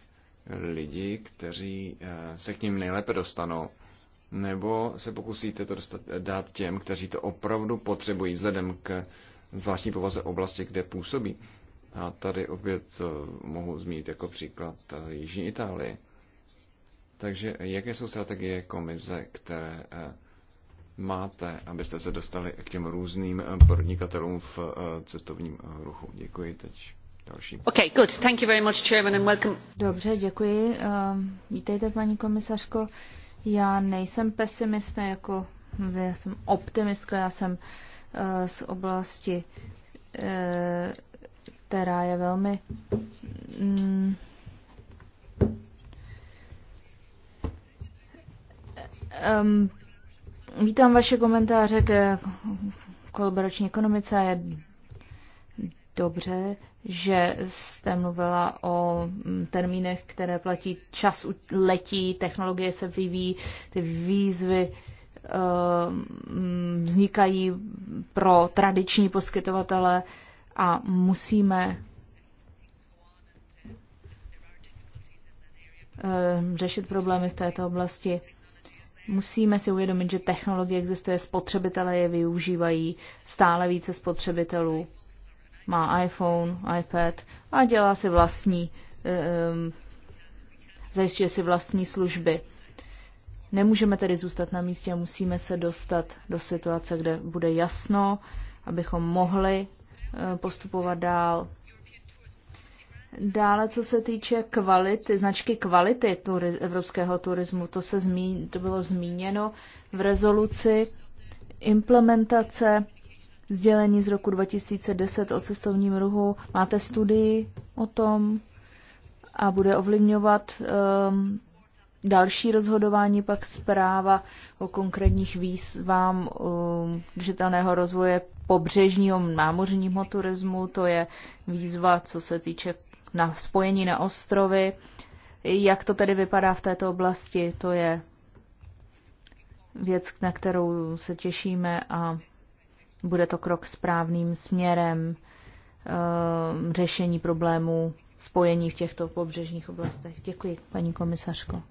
lidi, kteří eh, se k ním nejlépe dostanou, nebo se pokusíte to dostat, dát těm, kteří to opravdu potřebují vzhledem k zvláštní povaze oblasti, kde působí. A tady opět eh, mohu zmínit jako příklad eh, Jižní Itálii. Takže jaké jsou strategie komise, které eh, máte, abyste se dostali k těm různým podnikatelům v cestovním ruchu? Děkuji teď. Další. Okay, good. Thank you very much, Chairman, and welcome. Dobře, děkuji. Ehm, vítejte, paní komisařko. Já nejsem pesimista jako vy, já jsem optimistka, já jsem z oblasti která je velmi mm, um, vítám vaše komentáře k kolaborační ekonomice. Je dobře, že jste mluvila o mm, termínech, které platí čas letí, technologie se vyvíjí, ty výzvy mm, vznikají pro tradiční poskytovatele a musíme eh, řešit problémy v této oblasti. Musíme si uvědomit, že technologie existuje, spotřebitelé je využívají, stále více spotřebitelů má iPhone, iPad a dělá si vlastní, eh, zajišťuje si vlastní služby. Nemůžeme tedy zůstat na místě a musíme se dostat do situace, kde bude jasno, abychom mohli Eh, postupovat dál. Dále, co se týče kvality, značky kvality turi, evropského turismu, to, se zmí, to bylo zmíněno v rezoluci implementace sdělení z roku 2010 o cestovním ruhu. Máte studii o tom a bude ovlivňovat um, další rozhodování, pak zpráva o konkrétních výzvám um, ehm, držitelného rozvoje pobřežního námořního turismu, to je výzva, co se týče na spojení na ostrovy. Jak to tedy vypadá v této oblasti, to je věc, na kterou se těšíme a bude to krok správným směrem ehm, řešení problémů spojení v těchto pobřežních oblastech. Děkuji, paní komisařko.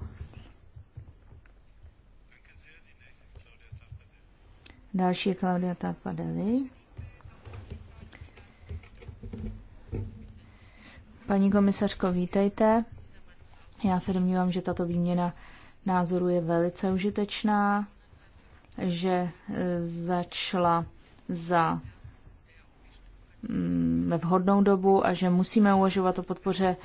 Další je Claudia Tapadeli. Paní komisařko, vítejte. Já se domnívám, že tato výměna názorů je velice užitečná, že e, začala za mm, vhodnou dobu a že musíme uvažovat o podpoře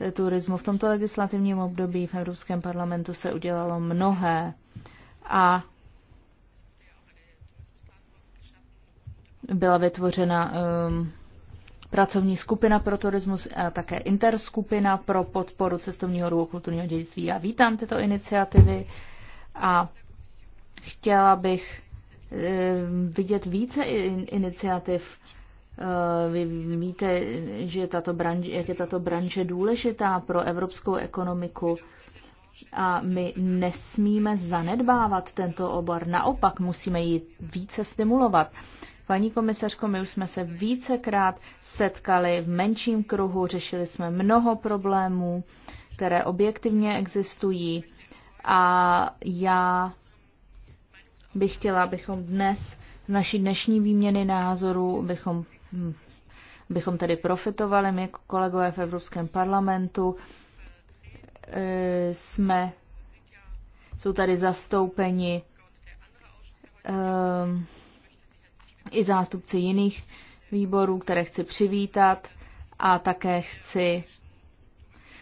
e, turismu. V tomto legislativním období v Evropském parlamentu se udělalo mnohé a Byla vytvořena um, pracovní skupina pro turismus a také interskupina pro podporu cestovního ruchu kulturního dědictví. Já vítám tyto iniciativy a chtěla bych ehm, vidět více iniciativ. Ehm, vy víte, že tato branže, jak je tato branže důležitá pro evropskou ekonomiku a my nesmíme zanedbávat tento obor. Naopak musíme ji více stimulovat. Paní komisařko, my už jsme se vícekrát setkali v menším kruhu, řešili jsme mnoho problémů, které objektivně existují a já bych chtěla, abychom dnes v naší dnešní výměny názorů, bychom, bychom tedy profitovali, my jako kolegové v Evropském parlamentu, e, jsme, jsou tady zastoupeni um, i zástupci jiných výborů, které chci přivítat a také chci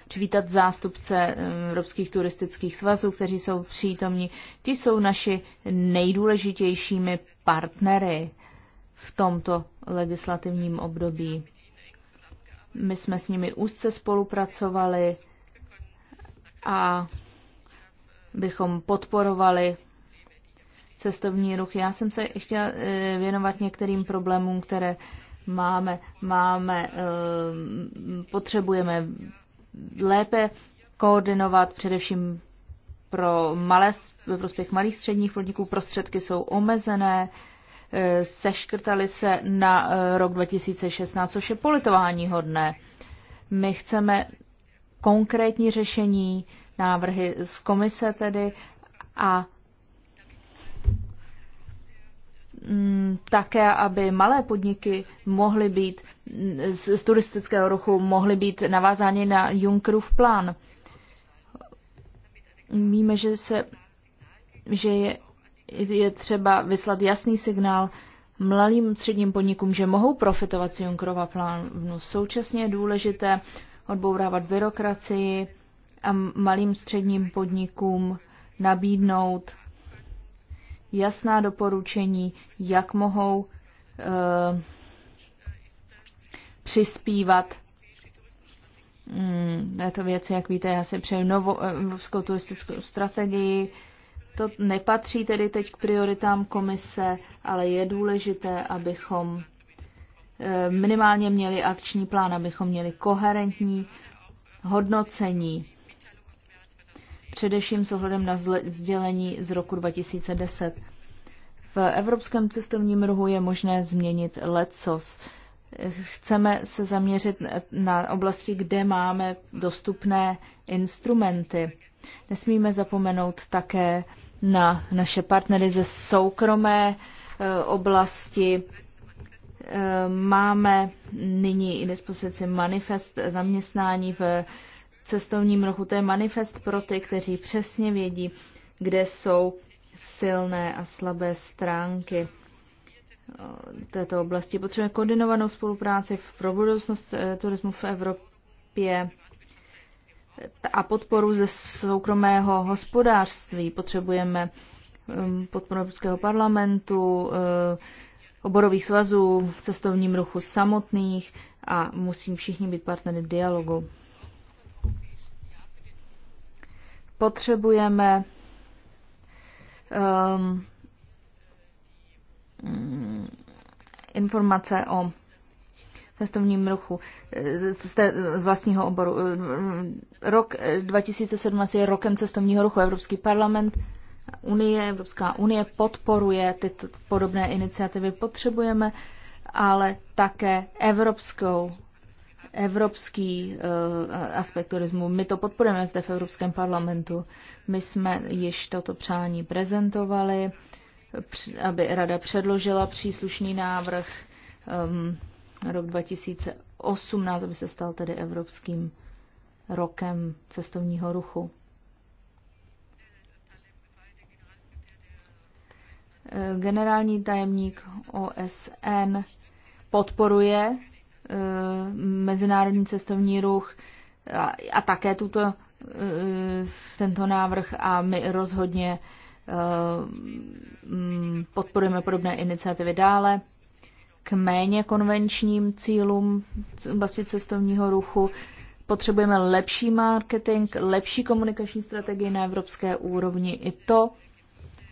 přivítat zástupce eh, Evropských turistických svazů, kteří jsou přítomní. Ti jsou naši nejdůležitějšími partnery v tomto legislativním období. My jsme s nimi úzce spolupracovali a bychom podporovali cestovní ruch. Já jsem se chtěla eh, věnovat některým problémům, které máme, máme, eh, potřebujeme lépe koordinovat především pro malé, ve prospěch malých středních podniků prostředky jsou omezené, eh, seškrtaly se na rok 2016, což je politování hodné. My chceme konkrétní řešení, návrhy z komise tedy a Mm, také, aby malé podniky mohly být mm, z, z turistického ruchu mohly být navázány na Junckerův plán. Víme, že, se, že je, je třeba vyslat jasný signál mladým středním podnikům, že mohou profitovat z Junckerova plánu. Současně je důležité odbourávat byrokracii a malým středním podnikům nabídnout jasná doporučení, jak mohou e, přispívat mm, této věci, jak víte, já si přeju novou eh, evropskou turistickou strategii. To nepatří tedy teď k prioritám komise, ale je důležité, abychom eh, minimálně měli akční plán, abychom měli koherentní hodnocení především s ohledem na sdělení z roku 2010. V evropském cestovním ruhu je možné změnit lecos. Chceme se zaměřit na oblasti, kde máme dostupné instrumenty. Nesmíme zapomenout také na naše partnery ze soukromé eh, oblasti. Eh, máme nyní i dispozici manifest zaměstnání v cestovním rohu. To je manifest pro ty, kteří přesně vědí, kde jsou silné a slabé stránky eh, této oblasti. Potřebujeme koordinovanou spolupráci pro budoucnost eh, turismu v Evropě a podporu ze soukromého hospodářství. Potřebujeme hm, podporu Evropského parlamentu, eh, oborových svazů v cestovním ruchu samotných a musím všichni být partnery dialogu. Potřebujeme um, informace o cestovním ruchu z, té, z vlastního oboru. Rok 2017 je rokem cestovního ruchu. Evropský parlament, Unie, Evropská unie podporuje tyto podobné iniciativy. Potřebujeme ale také evropskou evropský eh, aspekt turismu. My to podporujeme zde v Evropském parlamentu. My jsme již toto přání prezentovali, aby Rada předložila příslušný návrh ehm, rok 2018, aby se stal tedy Evropským rokem cestovního ruchu. Eh, generální tajemník OSN podporuje Eh, mezinárodní cestovní ruch a, a také tuto, eh, tento návrh a my rozhodně eh, mm, podporujeme podobné iniciativy dále k méně konvenčním cílům vlastně cestovního ruchu. Potřebujeme lepší marketing, lepší komunikační strategii na evropské úrovni. I to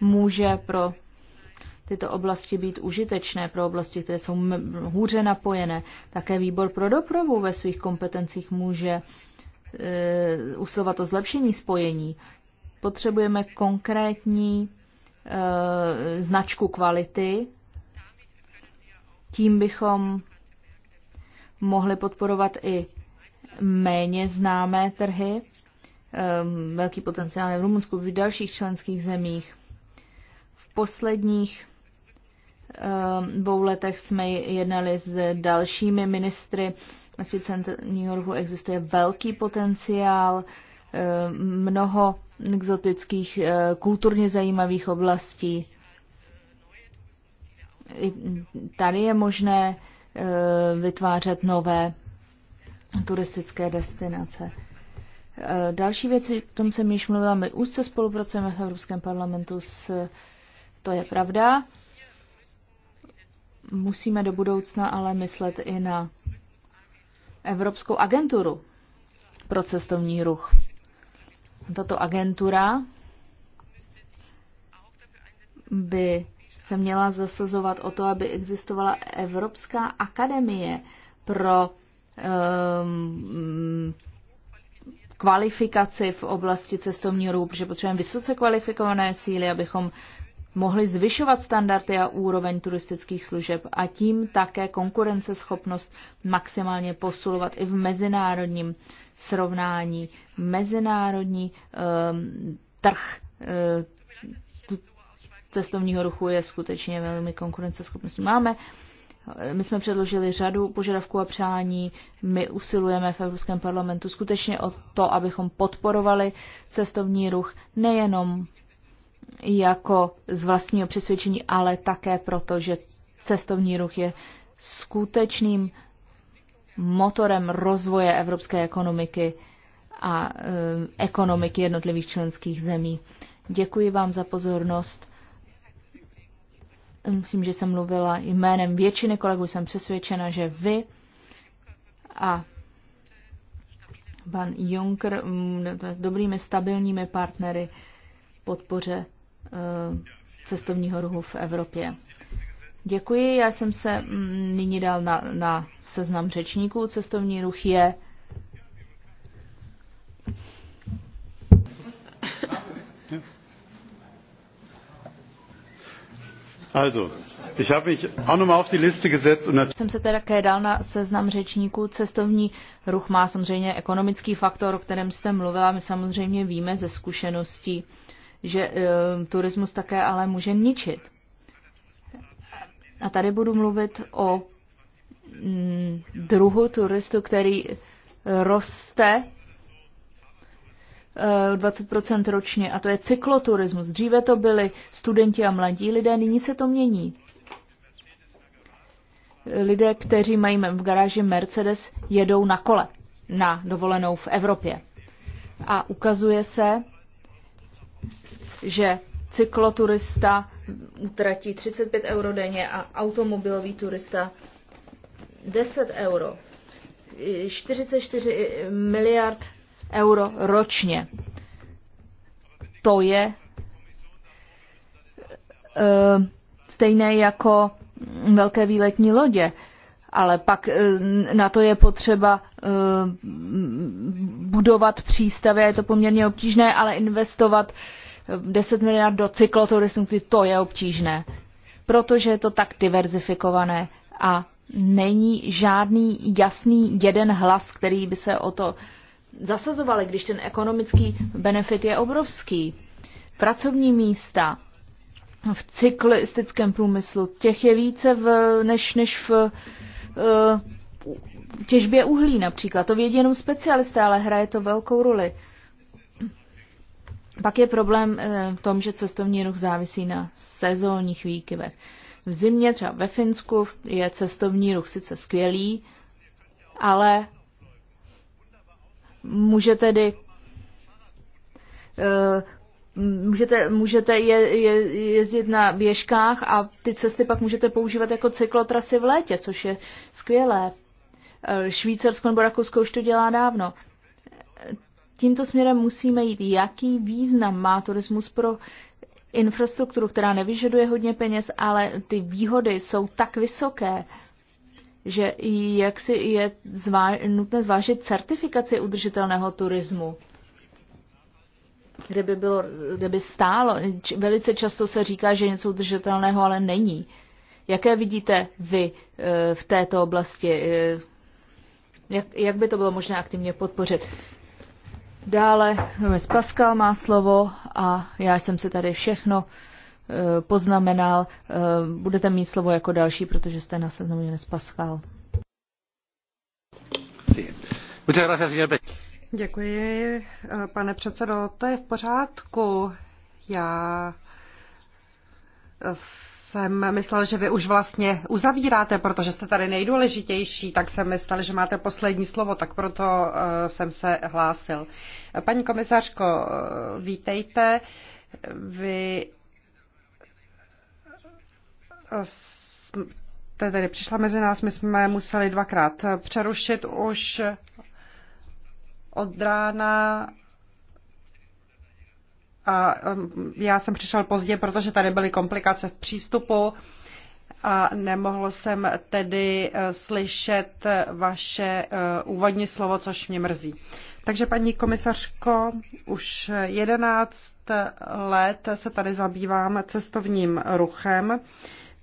může pro tyto oblasti být užitečné pro oblasti, které jsou hůře napojené. Také výbor pro dopravu ve svých kompetencích může e, usilovat o zlepšení spojení. Potřebujeme konkrétní e, značku kvality. Tím bychom mohli podporovat i méně známé trhy. E, velký potenciál je v Rumunsku, v dalších členských zemích. V posledních Eh, dvou letech jsme jednali s dalšími ministry V New Yorku Existuje velký potenciál, eh, mnoho exotických, eh, kulturně zajímavých oblastí. I tady je možné vytvářet nové turistické destinace. Další věci, o tom jsem již mluvila, my úzce spolupracujeme v Evropském parlamentu s, to je pravda, Musíme do budoucna ale myslet i na Evropskou agenturu pro cestovní ruch. Tato agentura by se měla zasazovat o to, aby existovala Evropská akademie pro um, kvalifikaci v oblasti cestovního ruchu, protože potřebujeme vysoce kvalifikované síly, abychom mohli zvyšovat standardy a úroveň turistických služeb a tím také konkurenceschopnost maximálně posilovat i v mezinárodním srovnání. Mezinárodní eh, trh eh, cestovního ruchu je skutečně velmi konkurenceschopnostní. Máme eh, my jsme předložili řadu požadavků a přání. My usilujeme v Evropském parlamentu skutečně o to, abychom podporovali cestovní ruch nejenom jako z vlastního přesvědčení, ale také proto, že cestovní ruch je skutečným motorem rozvoje evropské ekonomiky a e, ekonomiky jednotlivých členských zemí. Děkuji vám za pozornost. Myslím, že jsem mluvila jménem většiny kolegů. Jsem přesvědčena, že vy a pan Juncker s dobrými stabilními partnery podpoře Eh, cestovního ruchu v Evropě. Děkuji, já jsem se mm, nyní dal na, na seznam řečníků. Cestovní ruch je Also, ich habe mich auch nochmal auf die Liste gesetzt und Jsem se teda také dal na seznam řečníků. Cestovní ruch má samozřejmě ekonomický faktor, o kterém jste mluvila. My samozřejmě víme ze zkušeností, že eh, turismus také ale může ničit. A tady budu mluvit o mm, druhu turistu, který eh, roste 20% eh, ročně a to je cykloturismus. Dříve to byli studenti a mladí lidé, nyní se to mění. Lidé, kteří mají v garáži Mercedes, jedou na kole na dovolenou v Evropě. A ukazuje se, že cykloturista utratí 35 euro denně a automobilový turista 10 euro. 44 miliard euro ročně. To je uh, stejné jako velké výletní lodě. Ale pak eh, na to je potřeba eh, budovat přístavy, je to poměrně obtížné, ale investovat 10 miliard do cykloturismu, to je obtížné, protože je to tak diverzifikované a není žádný jasný jeden hlas, který by se o to zasazoval, když ten ekonomický benefit je obrovský. Pracovní místa v cyklistickém průmyslu, těch je více v, než, než v uh, těžbě uhlí například. To vědí jenom specialisté, ale hraje to velkou roli. Pak je problém eh, v tom, že cestovní ruch závisí na sezónních výkyvech. V zimě, třeba ve Finsku, je cestovní ruch sice skvělý, ale může tedy eh, můžete, můžete je, je, jezdit na běžkách a ty cesty pak můžete používat jako cyklotrasy v létě, což je skvělé. Eh, Švýcarsko nebo Rakousko už to dělá dávno tímto směrem musíme jít. Jaký význam má turismus pro infrastrukturu, která nevyžaduje hodně peněz, ale ty výhody jsou tak vysoké, že jak si je zvá- nutné zvážit certifikaci udržitelného turismu. Kdyby, bylo, kdyby stálo, velice často se říká, že něco udržitelného, ale není. Jaké vidíte vy e, v této oblasti? E, jak, jak by to bylo možné aktivně podpořit? Dále Luis Pascal má slovo a já jsem se tady všechno eh, poznamenal. Eh, budete mít slovo jako další, protože jste na seznamu Luis Pascal. Děkuji, eh, pane předsedo. To je v pořádku. Já jsem myslel, že vy už vlastně uzavíráte, protože jste tady nejdůležitější, tak jsem myslel, že máte poslední slovo, tak proto eh, jsem se hlásil. Paní komisařko, eh, vítejte. Vy eh, jste tedy přišla mezi nás, my jsme museli dvakrát přerušit už od rána a um, já jsem přišel pozdě, protože tady byly komplikace v přístupu a nemohl jsem tedy eh, slyšet vaše eh, úvodní slovo, což mě mrzí. Takže paní komisařko, už 11 let se tady zabývám cestovním ruchem.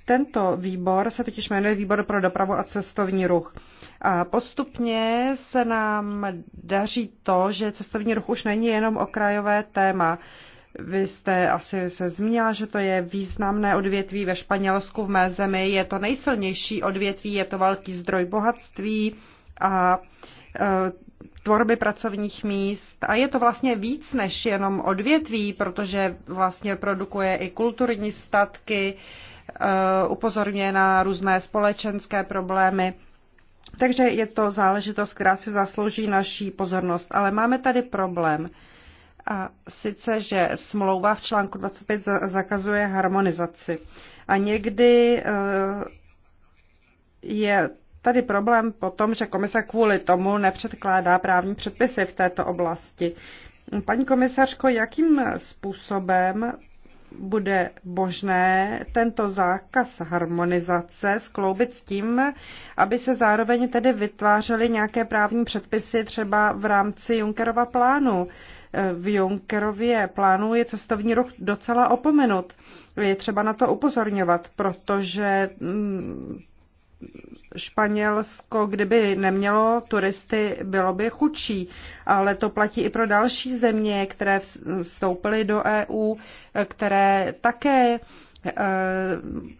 Tento výbor se totiž jmenuje Výbor pro dopravu a cestovní ruch. A postupně se nám daří to, že cestovní ruch už není jenom okrajové téma. Vy jste asi se zmínila, že to je významné odvětví ve Španělsku, v mé zemi. Je to nejsilnější odvětví, je to velký zdroj bohatství a e, tvorby pracovních míst. A je to vlastně víc než jenom odvětví, protože vlastně produkuje i kulturní statky, Eh, upozorňuje na různé společenské problémy. Takže je to záležitost, která si zaslouží naší pozornost. Ale máme tady problém. A sice, že smlouva v článku 25 zakazuje harmonizaci. A někdy eh, je tady problém po tom, že komise kvůli tomu nepředkládá právní předpisy v této oblasti. Paní komisařko, jakým způsobem bude možné tento zákaz harmonizace skloubit s tím, aby se zároveň tedy vytvářely nějaké právní předpisy třeba v rámci Junckerova plánu. V Junckerově plánu je cestovní ruch docela opomenut. Je třeba na to upozorňovat, protože mm, Španělsko, kdyby nemělo turisty, bylo by chudší, ale to platí i pro další země, které vstoupily do EU, které také e,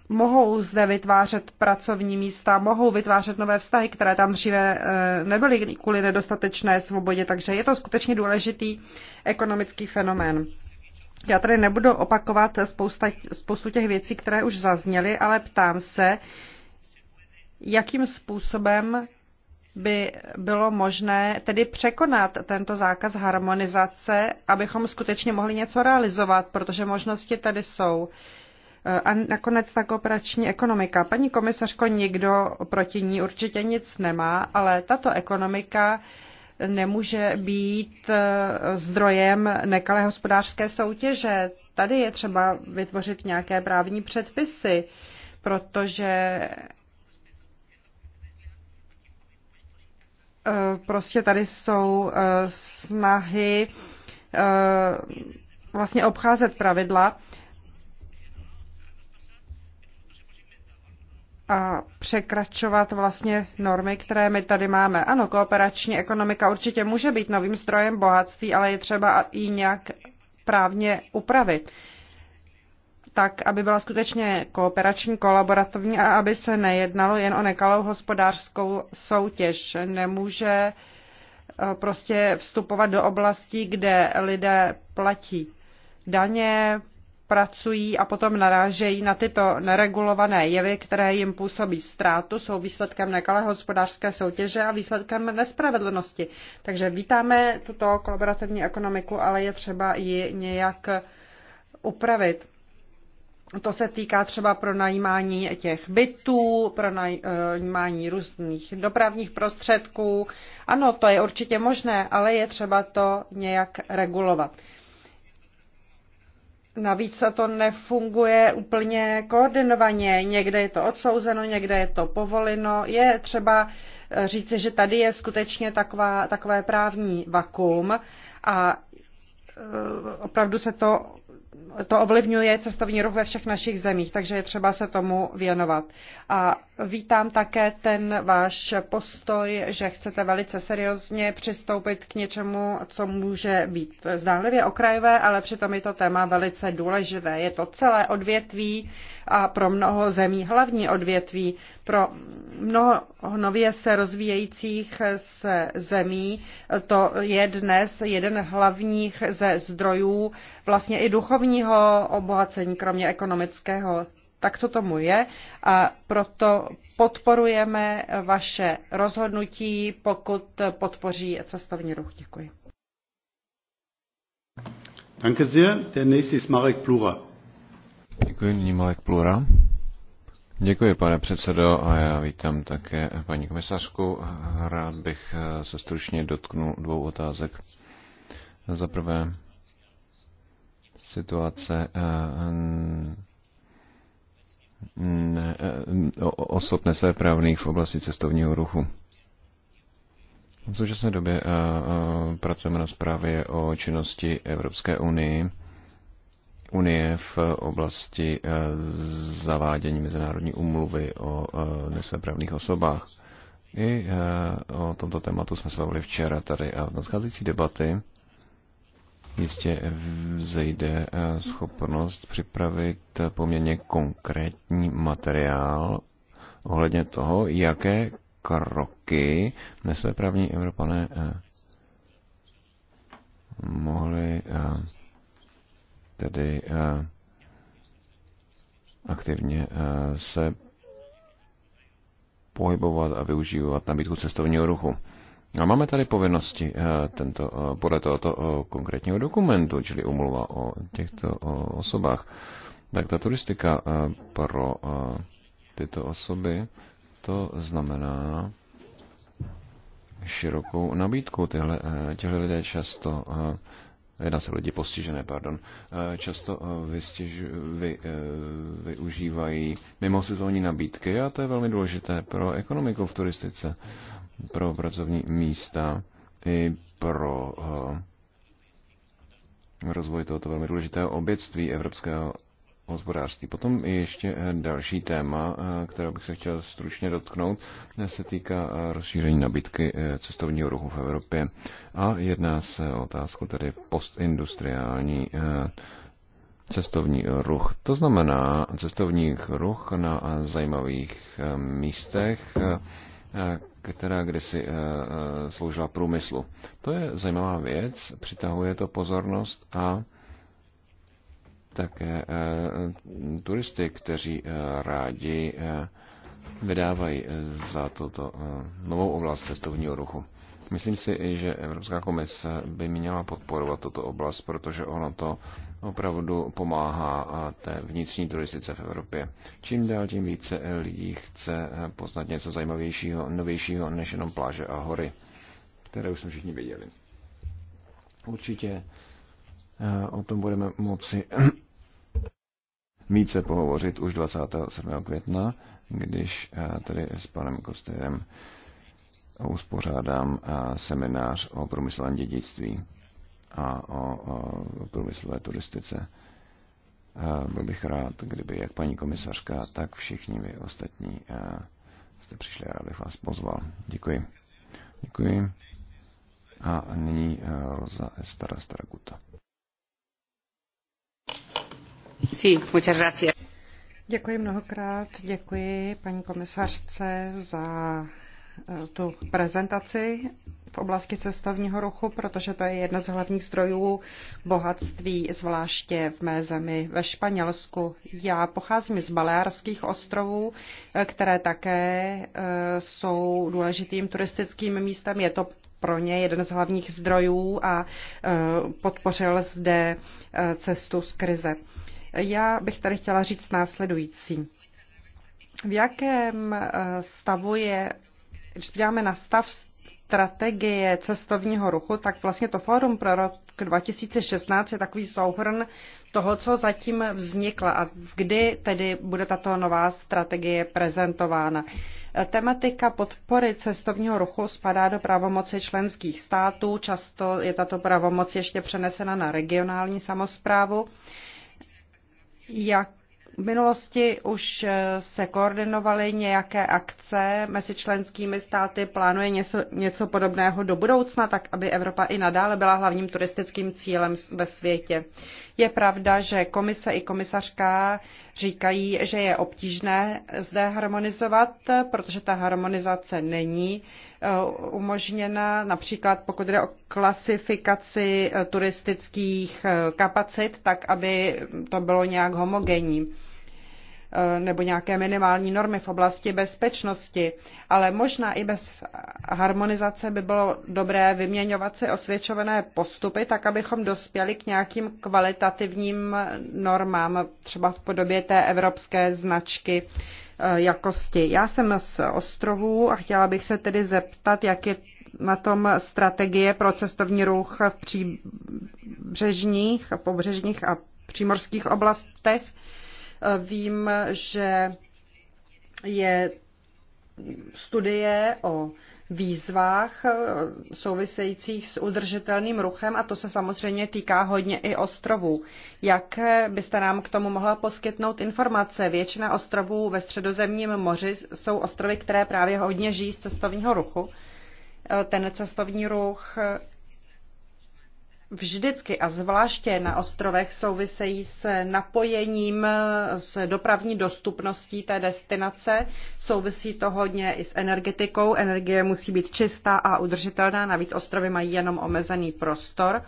mohou zde vytvářet pracovní místa, mohou vytvářet nové vztahy, které tam dříve e, nebyly kvůli nedostatečné svobodě, takže je to skutečně důležitý ekonomický fenomén. Já tady nebudu opakovat spousta, spoustu těch věcí, které už zazněly, ale ptám se, jakým způsobem by bylo možné tedy překonat tento zákaz harmonizace, abychom skutečně mohli něco realizovat, protože možnosti tady jsou. E, a nakonec ta kooperační ekonomika. Paní komisařko, nikdo proti ní určitě nic nemá, ale tato ekonomika nemůže být e, zdrojem nekalé hospodářské soutěže. Tady je třeba vytvořit nějaké právní předpisy, protože Eh, prostě tady jsou eh, snahy eh, vlastně obcházet pravidla a překračovat vlastně normy, které my tady máme. Ano, kooperační ekonomika určitě může být novým strojem bohatství, ale je třeba i nějak právně upravit tak, aby byla skutečně kooperační, kolaborativní a aby se nejednalo jen o nekalou hospodářskou soutěž. Nemůže eh, prostě vstupovat do oblastí, kde lidé platí daně, pracují a potom narážejí na tyto neregulované jevy, které jim působí ztrátu, jsou výsledkem nekalé hospodářské soutěže a výsledkem nespravedlnosti. Takže vítáme tuto kolaborativní ekonomiku, ale je třeba ji nějak upravit. To se týká třeba najímání těch bytů, najímání eh, různých dopravních prostředků. Ano, to je určitě možné, ale je třeba to nějak regulovat. Navíc to nefunguje úplně koordinovaně. Někde je to odsouzeno, někde je to povoleno. Je třeba eh, říci, že tady je skutečně taková, takové právní vakuum a eh, opravdu se to to ovlivňuje cestovní ruch ve všech našich zemích, takže je třeba se tomu věnovat. A vítám také ten váš postoj, že chcete velice seriózně přistoupit k něčemu, co může být zdánlivě okrajové, ale přitom je to téma velice důležité. Je to celé odvětví, a pro mnoho zemí hlavní odvětví. Pro mnoho nově se rozvíjejících se zemí to je dnes jeden hlavních ze zdrojů vlastně i duchovního obohacení, kromě ekonomického. Tak to tomu je a proto podporujeme vaše rozhodnutí, pokud podpoří cestovní ruch. Děkuji. Danke sehr. Der nächste ist Marek Plura. Děkuji, nyní Malek Plura. Děkuji, pane předsedo, a já vítám také paní komisařku. Rád bych se stručně dotknul dvou otázek. Za prvé, situace eh, eh, osob nesvéprávných v oblasti cestovního ruchu. V současné době eh, pracujeme na zprávě o činnosti Evropské unii unie v oblasti eh, zavádění mezinárodní umluvy o eh, nesvéprávných osobách. I eh, o tomto tématu jsme se bavili včera tady a v nadcházející debaty jistě vzejde schopnost připravit poměrně konkrétní materiál ohledně toho, jaké kroky nesvéprávní Evropané mohli tedy eh, aktivně eh, se pohybovat a využívat nabídku cestovního ruchu. A máme tady povinnosti eh, tento, podle tohoto konkrétního dokumentu, čili umluva o těchto osobách. Tak ta turistika pro tyto osoby, to znamená širokou nabídku. Tyhle, těhle lidé často jedná se lidi postižené, pardon, eh, často eh, vystěž, vy, eh, využívají mimo sezónní nabídky a to je velmi důležité pro ekonomiku v turistice, pro pracovní místa i pro rozvoj tohoto velmi důležitého obětství evropského hospodářství. Potom ještě eh, další téma, eh, kterého bych se chtěl stručně dotknout, eh, se týká rozšíření nabídky cestovního ruchu v Evropě a jedná se o otázku tedy postindustriální cestovní ruch. To znamená cestovní ruch na zajímavých místech, která kdysi sloužila průmyslu. To je zajímavá věc, přitahuje to pozornost a také eh, turisty, kteří eh, rádi eh, vydávají za toto novou oblast cestovního ruchu. Myslím si, že Evropská komise by měla podporovat tuto oblast, protože ono to opravdu pomáhá té vnitřní turistice v Evropě. Čím dál tím více lidí chce poznat něco zajímavějšího, novějšího, než jenom pláže a hory, které už jsme všichni viděli. Určitě Eh, o tom budeme moci více pohovořit už 27. května, když eh, tady s panem Kostejem uspořádám eh, seminář o průmyslovém dědictví a o, o průmyslové turistice. Byl bych rád, kdyby jak paní komisařka, tak všichni vy ostatní jste přišli a rád bych vás pozval. Děkuji. Děkuji. A nyní Roza Estara Staraguta. Děkuji mnohokrát, děkuji paní komisařce za eh, tu prezentaci v oblasti cestovního ruchu, protože to je jedna z hlavních zdrojů bohatství, zvláště v mé zemi ve Španělsku. Já pocházím z Baleárských ostrovů, eh, které také eh, jsou důležitým turistickým místem. Je to pro ně jeden z hlavních zdrojů a podpořil zde cestu z krize. Já bych tady chtěla říct následující. V jakém eh, stavu je, když děláme na stav strategie cestovního ruchu, tak vlastně to Fórum pro rok 2016 je takový souhrn toho, co zatím vznikla a kdy tedy bude tato nová strategie prezentována. Tematika podpory cestovního ruchu spadá do pravomoci členských států, často je tato pravomoc ještě přenesena na regionální samozprávu jak v minulosti už se koordinovaly nějaké akce mezi členskými státy, plánuje něco, něco podobného do budoucna, tak aby Evropa i nadále byla hlavním turistickým cílem ve světě. Je pravda, že komise i komisařka říkají, že je obtížné zde harmonizovat, protože ta harmonizace není Eh, umožněna, například pokud jde o klasifikaci eh, turistických eh, kapacit, tak aby to bylo nějak homogenní nebo nějaké minimální normy v oblasti bezpečnosti, ale možná i bez harmonizace by bylo dobré vyměňovat si osvědčované postupy, tak abychom dospěli k nějakým kvalitativním normám, třeba v podobě té evropské značky Eh, jakosti. Já jsem z ostrovů a chtěla bych se tedy zeptat, jak je na tom strategie pro cestovní ruch v příbřežních, pobřežních a přímorských oblastech. Eh, vím, že je studie o výzvách eh, souvisejících s udržitelným ruchem a to se samozřejmě týká hodně i ostrovů. Jak byste nám k tomu mohla poskytnout informace? Většina ostrovů ve středozemním moři jsou ostrovy, které právě hodně žijí z cestovního ruchu. Eh, ten cestovní ruch vždycky a zvláště na ostrovech souvisejí s napojením, s dopravní dostupností té destinace. Souvisí to hodně i s energetikou. Energie musí být čistá a udržitelná, navíc ostrovy mají jenom omezený prostor.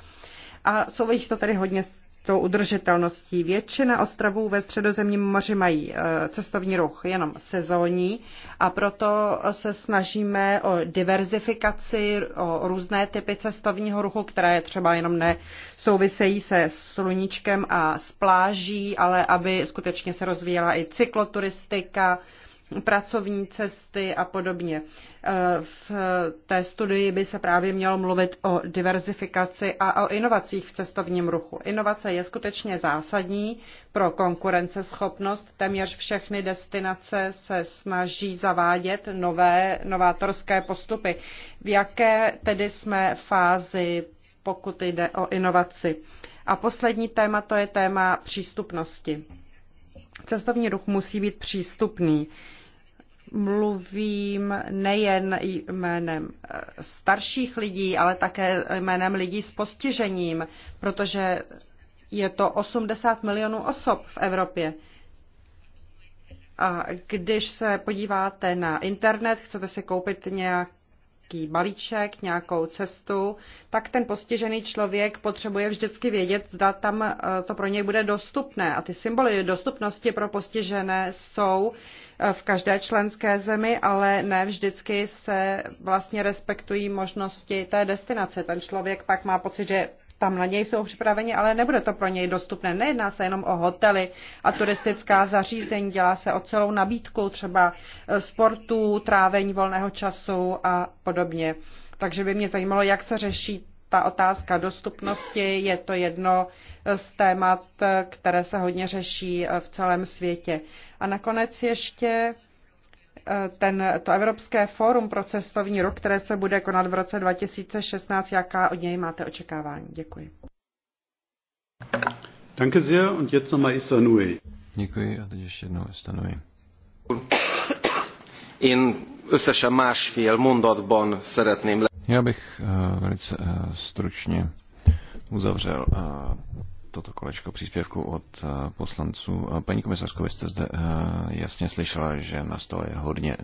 A souvisí to tedy hodně s tou udržitelností. Většina ostrovů ve středozemním moři mají e, cestovní ruch jenom sezónní a proto se snažíme o diverzifikaci, o různé typy cestovního ruchu, které třeba jenom nesouvisejí se sluníčkem a s pláží, ale aby skutečně se rozvíjela i cykloturistika, pracovní cesty a podobně. E, v té studii by se právě mělo mluvit o diverzifikaci a o inovacích v cestovním ruchu. Inovace je skutečně zásadní pro konkurenceschopnost. Téměř všechny destinace se snaží zavádět nové novátorské postupy. V jaké tedy jsme fázi, pokud jde o inovaci? A poslední téma to je téma přístupnosti. Cestovní ruch musí být přístupný. Uh, mluvím nejen jménem eh, starších lidí, ale také jménem lidí s postižením, protože je to 80 milionů osob v Evropě. A když se podíváte na internet, chcete si koupit nějaký balíček, nějakou cestu, tak ten postižený člověk potřebuje vždycky vědět, zda tam eh, to pro něj bude dostupné. A ty symboly dostupnosti pro postižené jsou v každé členské zemi, ale ne vždycky se vlastně respektují možnosti té destinace. Ten člověk pak má pocit, že tam na něj jsou připraveni, ale nebude to pro něj dostupné. Nejedná se jenom o hotely a turistická zařízení, dělá se o celou nabídku třeba eh, sportů, trávení volného času a podobně. Takže by mě zajímalo, jak se řeší ta otázka dostupnosti je to jedno z témat, které se hodně řeší v celém světě. A nakonec ještě eh, ten, to Evropské fórum pro cestovní ruch, které se bude konat v roce 2016, jaká od něj máte očekávání? Děkuji. Danke sehr und jetzt nochmal Istanui. Děkuji a teď ještě jednou Istanui. In összesen másfél mondatban szeretném le... Já bych eh, velice eh, stručně uzavřel eh, toto kolečko příspěvku od poslanců. Paní komisařko, vy jste zde jasně slyšela, že na stole je hodně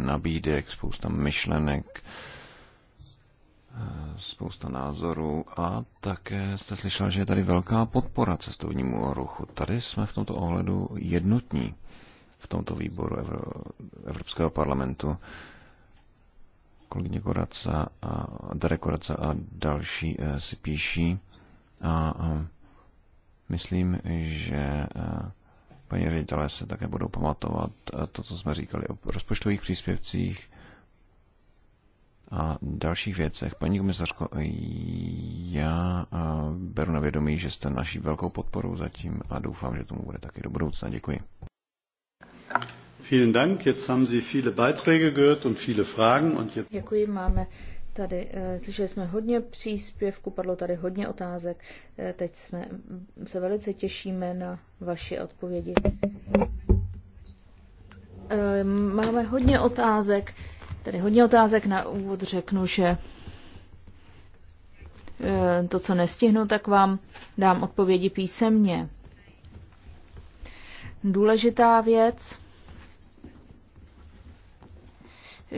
nabídek, spousta myšlenek, spousta názorů a také jste slyšela, že je tady velká podpora cestovnímu ruchu. Tady jsme v tomto ohledu jednotní v tomto výboru Evropského parlamentu kolegyně Koraca a Dare Koraca a další eh, si píší a myslím, že eh, paní ředitelé se také budou pamatovat eh, to, co jsme říkali o rozpočtových příspěvcích a dalších věcech. Paní komisařko, já beru na vědomí, že jste naší velkou podporou zatím a doufám, že tomu bude taky do budoucna. Děkuji. Děkuji, máme tady, eh, slyšeli jsme hodně příspěvků, padlo tady hodně otázek. Eh, teď jsme, se velice těšíme na vaše odpovědi. Ehm, máme hodně otázek, tady hodně otázek na úvod řeknu, že eh, to, co nestihnu, tak vám dám odpovědi písemně. Důležitá věc,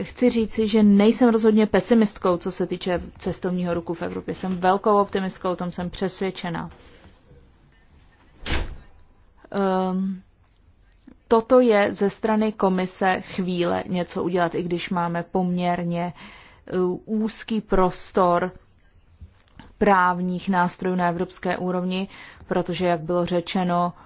chci říci, že nejsem rozhodně pesimistkou, co se týče cestovního ruku v Evropě. Jsem velkou optimistkou, o tom jsem přesvědčena. Um, toto je ze strany komise chvíle něco udělat, i když máme poměrně e, úzký prostor právních nástrojů na evropské úrovni, protože, jak bylo řečeno, uh,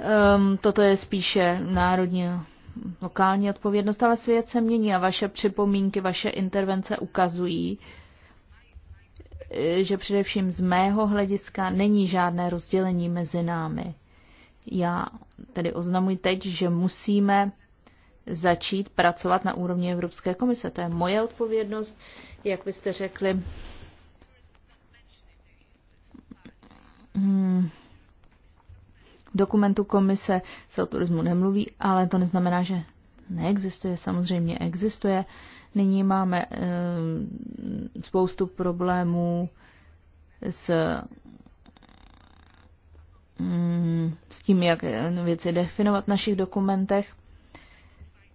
Um, toto je spíše národní lokální odpovědnost, ale svět se mění a vaše připomínky, vaše intervence ukazují, eh, že především z mého hlediska není žádné rozdělení mezi námi. Já tedy oznamuji teď, že musíme začít pracovat na úrovni Evropské komise. To je moje odpovědnost, jak byste jste řekli. Hmm dokumentu komise se o turismu nemluví, ale to neznamená, že neexistuje. Samozřejmě existuje. Nyní máme e, spoustu problémů s, mm, s tím, jak eh, věci definovat v našich dokumentech.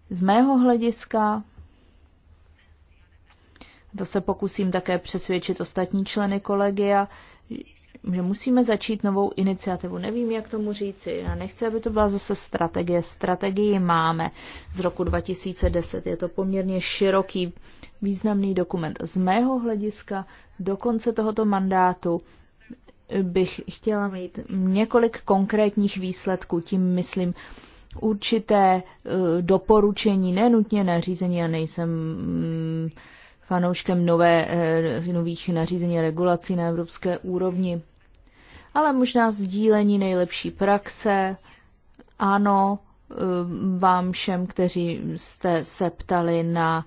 Z mého hlediska to se pokusím také přesvědčit ostatní členy kolegia, že musíme začít novou iniciativu. Nevím, jak tomu říci. Já nechci, aby to byla zase strategie. Strategii máme z roku 2010. Je to poměrně široký, významný dokument. Z mého hlediska do konce tohoto mandátu bych chtěla mít několik konkrétních výsledků. Tím myslím určité e, doporučení, nenutně nařízení. Já nejsem mm, fanouškem nové, e, nových nařízení regulací na evropské úrovni ale možná sdílení nejlepší praxe. Ano, um, vám všem, kteří jste se ptali na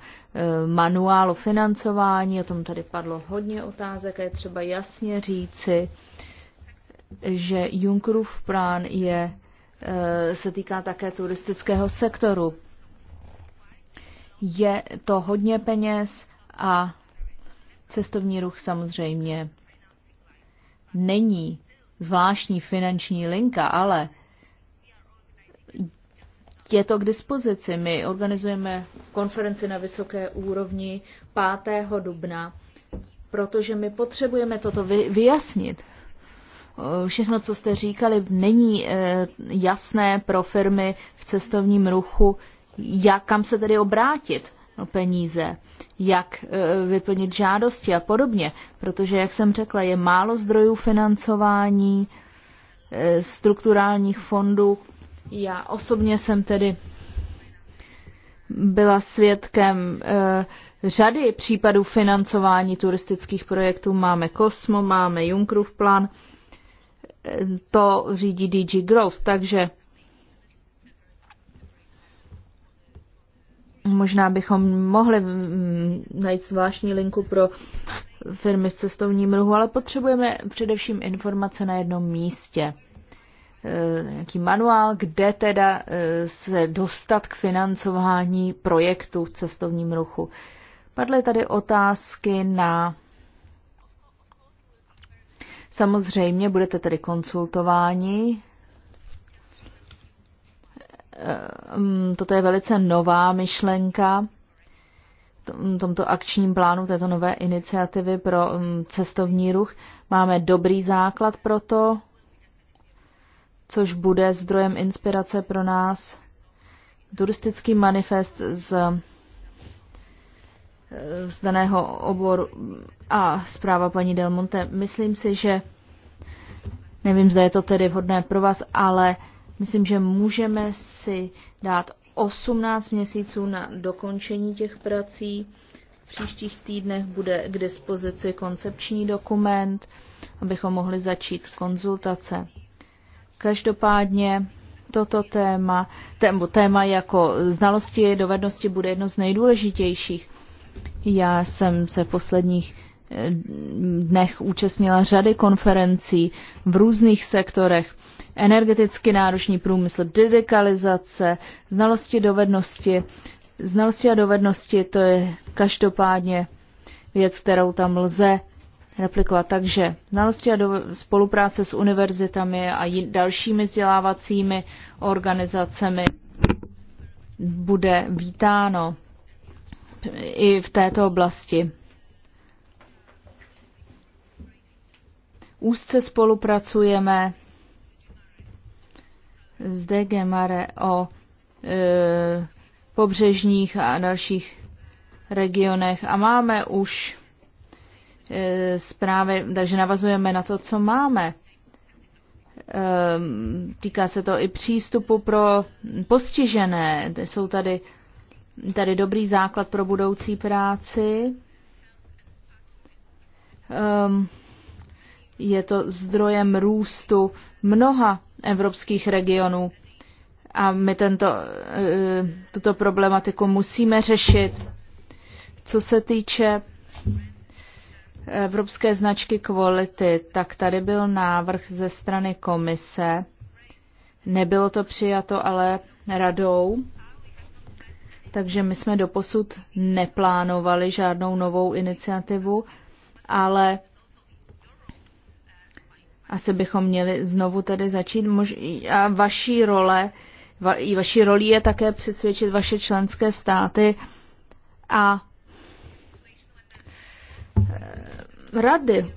um, manuál o financování, o tom tady padlo hodně otázek a je třeba jasně říci, že Junckerův plán je, uh, se týká také turistického sektoru. Je to hodně peněz a cestovní ruch samozřejmě není zvláštní finanční linka, ale je to k dispozici. My organizujeme konferenci na vysoké úrovni 5. dubna, protože my potřebujeme toto vyjasnit. Všechno, co jste říkali, není eh, jasné pro firmy v cestovním ruchu, jak kam se tedy obrátit peníze, jak e, vyplnit žádosti a podobně, protože, jak jsem řekla, je málo zdrojů financování e, strukturálních fondů. Já osobně jsem tedy byla svědkem e, řady případů financování turistických projektů. Máme Kosmo, máme Junkrův plán, to řídí DG Growth, takže Možná bychom mohli mm, najít zvláštní linku pro firmy v cestovním ruchu, ale potřebujeme především informace na jednom místě. E, nějaký manuál, kde teda e, se dostat k financování projektu v cestovním ruchu. Padly tady otázky na. Samozřejmě budete tedy konsultováni Eh, toto je velice nová myšlenka tomto akčním plánu, této nové iniciativy pro mm, cestovní ruch. Máme dobrý základ pro to, což bude zdrojem inspirace pro nás. Turistický manifest z, eh, z daného oboru a zpráva paní Delmonte. Myslím si, že nevím, zda je to tedy vhodné pro vás, ale uh, Myslím, že můžeme si dát 18 měsíců na dokončení těch prací. V příštích týdnech bude k dispozici koncepční dokument, abychom mohli začít konzultace. Každopádně toto téma, téma, téma jako znalosti, dovednosti bude jedno z nejdůležitějších. Já jsem se v posledních eh, dnech účastnila řady konferencí v různých sektorech energeticky náročný průmysl, dedikalizace, znalosti, dovednosti. Znalosti a dovednosti to je každopádně věc, kterou tam lze replikovat. Takže znalosti a do, spolupráce s univerzitami a dalšími vzdělávacími organizacemi bude vítáno i v této oblasti. Úzce spolupracujeme zde Gemare o e, pobřežních a dalších regionech a máme už e, zprávy, takže navazujeme na to, co máme. E, týká se to i přístupu pro postižené. Jsou tady, tady dobrý základ pro budoucí práci. E, je to zdrojem růstu mnoha evropských regionů. A my tento, e, tuto problematiku musíme řešit. Co se týče evropské značky kvality, tak tady byl návrh ze strany komise. Nebylo to přijato ale radou, takže my jsme doposud neplánovali žádnou novou iniciativu, ale asi bychom měli znovu tedy začít. Mož- a vaší role, va- i vaší roli je také přesvědčit vaše členské státy a eh, rady,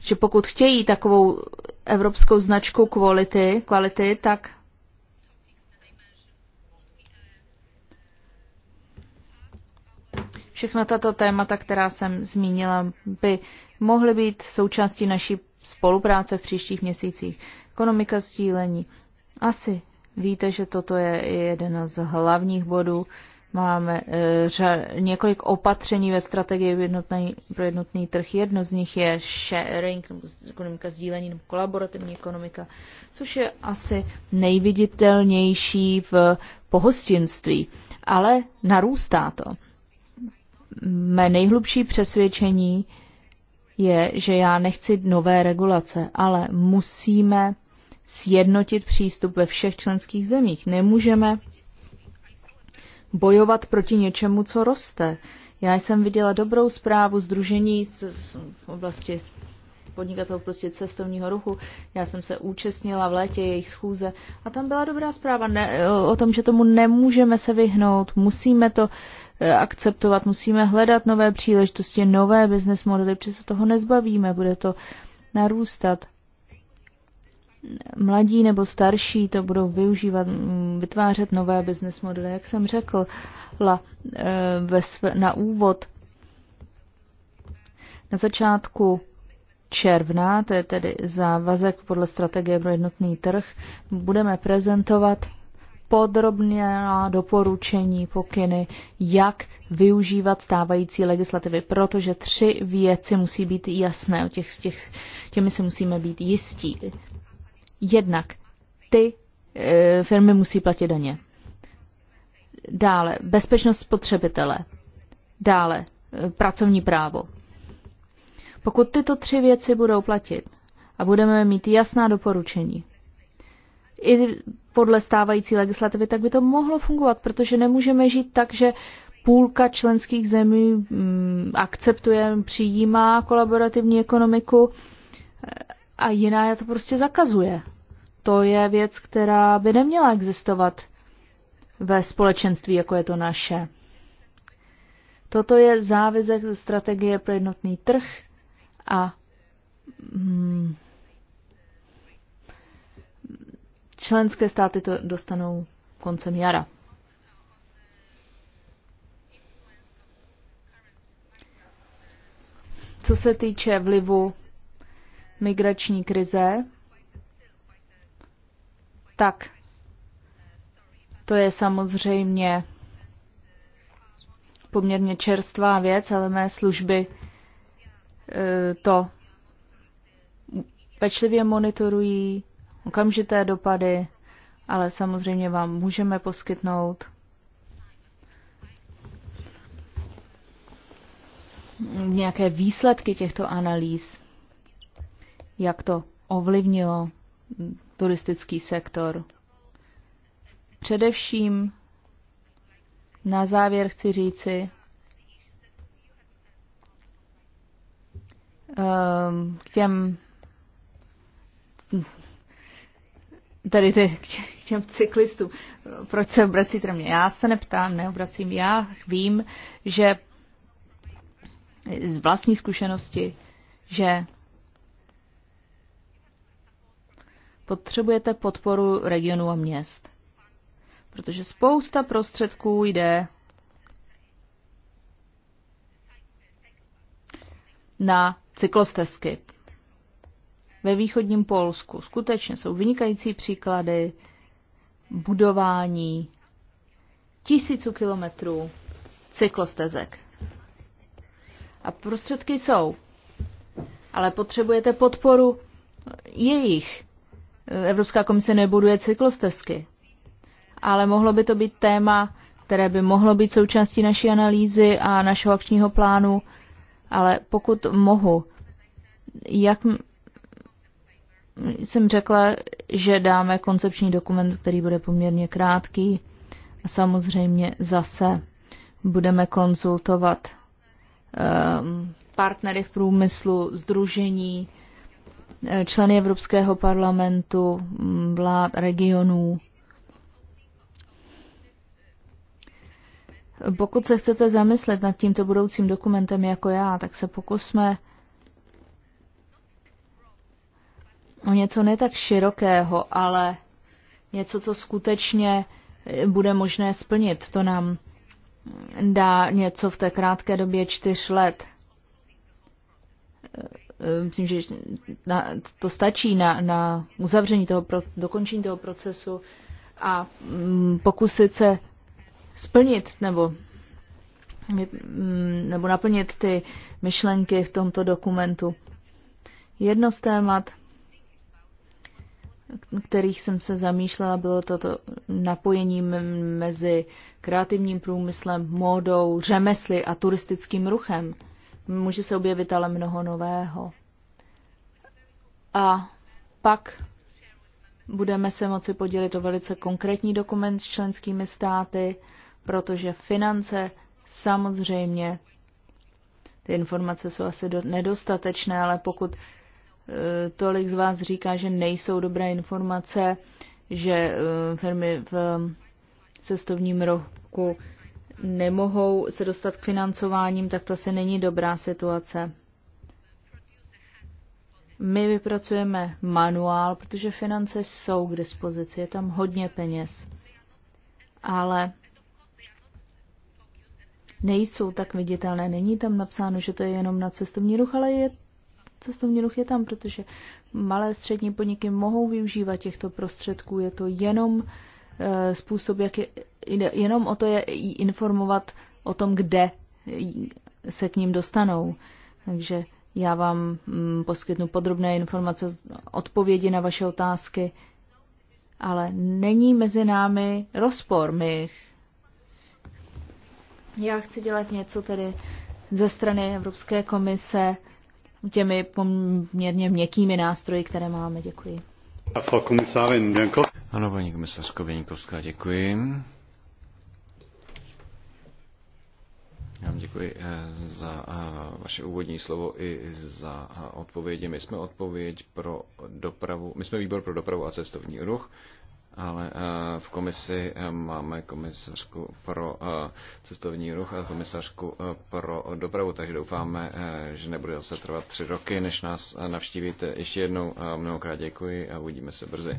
že pokud chtějí takovou evropskou značku kvality, kvality tak všechna tato témata, která jsem zmínila, by mohly být součástí naší spolupráce v příštích měsících, ekonomika sdílení. Asi víte, že toto je jeden z hlavních bodů. Máme eh, řad, několik opatření ve strategii jednotný, pro jednotný trh. Jedno z nich je sharing, nebo ekonomika sdílení, nebo kolaborativní ekonomika, což je asi nejviditelnější v pohostinství, ale narůstá to. Mé nejhlubší přesvědčení je, že já nechci nové regulace, ale musíme sjednotit přístup ve všech členských zemích. Nemůžeme bojovat proti něčemu, co roste. Já jsem viděla dobrou zprávu Združení v oblasti podnikatelů prostě cestovního ruchu. Já jsem se účastnila v létě jejich schůze a tam byla dobrá zpráva ne, o tom, že tomu nemůžeme se vyhnout, musíme to Eh, akceptovat, musíme hledat nové příležitosti, nové business modely, protože se toho nezbavíme, bude to narůstat. Mladí nebo starší to budou využívat, mm, vytvářet nové business modely, jak jsem řekl la, eh, ve své, na úvod. Na začátku června, to je tedy závazek podle strategie pro jednotný trh, budeme prezentovat podrobně doporučení, pokyny, jak využívat stávající legislativy, protože tři věci musí být jasné, o těch, těch, těmi se musíme být jistí. Jednak ty e, firmy musí platit daně. Dále bezpečnost spotřebitele. Dále e, pracovní právo. Pokud tyto tři věci budou platit a budeme mít jasná doporučení, i podle stávající legislativy, tak by to mohlo fungovat, protože nemůžeme žít tak, že půlka členských zemí mm, akceptuje, přijímá kolaborativní ekonomiku eh, a jiná je to prostě zakazuje. To je věc, která by neměla existovat ve společenství, jako je to naše. Toto je závizek ze strategie pro jednotný trh a mm, Členské státy to dostanou koncem jara. Co se týče vlivu migrační krize, tak to je samozřejmě poměrně čerstvá věc, ale mé služby e, to pečlivě monitorují okamžité dopady, ale samozřejmě vám můžeme poskytnout nějaké výsledky těchto analýz, jak to ovlivnilo turistický sektor. Především na závěr chci říci, ehm, k těm tady ty, k těm cyklistům, proč se obracíte na mě? Já se neptám, neobracím. Já vím, že z vlastní zkušenosti, že potřebujete podporu regionu a měst. Protože spousta prostředků jde na cyklostezky, ve východním Polsku. Skutečně jsou vynikající příklady budování tisíců kilometrů cyklostezek. A prostředky jsou, ale potřebujete podporu jejich. Evropská komise nebuduje cyklostezky, ale mohlo by to být téma, které by mohlo být součástí naší analýzy a našeho akčního plánu, ale pokud mohu, jak jsem řekla, že dáme koncepční dokument, který bude poměrně krátký. A samozřejmě zase budeme konzultovat um, partnery v průmyslu, združení, eh, členy Evropského parlamentu, mm, vlád, regionů. Pokud se chcete zamyslet nad tímto budoucím dokumentem jako já, tak se pokusme o no něco ne tak širokého, ale něco, co skutečně eh, bude možné splnit. To nám mm, dá něco v té krátké době čtyř let. Eh, eh, myslím, že to stačí na, na uzavření toho, pro, dokončení toho procesu a mm, pokusit se splnit nebo mm, nebo naplnit ty myšlenky v tomto dokumentu. Jedno z témat, kterých jsem se zamýšlela, bylo toto napojení mezi kreativním průmyslem, módou, řemesly a turistickým ruchem. Může se objevit ale mnoho nového. A pak budeme se moci podělit o velice konkrétní dokument s členskými státy, protože finance samozřejmě ty informace jsou asi nedostatečné, ale pokud Eh, tolik z vás říká, že nejsou dobré informace, že eh, firmy v eh, cestovním roku nemohou se dostat k financováním, tak to asi není dobrá situace. My vypracujeme manuál, protože finance jsou k dispozici, je tam hodně peněz. Ale nejsou tak viditelné. Není tam napsáno, že to je jenom na cestovní ruch, ale je cestovní ruch je tam, protože malé střední podniky mohou využívat těchto prostředků. Je to jenom eh, způsob, jak je, jenom o to je informovat o tom, kde se k ním dostanou. Takže já vám mm, poskytnu podrobné informace, odpovědi na vaše otázky, ale není mezi námi rozpor. My... Já chci dělat něco tedy ze strany Evropské komise, těmi poměrně měkkými nástroji, které máme. Děkuji. Ano, paní komisařko Věnikovská, děkuji. Já vám děkuji eh, za eh, vaše úvodní slovo i za eh, odpovědi. My jsme odpověď pro dopravu, my jsme výbor pro dopravu a cestovní ruch ale eh, v komisi eh, máme komisařku pro eh, cestovní ruch a komisařku pro dopravu, takže doufáme, že nebude zase trvat tři roky, než nás navštívíte. Ještě jednou mnohokrát děkuji a uvidíme se brzy.